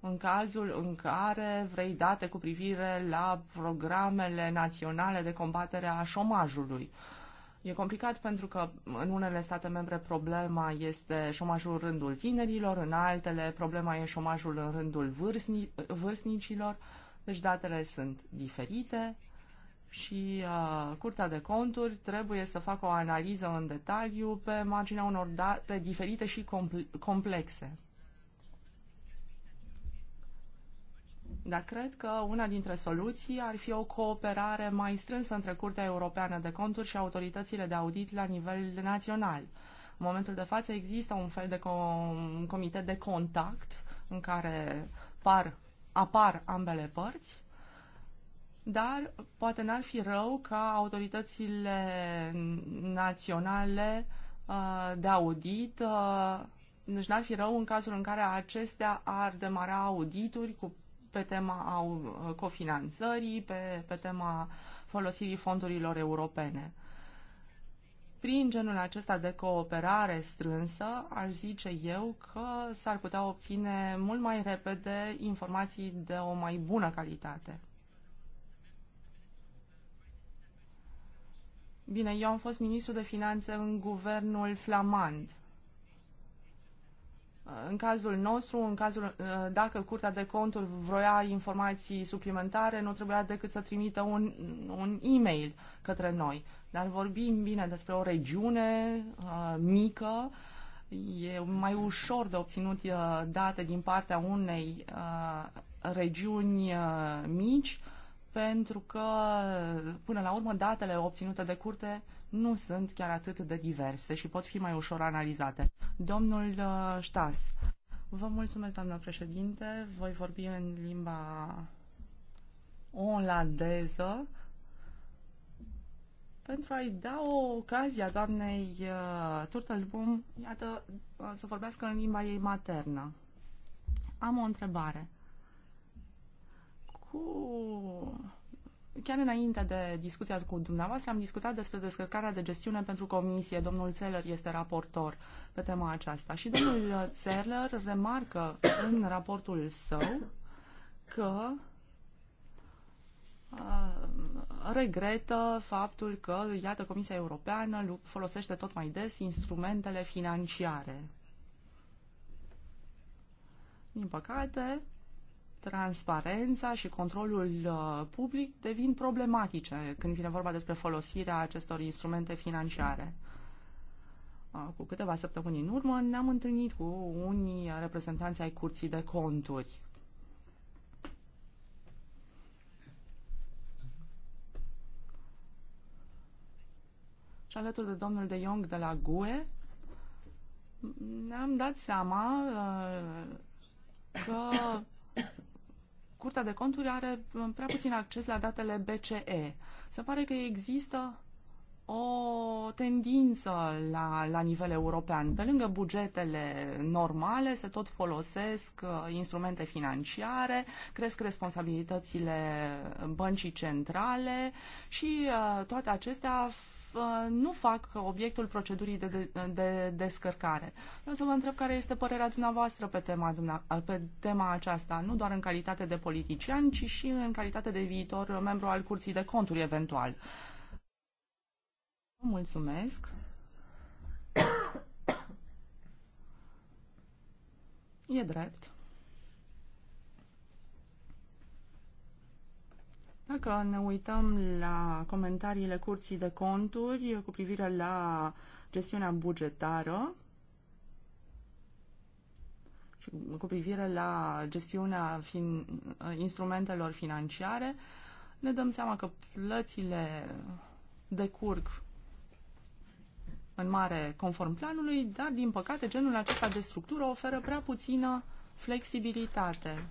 S2: în cazul în care vrei date cu privire la programele naționale de combatere a șomajului. E complicat pentru că în unele state membre problema este șomajul în rândul tinerilor, în altele problema e șomajul în rândul vârstnicilor. Deci datele sunt diferite și uh, Curtea de Conturi trebuie să facă o analiză în detaliu pe marginea unor date diferite și compl- complexe. Dar cred că una dintre soluții ar fi o cooperare mai strânsă între Curtea Europeană de Conturi și autoritățile de audit la nivel național. În momentul de față există un fel de com- comitet de contact în care par apar ambele părți, dar poate n-ar fi rău ca autoritățile naționale uh, de audit, uh, deci n-ar fi rău în cazul în care acestea ar demara audituri cu, pe tema uh, cofinanțării, pe, pe tema folosirii fondurilor europene prin genul acesta de cooperare strânsă, aș zice eu că s-ar putea obține mult mai repede informații de o mai bună calitate. Bine, eu am fost ministru de finanțe în guvernul flamand în cazul nostru, în cazul, uh, dacă Curtea de Conturi vroia informații suplimentare, nu trebuia decât să trimită un, un e-mail către noi. Dar vorbim bine despre o regiune uh, mică, e mai ușor de obținut uh, date din partea unei uh, regiuni uh, mici, pentru că, până la urmă, datele obținute de curte uh, nu sunt chiar atât de diverse și pot fi mai ușor analizate. Domnul uh, Ștas, vă mulțumesc, doamnă președinte. Voi vorbi în limba olandeză pentru a-i da o ocazie a doamnei uh, Turtelbum, iată, uh, să vorbească în limba ei maternă. Am o întrebare. Cu Chiar înainte de discuția cu dumneavoastră am discutat despre descărcarea de gestiune pentru comisie. Domnul Țeller este raportor pe tema aceasta și domnul Țeller remarcă în raportul său că uh, regretă faptul că, iată, Comisia Europeană folosește tot mai des instrumentele financiare. Din păcate, transparența și controlul uh, public devin problematice când vine vorba despre folosirea acestor instrumente financiare. Uh, cu câteva săptămâni în urmă ne-am întâlnit cu unii reprezentanți ai Curții de Conturi. Și alături de domnul de Jong de la GUE ne-am dat seama uh, că Curtea de Conturi are mm, prea puțin acces la datele BCE. Se pare că există o tendință la, la nivel european. Pe lângă bugetele normale, se tot folosesc uh, instrumente financiare, cresc responsabilitățile băncii centrale și uh, toate acestea Uh, nu fac obiectul procedurii de, de, de descărcare. Vreau să vă întreb care este părerea dumneavoastră pe tema, uh, pe tema aceasta, nu doar în calitate de politician, ci și în calitate de viitor membru al Curții de Conturi, eventual. Mulțumesc. E drept. Dacă ne uităm la comentariile Curții de Conturi cu privire la gestiunea bugetară și cu privire la gestiunea fin- instrumentelor financiare, ne dăm seama că plățile decurg în mare conform planului, dar din păcate genul acesta de structură oferă prea puțină flexibilitate.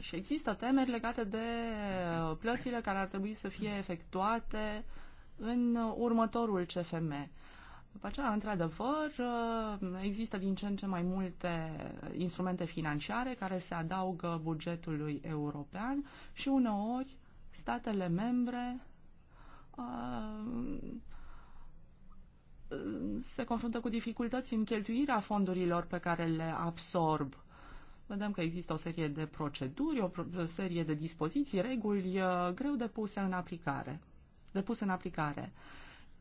S2: Și există temeri legate de uh, plățile care ar trebui să fie efectuate în următorul CFM. După aceea, într-adevăr, uh, există din ce în ce mai multe instrumente financiare care se adaugă bugetului european și uneori statele membre uh, se confruntă cu dificultăți în cheltuirea fondurilor pe care le absorb vedem că există o serie de proceduri, o serie de dispoziții, reguli uh, greu de puse în aplicare. De puse în aplicare.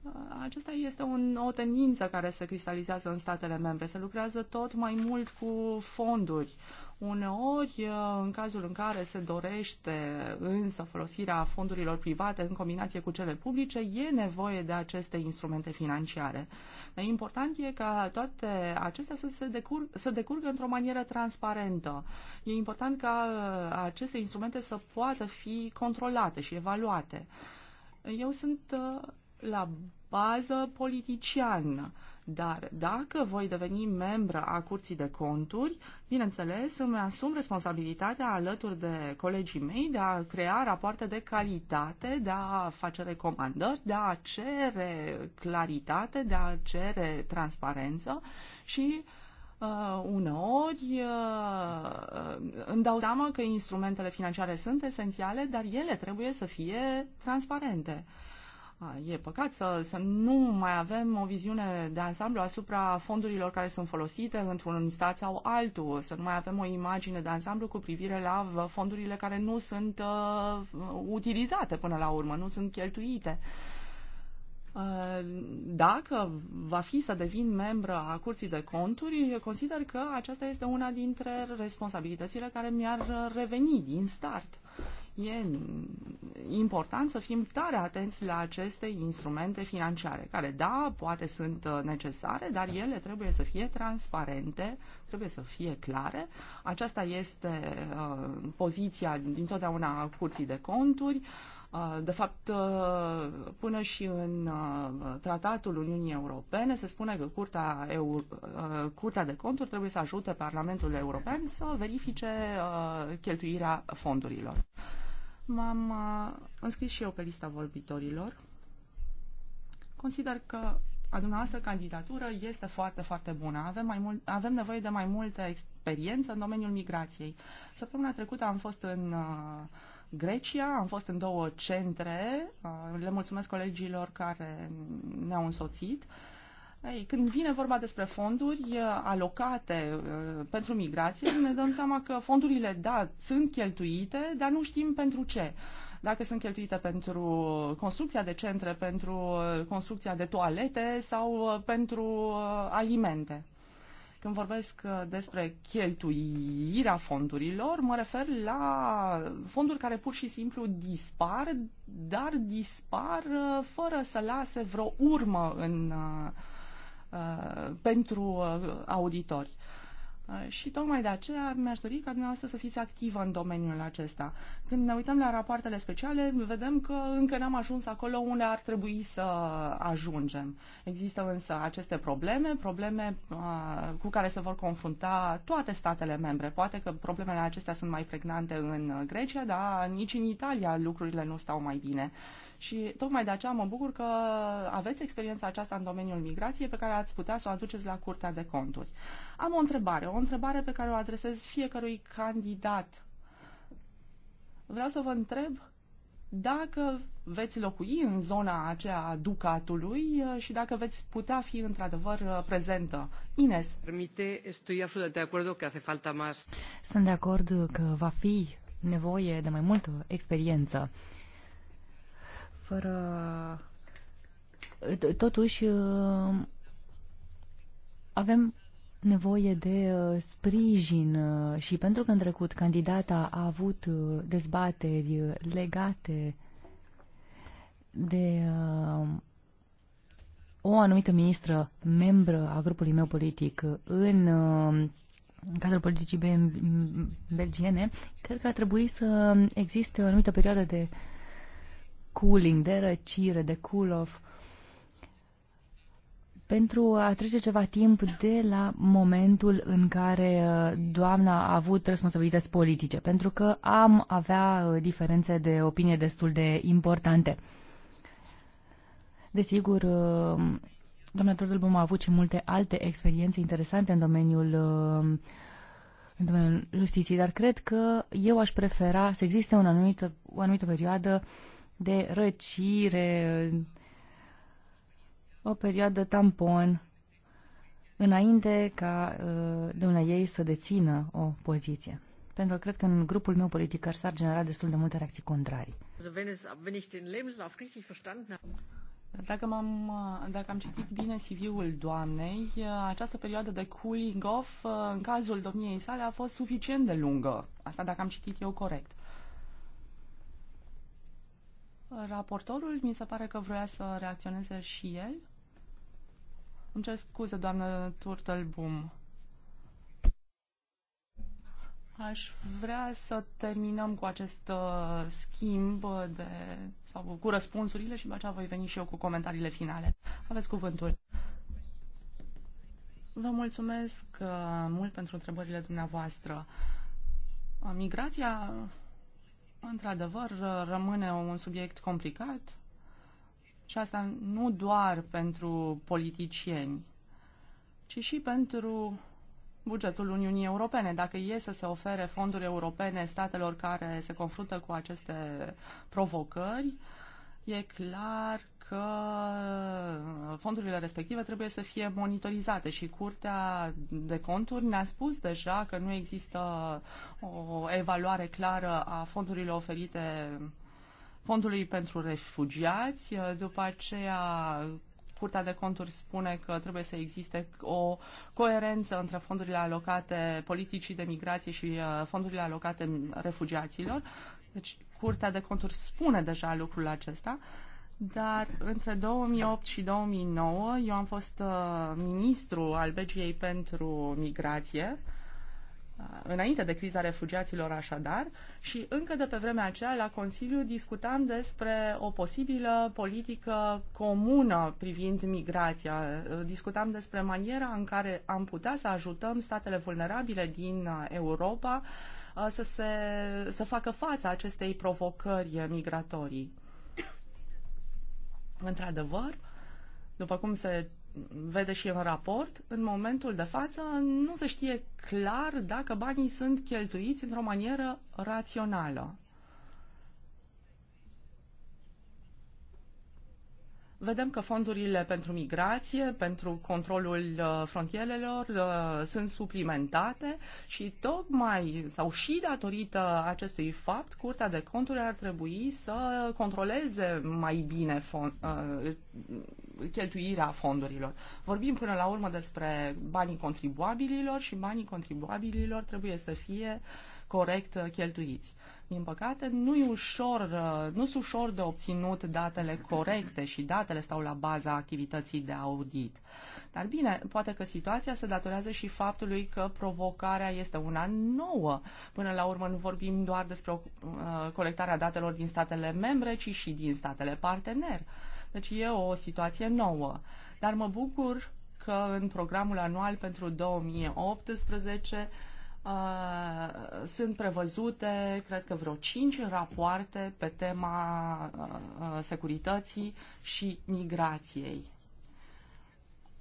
S2: Uh, acesta este un, o tendință care se cristalizează în statele membre. Se lucrează tot mai mult cu fonduri, Uneori, uh, în cazul în care se dorește însă folosirea fondurilor private în combinație cu cele publice, e nevoie de aceste instrumente financiare. Important e ca toate acestea să, se decurg, să decurgă într-o manieră transparentă. E important ca uh, aceste instrumente să poată fi controlate și evaluate. Eu sunt uh, la bază politician dar dacă voi deveni membră a Curții de Conturi, bineînțeles, îmi asum responsabilitatea alături de colegii mei de a crea rapoarte de calitate, de a face recomandări, de a cere claritate, de a cere transparență și Uh, uneori uh, îmi dau seama că instrumentele financiare sunt esențiale, dar ele trebuie să fie transparente. Uh, E păcat să, să nu mai avem o viziune de ansamblu asupra fondurilor care sunt folosite într-un stat sau altul, să nu mai avem o imagine de ansamblu cu privire la fondurile care nu sunt uh, utilizate până la urmă, nu sunt cheltuite. Uh, dacă va fi să devin membră a Curții de Conturi, consider că aceasta este una dintre responsabilitățile care mi-ar reveni din start. E important să fim tare atenți la aceste instrumente financiare, care, da, poate sunt uh, necesare, dar ele trebuie să fie transparente, trebuie să fie clare. Aceasta este uh, poziția dintotdeauna a curții de conturi. Uh, de fapt, uh, până și în tratatul Uniunii Europene se spune că Curtea, EU, Curtea de Conturi trebuie să ajute Parlamentul European să verifice cheltuirea fondurilor. M-am uh, înscris și eu pe lista vorbitorilor. Consider că a dumneavoastră candidatură este foarte, foarte bună. Avem, mai mult, avem nevoie de mai multă experiență în domeniul migrației. Săptămâna trecută am fost în uh, Grecia, am fost în două centre, uh, le mulțumesc colegilor care ne-au însoțit. Ei, când vine vorba despre fonduri alocate pentru migrație, ne dăm seama că fondurile, da, sunt cheltuite, dar nu știm pentru ce dacă sunt cheltuite pentru construcția de centre, pentru construcția de toalete sau pentru alimente. Când vorbesc despre cheltuirea fondurilor, mă refer la fonduri care pur și simplu dispar, dar dispar fără să lase vreo urmă în uh, Uh, pentru uh, auditori. Uh, și tocmai de aceea mi-aș dori ca dumneavoastră să fiți activă în domeniul acesta. Când ne uităm la rapoartele speciale, vedem că încă n-am ajuns acolo unde ar trebui să ajungem. Există însă aceste probleme, probleme cu care se vor confrunta toate statele membre. Poate că problemele acestea sunt mai pregnante în Grecia, dar nici în Italia lucrurile nu stau mai bine. Uh, și tocmai de aceea mă bucur că aveți experiența aceasta în domeniul migrației pe care ați putea să o aduceți la Curtea de Conturi. Am o întrebare, o întrebare pe care o adresez fiecărui candidat. Vreau să vă întreb dacă veți locui în zona aceea a Ducatului uh, și dacă veți putea fi într-adevăr uh, prezentă. Ines. Permite, estoy absolutamente de acord că hace falta más. Sunt de acord
S3: că va fi nevoie de mai multă experiență fără... Totuși, uh, avem nevoie de uh, sprijin uh, și pentru că în trecut candidata a avut dezbateri legate de o anumită ministră, membră a grupului meu politic în în cadrul politicii belgiene, cred că ar trebui să existe o anumită perioadă de uh, cooling, de răcire, de cool-off, pentru a trece ceva timp de la momentul în care uh, doamna a avut responsabilități politice, pentru că am avea uh, diferențe de opinie destul de importante. Desigur, uh, doamna Turtelbaum a avut și multe alte experiențe interesante în domeniul în domeniul justiției, dar cred că eu aș prefera să existe un anumită o anumită perioadă de răcire, o perioadă tampon, înainte ca uh, dumnea ei să dețină o poziție. Pentru că cred că în grupul meu politic s-ar genera destul de multe reacții contrarii.
S2: Dacă, am uh, dacă am citit bine CV-ul doamnei, uh, această perioadă de cooling off, în cazul domniei sale, a fost suficient de lungă. Asta dacă am citit eu corect. Raportorul mi se pare că vrea să reacționeze și el. Îmi cer scuze, doamnă Turtelbum. Aș vrea să terminăm cu acest uh, schimb de, sau cu răspunsurile și după aceea voi veni și eu cu comentariile finale. Aveți cuvântul. Vă mulțumesc uh, mult pentru întrebările dumneavoastră. Migrația într-adevăr, rămâne un subiect complicat și asta nu doar pentru politicieni, ci și pentru bugetul Uniunii Europene. Dacă e să se ofere fonduri europene statelor care se confruntă cu aceste provocări, e clar că uh, fondurile respective trebuie să fie monitorizate și Curtea de Conturi ne-a spus deja că nu există o evaluare clară a fondurilor oferite fondului pentru refugiați, uh, după aceea Curtea de Conturi spune că trebuie să existe o coerență între fondurile alocate politicii de migrație și uh, fondurile alocate refugiaților. Deci, Curtea de Conturi spune deja lucrul acesta, dar între 2008 și 2009 eu am fost uh, ministru al Belgiei pentru migrație, uh, înainte de criza refugiaților așadar, și încă de pe vremea aceea la Consiliu discutam despre o posibilă politică comună privind migrația. Uh, discutam despre maniera în care am putea să ajutăm statele vulnerabile din uh, Europa să, se, să facă față acestei provocări migratorii. Într-adevăr, după cum se vede și în raport, în momentul de față nu se știe clar dacă banii sunt cheltuiți într-o manieră rațională. vedem că fondurile pentru migrație, pentru controlul uh, frontierelor uh, sunt suplimentate și tocmai sau și datorită acestui fapt, Curtea de Conturi ar trebui să controleze mai bine fond, uh, cheltuirea fondurilor. Vorbim până la urmă despre banii contribuabililor și banii contribuabililor trebuie să fie uh, corect uh, cheltuiți. Din păcate, nu e ușor, uh, nu sunt ușor de obținut datele corecte și datele stau la baza activității de audit. Dar bine, poate că situația se datorează și faptului că provocarea este una nouă. Până la urmă nu vorbim doar despre uh, colectarea datelor din statele membre, ci și din statele partener. Deci e o situație nouă. Dar mă bucur că în programul anual pentru 2018 uh, sunt prevăzute, cred că vreo cinci rapoarte pe tema uh, securității și migrației.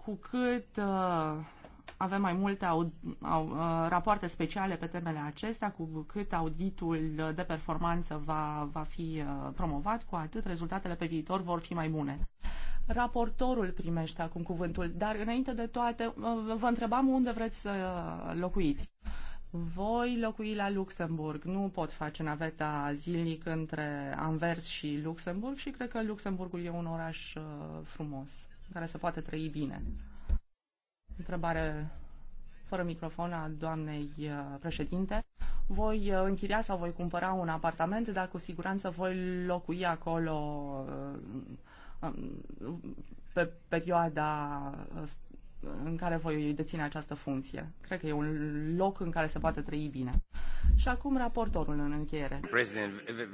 S2: Cu cât uh, avem mai multe au, au, rapoarte speciale pe temele acestea, cu cât auditul de performanță va, va fi promovat, cu atât rezultatele pe viitor vor fi mai bune. Raportorul primește acum cuvântul, dar înainte de toate vă întrebam unde vreți să locuiți. Voi locui la Luxemburg. Nu pot face naveta zilnic între Anvers și Luxemburg și cred că Luxemburgul e un oraș uh, frumos, care se poate trăi bine. Întrebare fără microfon a doamnei uh, președinte. Voi uh, închiria sau voi cumpăra un apartament, dar cu siguranță voi locui acolo um, pe perioada în care voi deține această funcție. Cred că e un loc în care se poate trăi bine. Și acum raportorul în încheiere.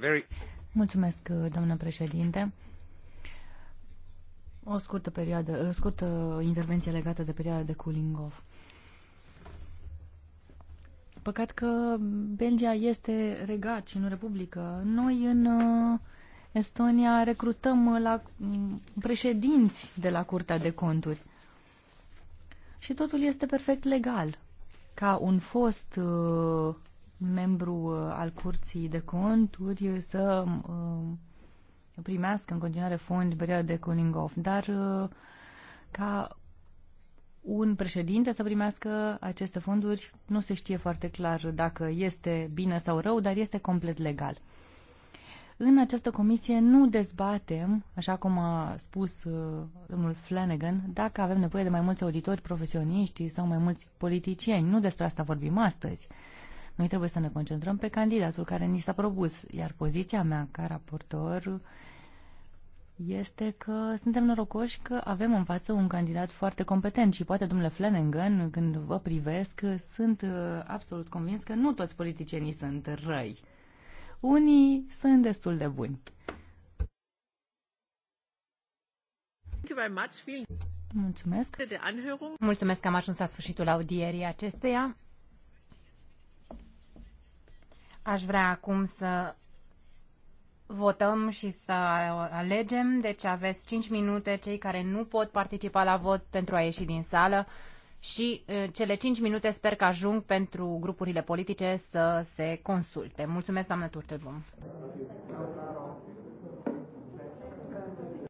S4: Very...
S3: Mulțumesc, doamnă președinte. O scurtă perioadă, o scurtă intervenție legată de perioada de cooling off. Păcat că Belgia este regat și nu republică. Noi în uh, Estonia recrutăm la mm, președinți de la Curtea de Conturi. Și totul este perfect legal. Ca un fost uh, membru uh, al Curții de Conturi să uh, primească în continuare fonduri perioada de cooling off, dar uh, ca un președinte să primească aceste fonduri, nu se știe foarte clar dacă este bine sau rău, dar este complet legal. În această comisie nu dezbatem, așa cum a spus uh, domnul Flanagan, dacă avem nevoie de mai mulți auditori profesioniști sau mai mulți politicieni. Nu despre asta vorbim astăzi. Noi trebuie să ne concentrăm pe candidatul care ni s-a propus, iar poziția mea ca raportor este că suntem norocoși că avem în față un candidat foarte competent și poate, domnule Flanagan, când vă privesc, sunt uh, absolut convins că nu toți politicienii sunt răi unii sunt destul de buni.
S4: Mulțumesc. Mulțumesc că am ajuns la sfârșitul audierii acesteia. Aș vrea acum să votăm și să alegem, deci aveți 5 minute cei care nu pot participa la vot pentru a ieși din sală și cele 5 minute sper că ajung pentru grupurile politice să se consulte. Mulțumesc, doamnă Turtelbum.